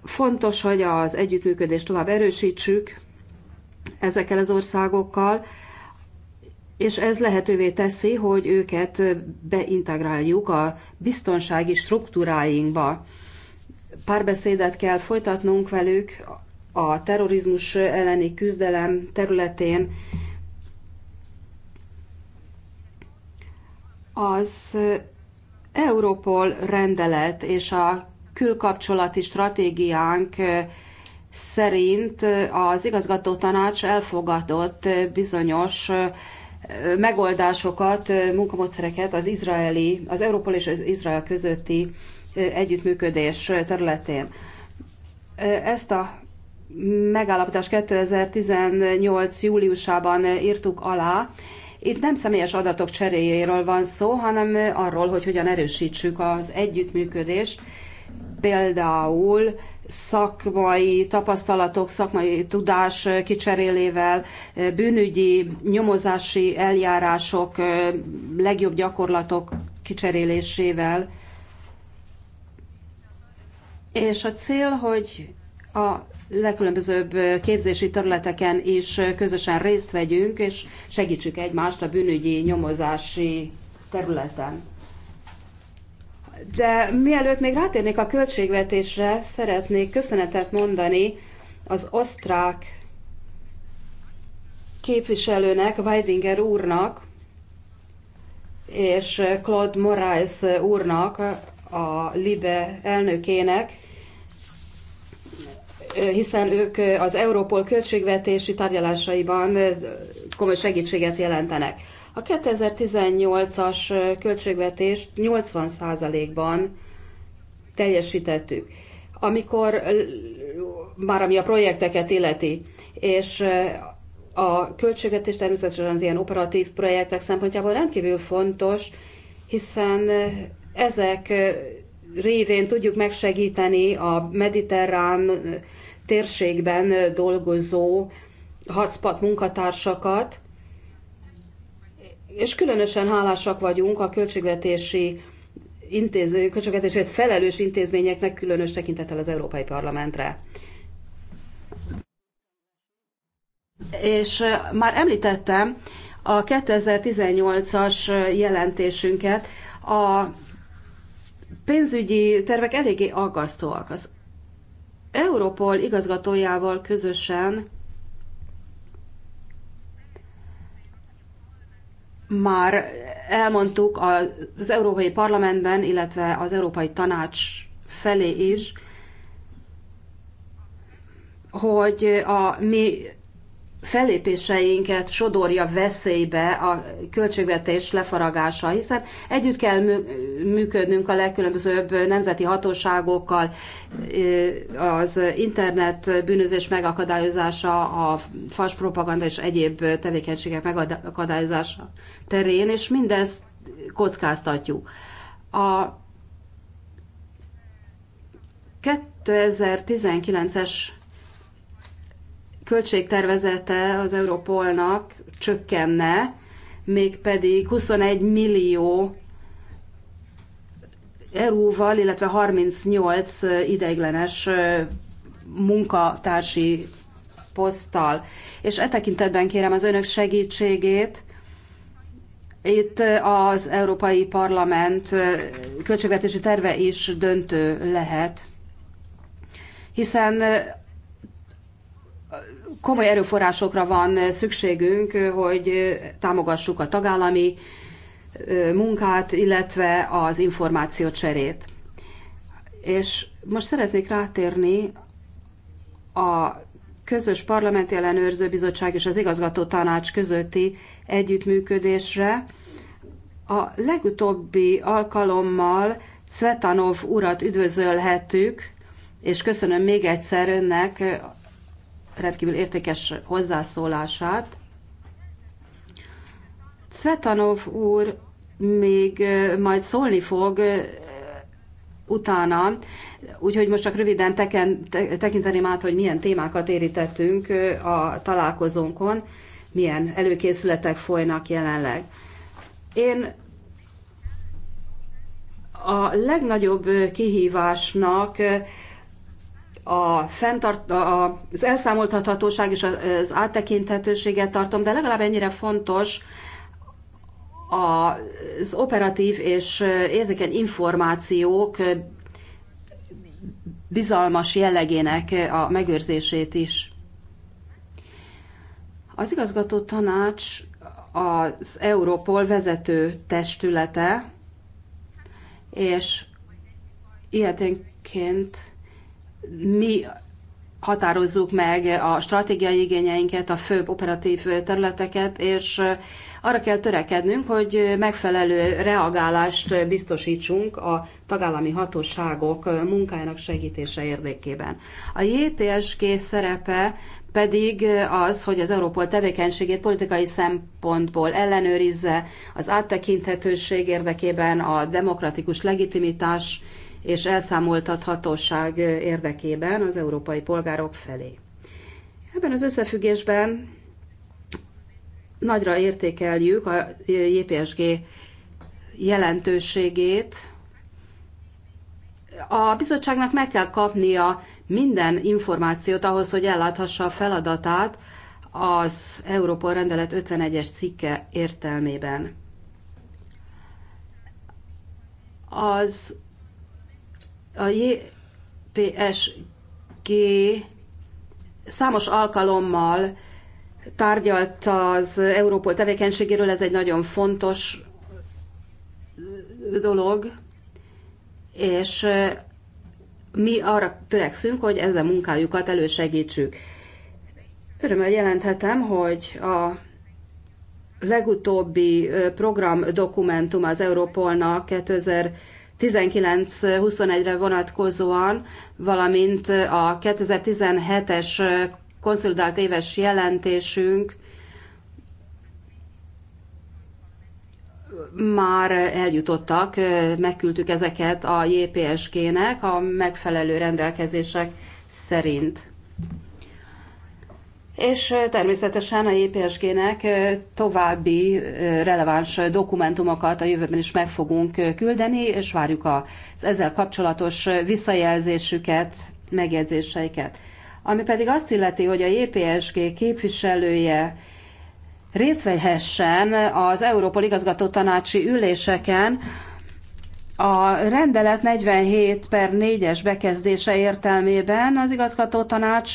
Fontos, hogy az együttműködést tovább erősítsük ezekkel az országokkal, és ez lehetővé teszi, hogy őket beintegráljuk a biztonsági struktúráinkba. Párbeszédet kell folytatnunk velük a terrorizmus elleni küzdelem területén. Az Európol rendelet és a külkapcsolati stratégiánk szerint az igazgató tanács elfogadott bizonyos megoldásokat, munkamódszereket az izraeli, az Európol és az Izrael közötti együttműködés területén. Ezt a megállapodást 2018. júliusában írtuk alá. Itt nem személyes adatok cseréjéről van szó, hanem arról, hogy hogyan erősítsük az együttműködést, például szakmai tapasztalatok, szakmai tudás kicserélével, bűnügyi, nyomozási eljárások, legjobb gyakorlatok kicserélésével. És a cél, hogy a legkülönbözőbb képzési területeken is közösen részt vegyünk, és segítsük egymást a bűnügyi nyomozási területen. De mielőtt még rátérnék a költségvetésre, szeretnék köszönetet mondani az osztrák képviselőnek, Weidinger úrnak és Claude Moraes úrnak, a LIBE elnökének, hiszen ők az Európol költségvetési tárgyalásaiban komoly segítséget jelentenek. A 2018-as költségvetést 80%-ban teljesítettük, amikor már ami a projekteket illeti, és a költségvetés természetesen az ilyen operatív projektek szempontjából rendkívül fontos, hiszen ezek révén tudjuk megsegíteni a mediterrán térségben dolgozó hotspot munkatársakat, és különösen hálásak vagyunk a költségvetési intéző, költségvetését felelős intézményeknek, különös tekintettel az Európai Parlamentre. És már említettem a 2018-as jelentésünket, a pénzügyi tervek eléggé aggasztóak. Az Európol igazgatójával közösen már elmondtuk az Európai Parlamentben, illetve az Európai Tanács felé is, hogy a mi fellépéseinket sodorja veszélybe a költségvetés lefaragása, hiszen együtt kell működnünk a legkülönbözőbb nemzeti hatóságokkal, az internet bűnözés megakadályozása, a fas propaganda és egyéb tevékenységek megakadályozása terén, és mindezt kockáztatjuk. A 2019-es költségtervezete az Europolnak csökkenne, mégpedig 21 millió euróval, illetve 38 ideiglenes munkatársi poszttal. És e tekintetben kérem az önök segítségét. Itt az Európai Parlament költségvetési terve is döntő lehet, hiszen komoly erőforrásokra van eh, szükségünk, eh, hogy eh, támogassuk a tagállami munkát, illetve az információ cserét. És most szeretnék rátérni a közös parlamenti ellenőrző bizottság és az igazgató tanács közötti együttműködésre. A legutóbbi alkalommal Cvetanov urat üdvözölhetük, és köszönöm még egyszer önnek rendkívül értékes hozzászólását. Cvetanov úr még majd szólni fog utána, úgyhogy most csak röviden teken, te, tekinteném át, hogy milyen témákat érítettünk a találkozónkon, milyen előkészületek folynak jelenleg. Én a legnagyobb kihívásnak a fenntart, az elszámoltathatóság és az áttekinthetőséget tartom, de legalább ennyire fontos az operatív és érzékeny információk bizalmas jellegének a megőrzését is. Az igazgató tanács az Európol vezető testülete, és ilyeténként mi határozzuk meg a stratégiai igényeinket, a főbb operatív területeket, és arra kell törekednünk, hogy megfelelő reagálást biztosítsunk a tagállami hatóságok munkájának segítése érdekében. A JPSG szerepe pedig az, hogy az Európol tevékenységét politikai szempontból ellenőrizze, az áttekinthetőség érdekében a demokratikus legitimitás és elszámoltathatóság érdekében az európai polgárok felé. Ebben az összefüggésben nagyra értékeljük a JPSG jelentőségét. A bizottságnak meg kell kapnia minden információt ahhoz, hogy elláthassa a feladatát az Európol rendelet 51-es cikke értelmében. Az a JPSG számos alkalommal tárgyalt az Európol tevékenységéről, ez egy nagyon fontos dolog, és mi arra törekszünk, hogy ezzel munkájukat elősegítsük. Örömmel jelenthetem, hogy a legutóbbi program dokumentum az Európolnak 2000 19-21-re vonatkozóan, valamint a 2017-es konszolidált éves jelentésünk már eljutottak, megküldtük ezeket a JPSG-nek a megfelelő rendelkezések szerint és természetesen a JPSG-nek további releváns dokumentumokat a jövőben is meg fogunk küldeni, és várjuk az ezzel kapcsolatos visszajelzésüket, megjegyzéseiket. Ami pedig azt illeti, hogy a JPSG képviselője részt vehessen az Európa Igazgató Tanácsi üléseken, a rendelet 47 per 4-es bekezdése értelmében az igazgató tanács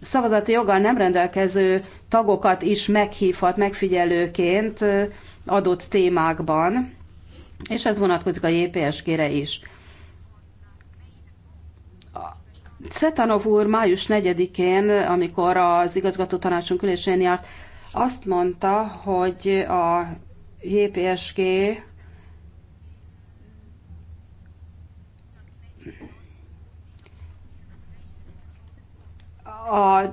szavazati joggal nem rendelkező tagokat is meghívhat megfigyelőként adott témákban, és ez vonatkozik a JPSG-re is. Cetanov úr május 4-én, amikor az igazgató tanácsunk ülésén járt, azt mondta, hogy a JPSG a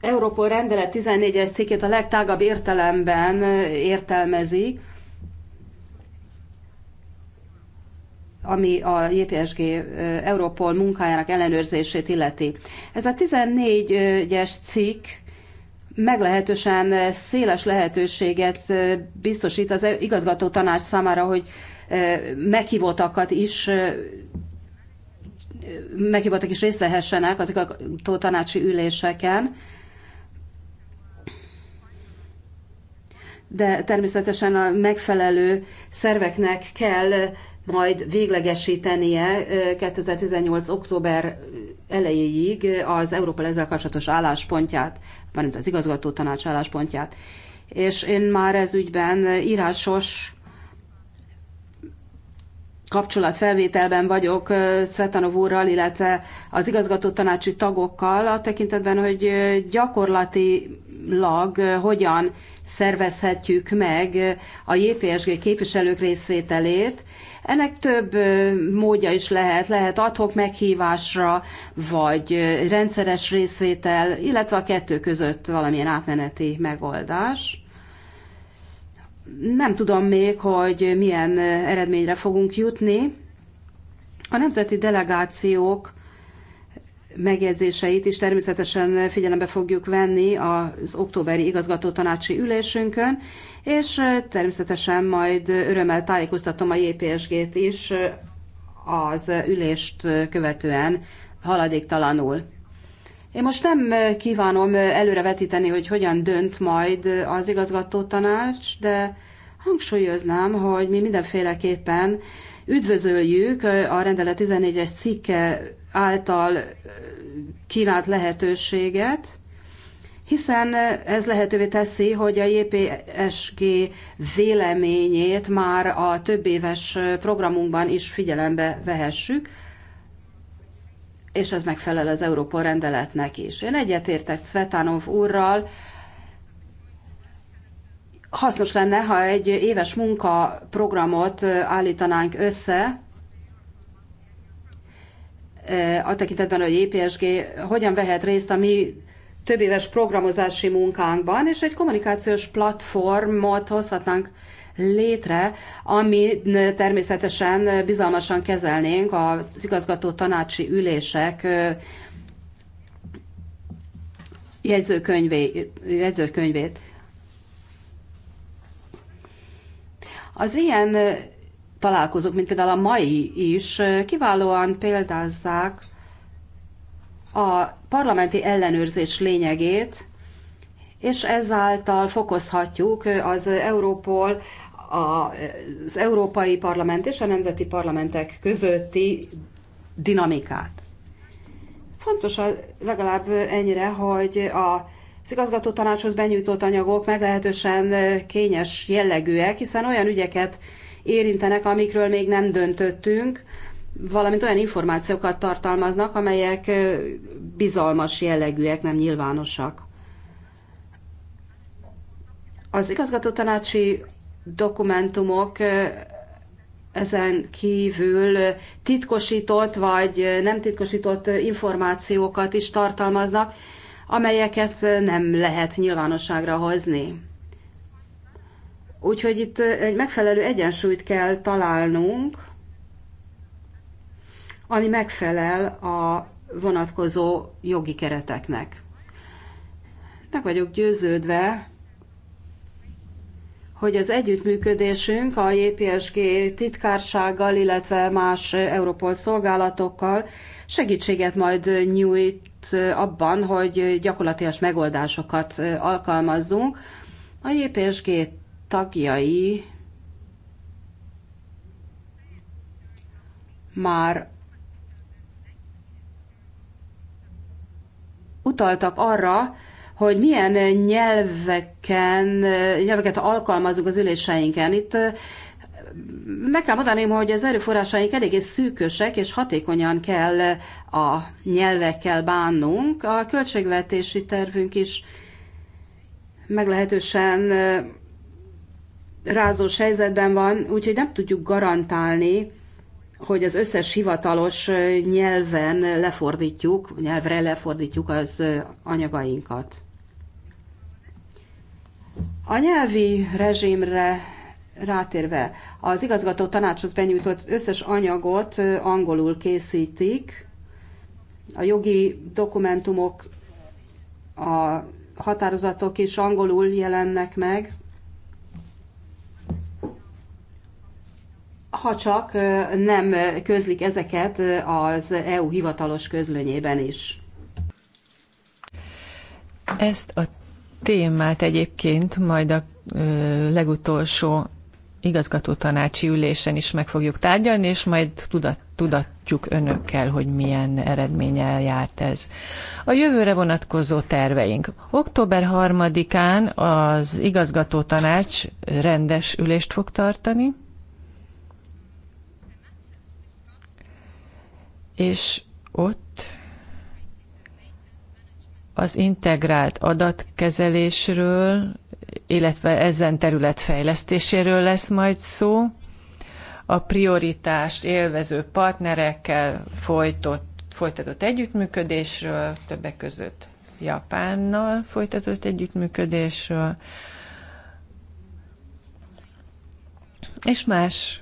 Európol rendelet 14-es cikkét a legtágabb értelemben értelmezi, ami a JPSG Európol munkájának ellenőrzését illeti. Ez a 14-es cikk meglehetősen széles lehetőséget biztosít az igazgató tanács számára, hogy meghívottakat is meghívottak is részt vehessenek az igazgató tanácsi üléseken. De természetesen a megfelelő szerveknek kell majd véglegesítenie 2018. október elejéig az Európa ezzel kapcsolatos álláspontját, mármint az igazgató tanács álláspontját. És én már ez ügyben írásos kapcsolatfelvételben vagyok Svetanov úrral, illetve az igazgató tanácsi tagokkal a tekintetben, hogy gyakorlatilag hogyan szervezhetjük meg a JPSG képviselők részvételét. Ennek több módja is lehet, lehet adhok meghívásra, vagy rendszeres részvétel, illetve a kettő között valamilyen átmeneti megoldás. Nem tudom még, hogy milyen eredményre fogunk jutni. A nemzeti delegációk megjegyzéseit is természetesen figyelembe fogjuk venni az októberi igazgatótanácsi ülésünkön, és természetesen majd örömmel tájékoztatom a JPSG-t is az ülést követően haladéktalanul. Én most nem kívánom előrevetíteni, hogy hogyan dönt majd az igazgató tanács, de hangsúlyoznám, hogy mi mindenféleképpen üdvözöljük a rendelet 14-es cikke által kínált lehetőséget, hiszen ez lehetővé teszi, hogy a JPSG véleményét már a több éves programunkban is figyelembe vehessük, és ez megfelel az Európa rendeletnek is. Én egyetértek Svetanov úrral, hasznos lenne, ha egy éves munkaprogramot állítanánk össze, a tekintetben, hogy EPSG hogyan vehet részt a mi több éves programozási munkánkban, és egy kommunikációs platformot hozhatnánk létre, ami természetesen bizalmasan kezelnénk az igazgató tanácsi ülések jegyzőkönyvét. Az ilyen találkozók, mint például a mai is, kiválóan példázzák a parlamenti ellenőrzés lényegét, és ezáltal fokozhatjuk az Európol, az Európai Parlament és a nemzeti parlamentek közötti dinamikát. Fontos a, legalább ennyire, hogy a az igazgató tanácshoz benyújtott anyagok meglehetősen kényes jellegűek, hiszen olyan ügyeket érintenek, amikről még nem döntöttünk, valamint olyan információkat tartalmaznak, amelyek bizalmas jellegűek, nem nyilvánosak. Az igazgatótanácsi dokumentumok ezen kívül titkosított vagy nem titkosított információkat is tartalmaznak, amelyeket nem lehet nyilvánosságra hozni. Úgyhogy itt egy megfelelő egyensúlyt kell találnunk, ami megfelel a vonatkozó jogi kereteknek. Meg vagyok győződve, hogy az együttműködésünk a JPSG titkársággal, illetve más Europol szolgálatokkal segítséget majd nyújt abban, hogy gyakorlatilag megoldásokat alkalmazzunk. A JPSG tagjai már utaltak arra, hogy milyen nyelveken, nyelveket alkalmazunk az üléseinken. Itt meg kell mondanom, hogy az erőforrásaink eléggé szűkösek, és hatékonyan kell a nyelvekkel bánnunk. A költségvetési tervünk is meglehetősen rázós helyzetben van, úgyhogy nem tudjuk garantálni, hogy az összes hivatalos nyelven lefordítjuk, nyelvre lefordítjuk az anyagainkat. A nyelvi rezsimre rátérve az igazgató tanácshoz benyújtott összes anyagot angolul készítik, a jogi dokumentumok, a határozatok is angolul jelennek meg, ha csak nem közlik ezeket az EU hivatalos közlönyében is. Ezt a témát egyébként majd a legutolsó igazgató tanácsi ülésen is meg fogjuk tárgyalni, és majd tudat, tudatjuk önökkel, hogy milyen eredménnyel járt ez. A jövőre vonatkozó terveink. Október 3-án az igazgató tanács rendes ülést fog tartani, és ott az integrált adatkezelésről, illetve ezen terület fejlesztéséről lesz majd szó. A prioritást élvező partnerekkel folytott, folytatott együttműködésről, többek között Japánnal folytatott együttműködésről, és más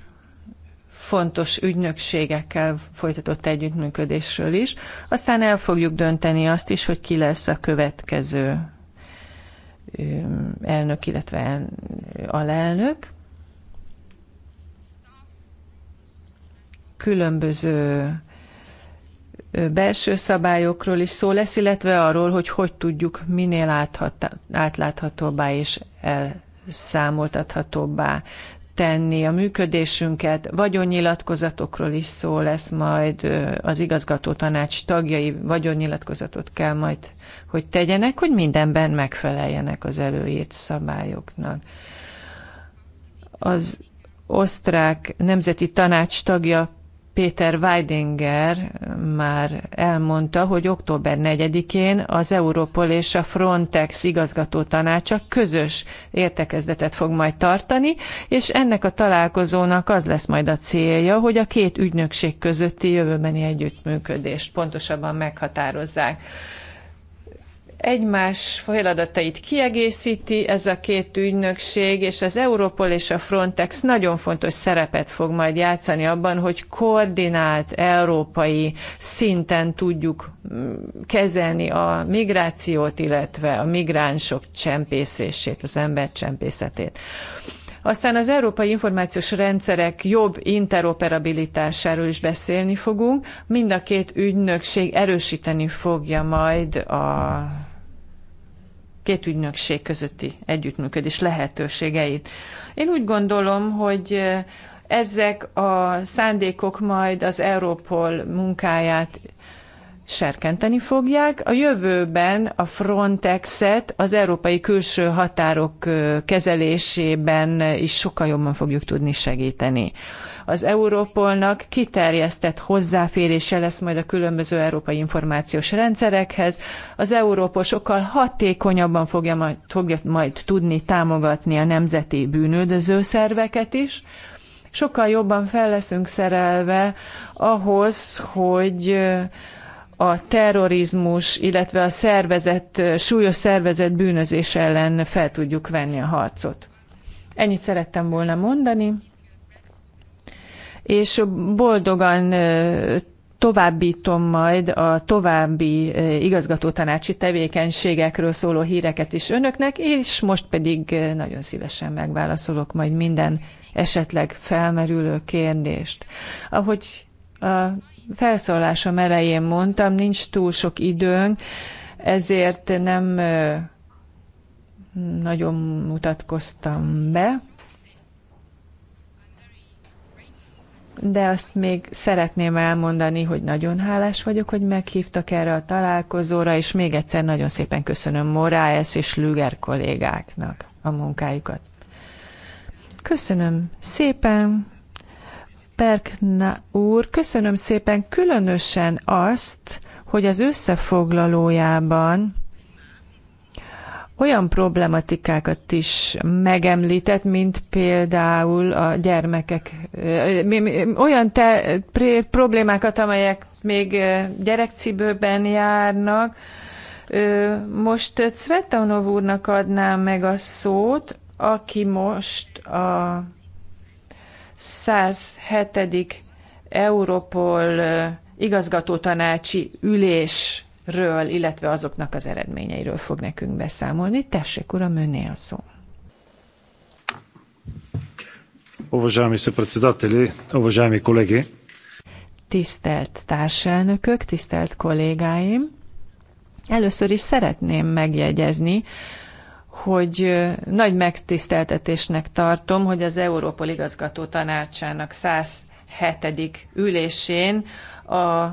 fontos ügynökségekkel folytatott együttműködésről is. Aztán el fogjuk dönteni azt is, hogy ki lesz a következő elnök, illetve alelnök. Különböző belső szabályokról is szó lesz, illetve arról, hogy hogy tudjuk minél átláthatóbbá és elszámoltathatóbbá tenni a működésünket, vagyonnyilatkozatokról is szó lesz majd, az igazgató tanács tagjai vagyonnyilatkozatot kell majd, hogy tegyenek, hogy mindenben megfeleljenek az előírt szabályoknak. Az osztrák nemzeti tanács tagja Péter Weidinger már elmondta, hogy október 4-én az Europol és a Frontex igazgató tanácsa közös értekezletet fog majd tartani, és ennek a találkozónak az lesz majd a célja, hogy a két ügynökség közötti jövőbeni együttműködést pontosabban meghatározzák egymás feladatait kiegészíti, ez a két ügynökség, és az Europol és a Frontex nagyon fontos szerepet fog majd játszani abban, hogy koordinált európai szinten tudjuk mm, kezelni a migrációt, illetve a migránsok csempészését, az ember csempészetét. Aztán az európai információs rendszerek jobb interoperabilitásáról is beszélni fogunk. Mind a két ügynökség erősíteni fogja majd a két ügynökség közötti együttműködés lehetőségeit. Én úgy gondolom, hogy ezek a szándékok majd az Európol munkáját serkenteni fogják. A jövőben a Frontexet az európai külső határok kezelésében is sokkal jobban fogjuk tudni segíteni. Az Európolnak kiterjesztett hozzáférése lesz majd a különböző európai információs rendszerekhez. Az Európol sokkal hatékonyabban fogja majd, fogja majd tudni támogatni a nemzeti bűnöldöző szerveket is sokkal jobban fel leszünk szerelve ahhoz, hogy a terrorizmus, illetve a szervezet, súlyos szervezet bűnözés ellen fel tudjuk venni a harcot. Ennyit szerettem volna mondani, és boldogan továbbítom majd a további igazgatótanácsi tevékenységekről szóló híreket is önöknek, és most pedig nagyon szívesen megválaszolok majd minden esetleg felmerülő kérdést. Ahogy a felszólásom elején mondtam, nincs túl sok időnk, ezért nem nagyon mutatkoztam be. de azt még szeretném elmondani, hogy nagyon hálás vagyok, hogy meghívtak erre a találkozóra, és még egyszer nagyon szépen köszönöm Moraes és Lüger kollégáknak a munkájukat. Köszönöm szépen, Bergna úr, köszönöm szépen különösen azt, hogy az összefoglalójában olyan problematikákat is megemlített, mint például a gyermekek, olyan te, problémákat, amelyek még gyerekcibőben járnak. Most Cvetanov úrnak adnám meg a szót, aki most a 107. Europol igazgatótanácsi ülésről, illetve azoknak az eredményeiről fog nekünk beszámolni. Tessék, uram, önné a szó. Уважаеми съпредседатели, уважаеми колеги. Tisztelt társelnökök, tisztelt kollégáim! Először is szeretném megjegyezni, hogy nagy megtiszteltetésnek tartom, hogy az Európol igazgató tanácsának 107. ülésén a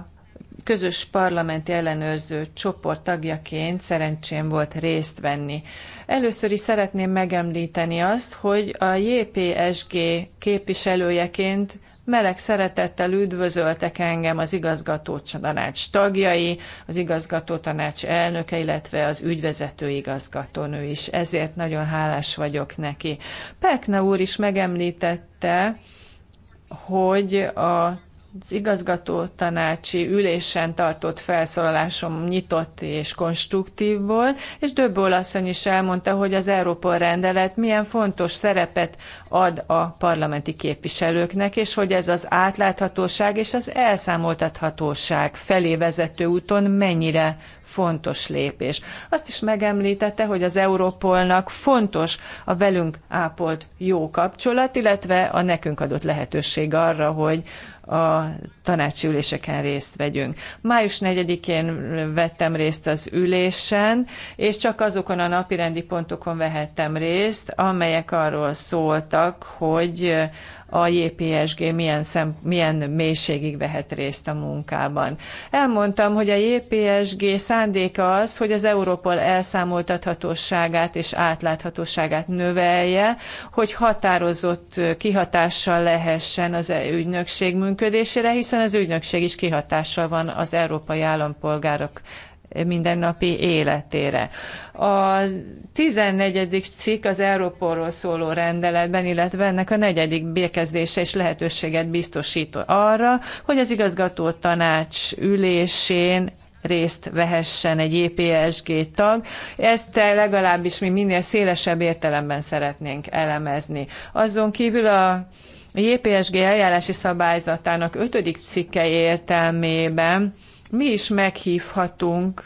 közös parlamenti ellenőrző csoport tagjaként szerencsém volt részt venni. Először is szeretném megemlíteni azt, hogy a JPSG képviselőjeként meleg szeretettel üdvözöltek engem az igazgató tanács tagjai, az igazgató tanács elnöke, illetve az ügyvezető igazgatónő is. Ezért nagyon hálás vagyok neki. Pekna úr is megemlítette, hogy a az igazgató tanácsi ülésen tartott felszólalásom nyitott és konstruktív volt, és Döbből asszony is elmondta, hogy az Európol rendelet milyen fontos szerepet ad a parlamenti képviselőknek, és hogy ez az átláthatóság és az elszámoltathatóság felé vezető úton mennyire fontos lépés. Azt is megemlítette, hogy az Európolnak fontos a velünk ápolt jó kapcsolat, illetve a nekünk adott lehetőség arra, hogy a tanácsi üléseken részt vegyünk. Május 4-én vettem részt az ülésen, és csak azokon a napirendi pontokon vehettem részt, amelyek arról szóltak, hogy a JPSG milyen, szem, milyen mélységig vehet részt a munkában. Elmondtam, hogy a JPSG szándéka az, hogy az Európol elszámoltathatóságát és átláthatóságát növelje, hogy határozott kihatással lehessen az e- ügynökség működésére, hiszen az ügynökség is kihatással van az európai állampolgárok mindennapi életére. A 14. cikk az Európolról szóló rendeletben, illetve ennek a negyedik békezdése is lehetőséget biztosít arra, hogy az igazgató tanács ülésén részt vehessen egy EPSG tag. Ezt legalábbis mi minél szélesebb értelemben szeretnénk elemezni. Azon kívül a JPSG e eljárási szabályzatának ötödik cikke értelmében mi is meghívhatunk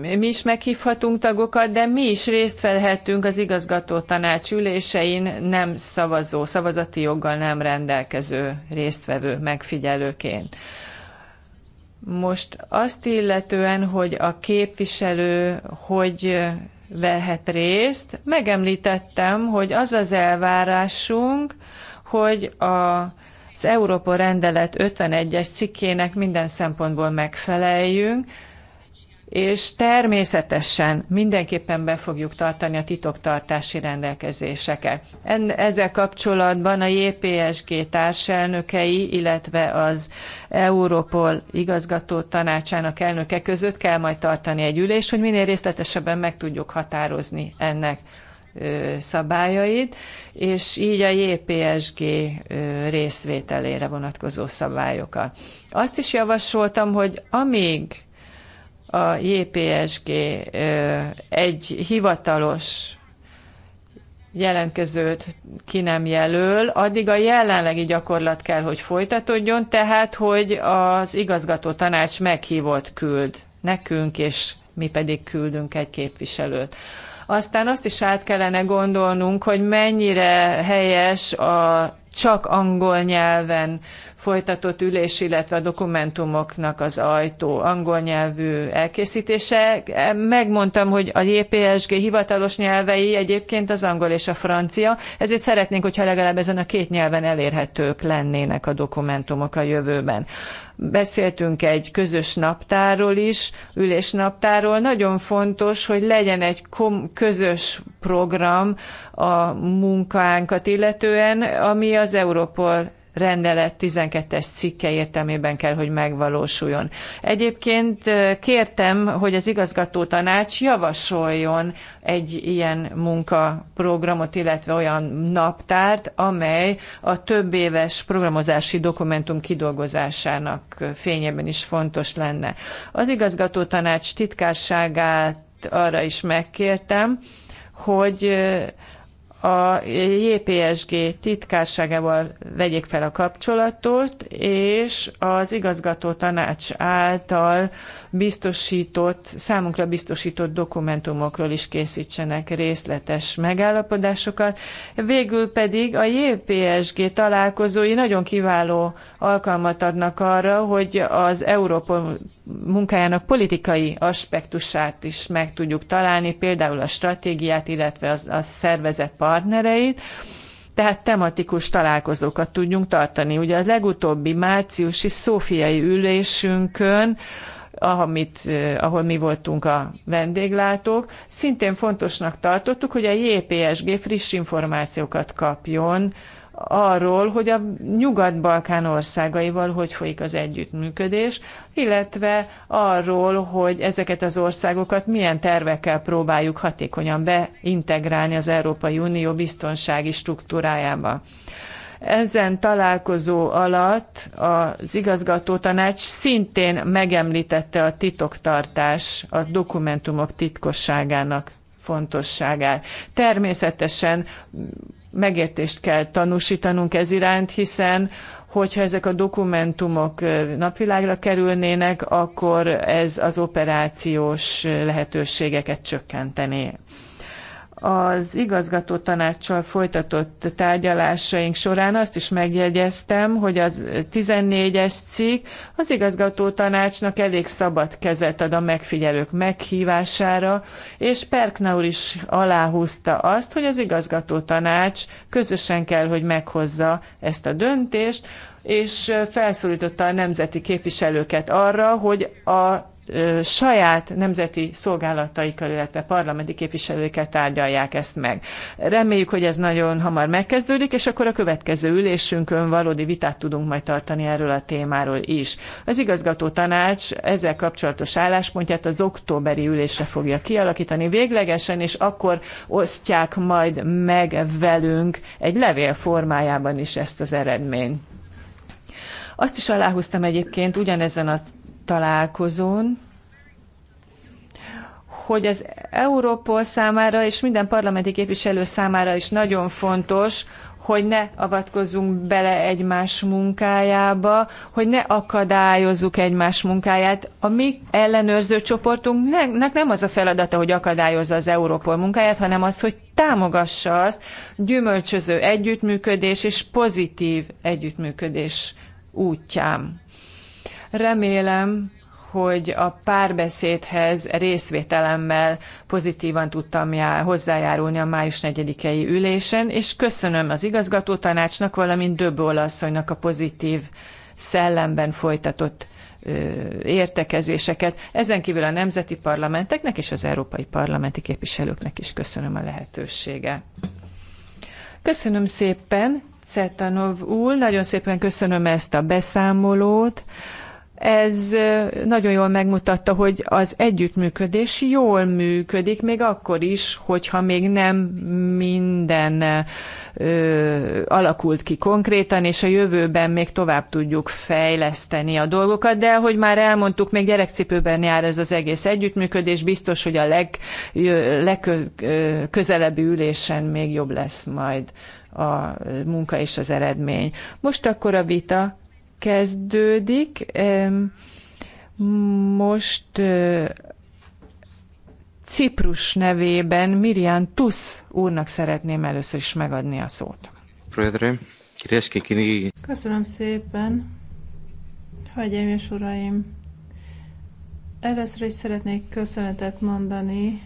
mi is meghívhatunk tagokat, de mi is részt vehetünk az igazgató tanács ülésein nem szavazó, szavazati joggal nem rendelkező résztvevő megfigyelőként. Most azt illetően, hogy a képviselő hogy vehet részt, megemlítettem, hogy az az elvárásunk, hogy a, az Európa rendelet 51-es cikkének minden szempontból megfeleljünk, és természetesen mindenképpen be fogjuk tartani a titoktartási rendelkezéseket. Ezzel kapcsolatban a JPSG társelnökei, illetve az Europol igazgató tanácsának elnöke között kell majd tartani egy ülés, hogy minél részletesebben meg tudjuk határozni ennek szabályait, és így a JPSG részvételére vonatkozó szabályokat. Azt is javasoltam, hogy amíg a JPSG egy hivatalos jelentkezőt ki nem jelöl, addig a jelenlegi gyakorlat kell, hogy folytatódjon, tehát, hogy az igazgató tanács meghívott küld nekünk, és mi pedig küldünk egy képviselőt. Aztán azt is át kellene gondolnunk, hogy mennyire helyes a csak angol nyelven folytatott ülés, illetve a dokumentumoknak az ajtó angol nyelvű elkészítése. Megmondtam, hogy a JPSG hivatalos nyelvei egyébként az angol és a francia, ezért szeretnénk, hogyha legalább ezen a két nyelven elérhetők lennének a dokumentumok a jövőben. Beszéltünk egy közös naptárról is, ülésnaptárról. Nagyon fontos, hogy legyen egy közös program a munkánkat illetően, ami az Európol rendelet 12-es cikke értelmében kell, hogy megvalósuljon. Egyébként kértem, hogy az igazgató tanács javasoljon egy ilyen munkaprogramot, illetve olyan naptárt, amely a több éves programozási dokumentum kidolgozásának fényében is fontos lenne. Az igazgató tanács titkárságát arra is megkértem, hogy a JPSG titkárságával vegyék fel a kapcsolatot, és az igazgató tanács által biztosított, számunkra biztosított dokumentumokról is készítsenek részletes megállapodásokat. Végül pedig a JPSG találkozói nagyon kiváló alkalmat adnak arra, hogy az Európol munkájának politikai aspektusát is meg tudjuk találni, például a stratégiát, illetve az, a szervezet partnereit, tehát tematikus találkozókat tudjunk tartani. Ugye a legutóbbi márciusi szófiai ülésünkön amit, eh, ahol mi voltunk a vendéglátók. Szintén fontosnak tartottuk, hogy a JPSG friss információkat kapjon arról, hogy a Nyugat-Balkán országaival hogy folyik az együttműködés, illetve arról, hogy ezeket az országokat milyen tervekkel próbáljuk hatékonyan beintegrálni az Európai Unió biztonsági struktúrájába. Ezen találkozó alatt az igazgató tanács szintén megemlítette a titoktartás, a dokumentumok titkosságának fontosságát. Természetesen megértést kell tanúsítanunk ez iránt, hiszen hogyha ezek a dokumentumok napvilágra kerülnének, akkor ez az operációs lehetőségeket csökkentené az igazgató tanácssal folytatott tárgyalásaink során azt is megjegyeztem, hogy az 14-es cikk az igazgató tanácsnak elég szabad kezet ad a megfigyelők meghívására, és Perknaur is aláhúzta azt, hogy az igazgató tanács közösen kell, hogy meghozza ezt a döntést, és felszólította a nemzeti képviselőket arra, hogy a saját nemzeti szolgálataikkal, illetve parlamenti képviselőkkel tárgyalják ezt meg. Reméljük, hogy ez nagyon hamar megkezdődik, és akkor a következő ülésünkön valódi vitát tudunk majd tartani erről a témáról is. Az igazgató tanács ezzel kapcsolatos álláspontját az októberi ülésre fogja kialakítani véglegesen, és akkor osztják majd meg velünk egy levél formájában is ezt az eredményt. Azt is aláhúztam egyébként ugyanezen a találkozón, hogy az Európol számára és minden parlamenti képviselő számára is nagyon fontos, hogy ne avatkozzunk bele egymás munkájába, hogy ne akadályozzuk egymás munkáját. A mi ellenőrző csoportunknak nem az a feladata, hogy akadályozza az Európol munkáját, hanem az, hogy támogassa azt gyümölcsöző együttműködés és pozitív együttműködés útján. Remélem, hogy a párbeszédhez részvételemmel pozitívan tudtam hozzájárulni a május 4-i ülésen, és köszönöm az igazgatótanácsnak, valamint Döbből asszonynak a pozitív szellemben folytatott értekezéseket. Ezen kívül a nemzeti parlamenteknek és az európai parlamenti képviselőknek is köszönöm a lehetősége. Köszönöm szépen, Cetanov úr, nagyon szépen köszönöm ezt a beszámolót. Ez nagyon jól megmutatta, hogy az együttműködés jól működik, még akkor is, hogyha még nem minden ö, alakult ki konkrétan, és a jövőben még tovább tudjuk fejleszteni a dolgokat, de hogy már elmondtuk, még gyerekcipőben jár ez az egész együttműködés, biztos, hogy a leg, legközelebbi ülésen még jobb lesz majd a munka és az eredmény. Most akkor a vita kezdődik. Most Ciprus nevében Miriam Tusz úrnak szeretném először is megadni a szót. Köszönöm szépen, hölgyeim és uraim! Először is szeretnék köszönetet mondani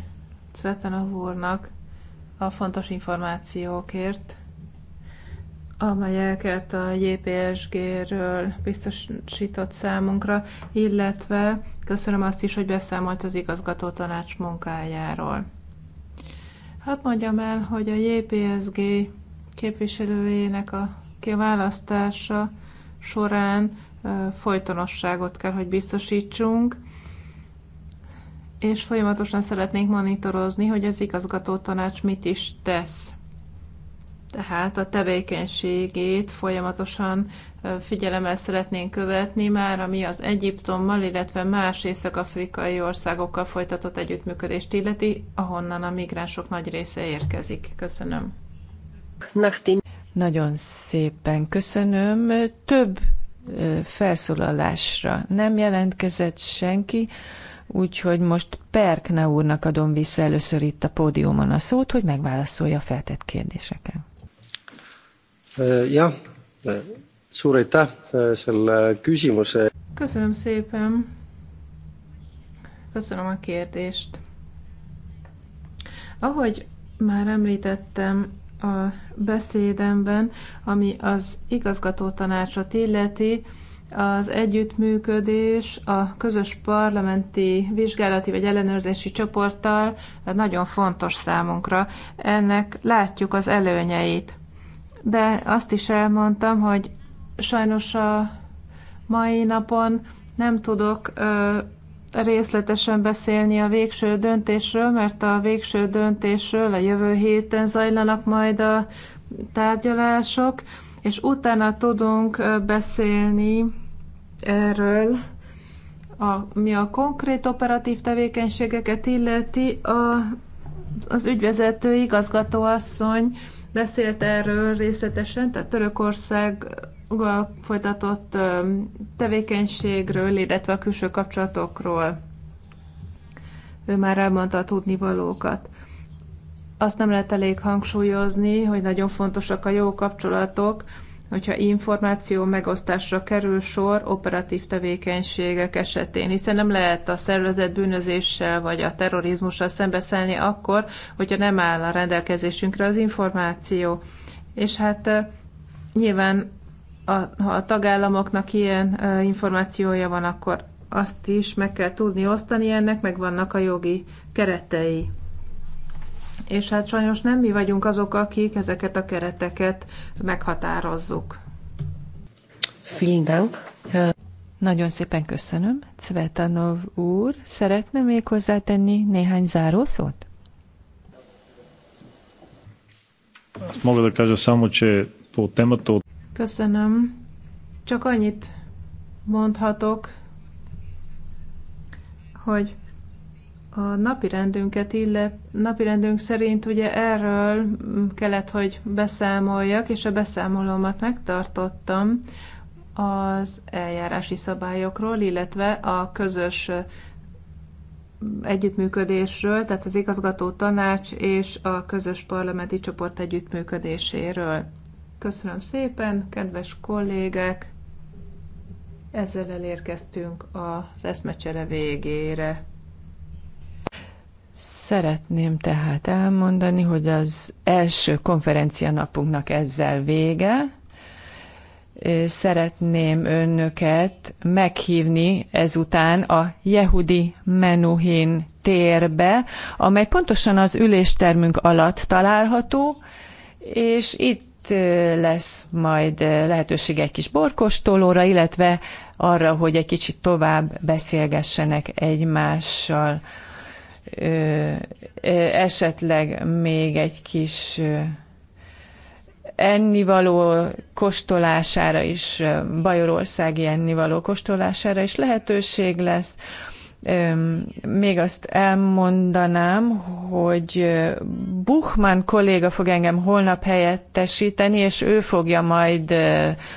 Cvetanov úrnak a fontos információkért, amelyeket a JPSG-ről biztosított számunkra, illetve köszönöm azt is, hogy beszámolt az igazgató tanács munkájáról. Hát mondjam el, hogy a JPSG képviselőjének a kiválasztása során folytonosságot kell, hogy biztosítsunk, és folyamatosan szeretnénk monitorozni, hogy az igazgató tanács mit is tesz tehát a tevékenységét folyamatosan figyelemmel szeretnénk követni már, ami az Egyiptommal, illetve más észak-afrikai országokkal folytatott együttműködést illeti, ahonnan a migránsok nagy része érkezik. Köszönöm. Nagyon szépen köszönöm. Több felszólalásra nem jelentkezett senki, úgyhogy most Perkne úrnak adom vissza először itt a pódiumon a szót, hogy megválaszolja a feltett kérdéseket. Eh, jah, eh, suur aitäh eh, selle küsimuse. köszönöm szépen. Köszönöm a kérdést. Ahogy már említettem a beszédemben, ami az igazgató tanácsot illeti, az együttműködés a közös parlamenti vizsgálati vagy ellenőrzési csoporttal nagyon fontos számunkra. Ennek látjuk az előnyeit de azt is elmondtam, hogy sajnos a mai napon nem tudok ö, részletesen beszélni a végső döntésről, mert a végső döntésről a jövő héten zajlanak majd a tárgyalások, és utána tudunk beszélni erről. A, mi a konkrét operatív tevékenységeket illeti, a, az ügyvezető igazgatóasszony asszony beszélt erről részletesen, tehát Törökországgal folytatott tevékenységről, illetve a külső kapcsolatokról. Ő már elmondta a tudnivalókat. Azt nem lehet elég hangsúlyozni, hogy nagyon fontosak a jó kapcsolatok, hogyha információ megosztásra kerül sor operatív tevékenységek esetén, hiszen nem lehet a szervezet bűnözéssel vagy a terrorizmussal szembeszállni akkor, hogyha nem áll a rendelkezésünkre az információ. És hát nyilván a, ha a tagállamoknak ilyen információja van, akkor azt is meg kell tudni osztani ennek, meg vannak a jogi keretei és hát sajnos nem mi vagyunk azok, akik ezeket a kereteket meghatározzuk. Vielen Dank. Nagyon szépen köszönöm. Cvetanov úr, szeretne még hozzátenni néhány zárószót? Azt maga da Köszönöm. Csak annyit mondhatok, hogy a napi rendünket illet, napi rendünk szerint ugye erről kellett, hogy beszámoljak, és a beszámolómat megtartottam az eljárási szabályokról, illetve a közös együttműködésről, tehát az igazgató tanács és a közös parlamenti csoport együttműködéséről. Köszönöm szépen, kedves kollégek! Ezzel elérkeztünk az eszmecsere végére. Szeretném tehát elmondani, hogy az első konferencia napunknak ezzel vége. Szeretném önöket meghívni ezután a Jehudi Menuhin térbe, amely pontosan az üléstermünk alatt található, és itt lesz majd lehetőség egy kis borkostolóra, illetve arra, hogy egy kicsit tovább beszélgessenek egymással esetleg még egy kis ennivaló kóstolására is, bajorországi ennivaló kóstolására is lehetőség lesz. Még azt elmondanám, hogy Buchmann kolléga fog engem holnap helyettesíteni, és ő fogja majd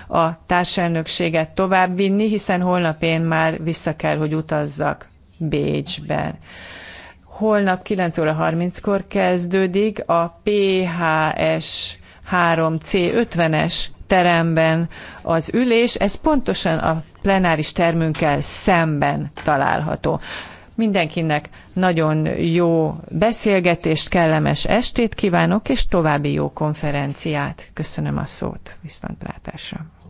a társelnökséget továbbvinni, hiszen holnap én már vissza kell, hogy utazzak Bécsben holnap 9 óra 30-kor kezdődik a PHS 3C50-es teremben az ülés, ez pontosan a plenáris termünkkel szemben található. Mindenkinek nagyon jó beszélgetést, kellemes estét kívánok, és további jó konferenciát. Köszönöm a szót, viszontlátásra.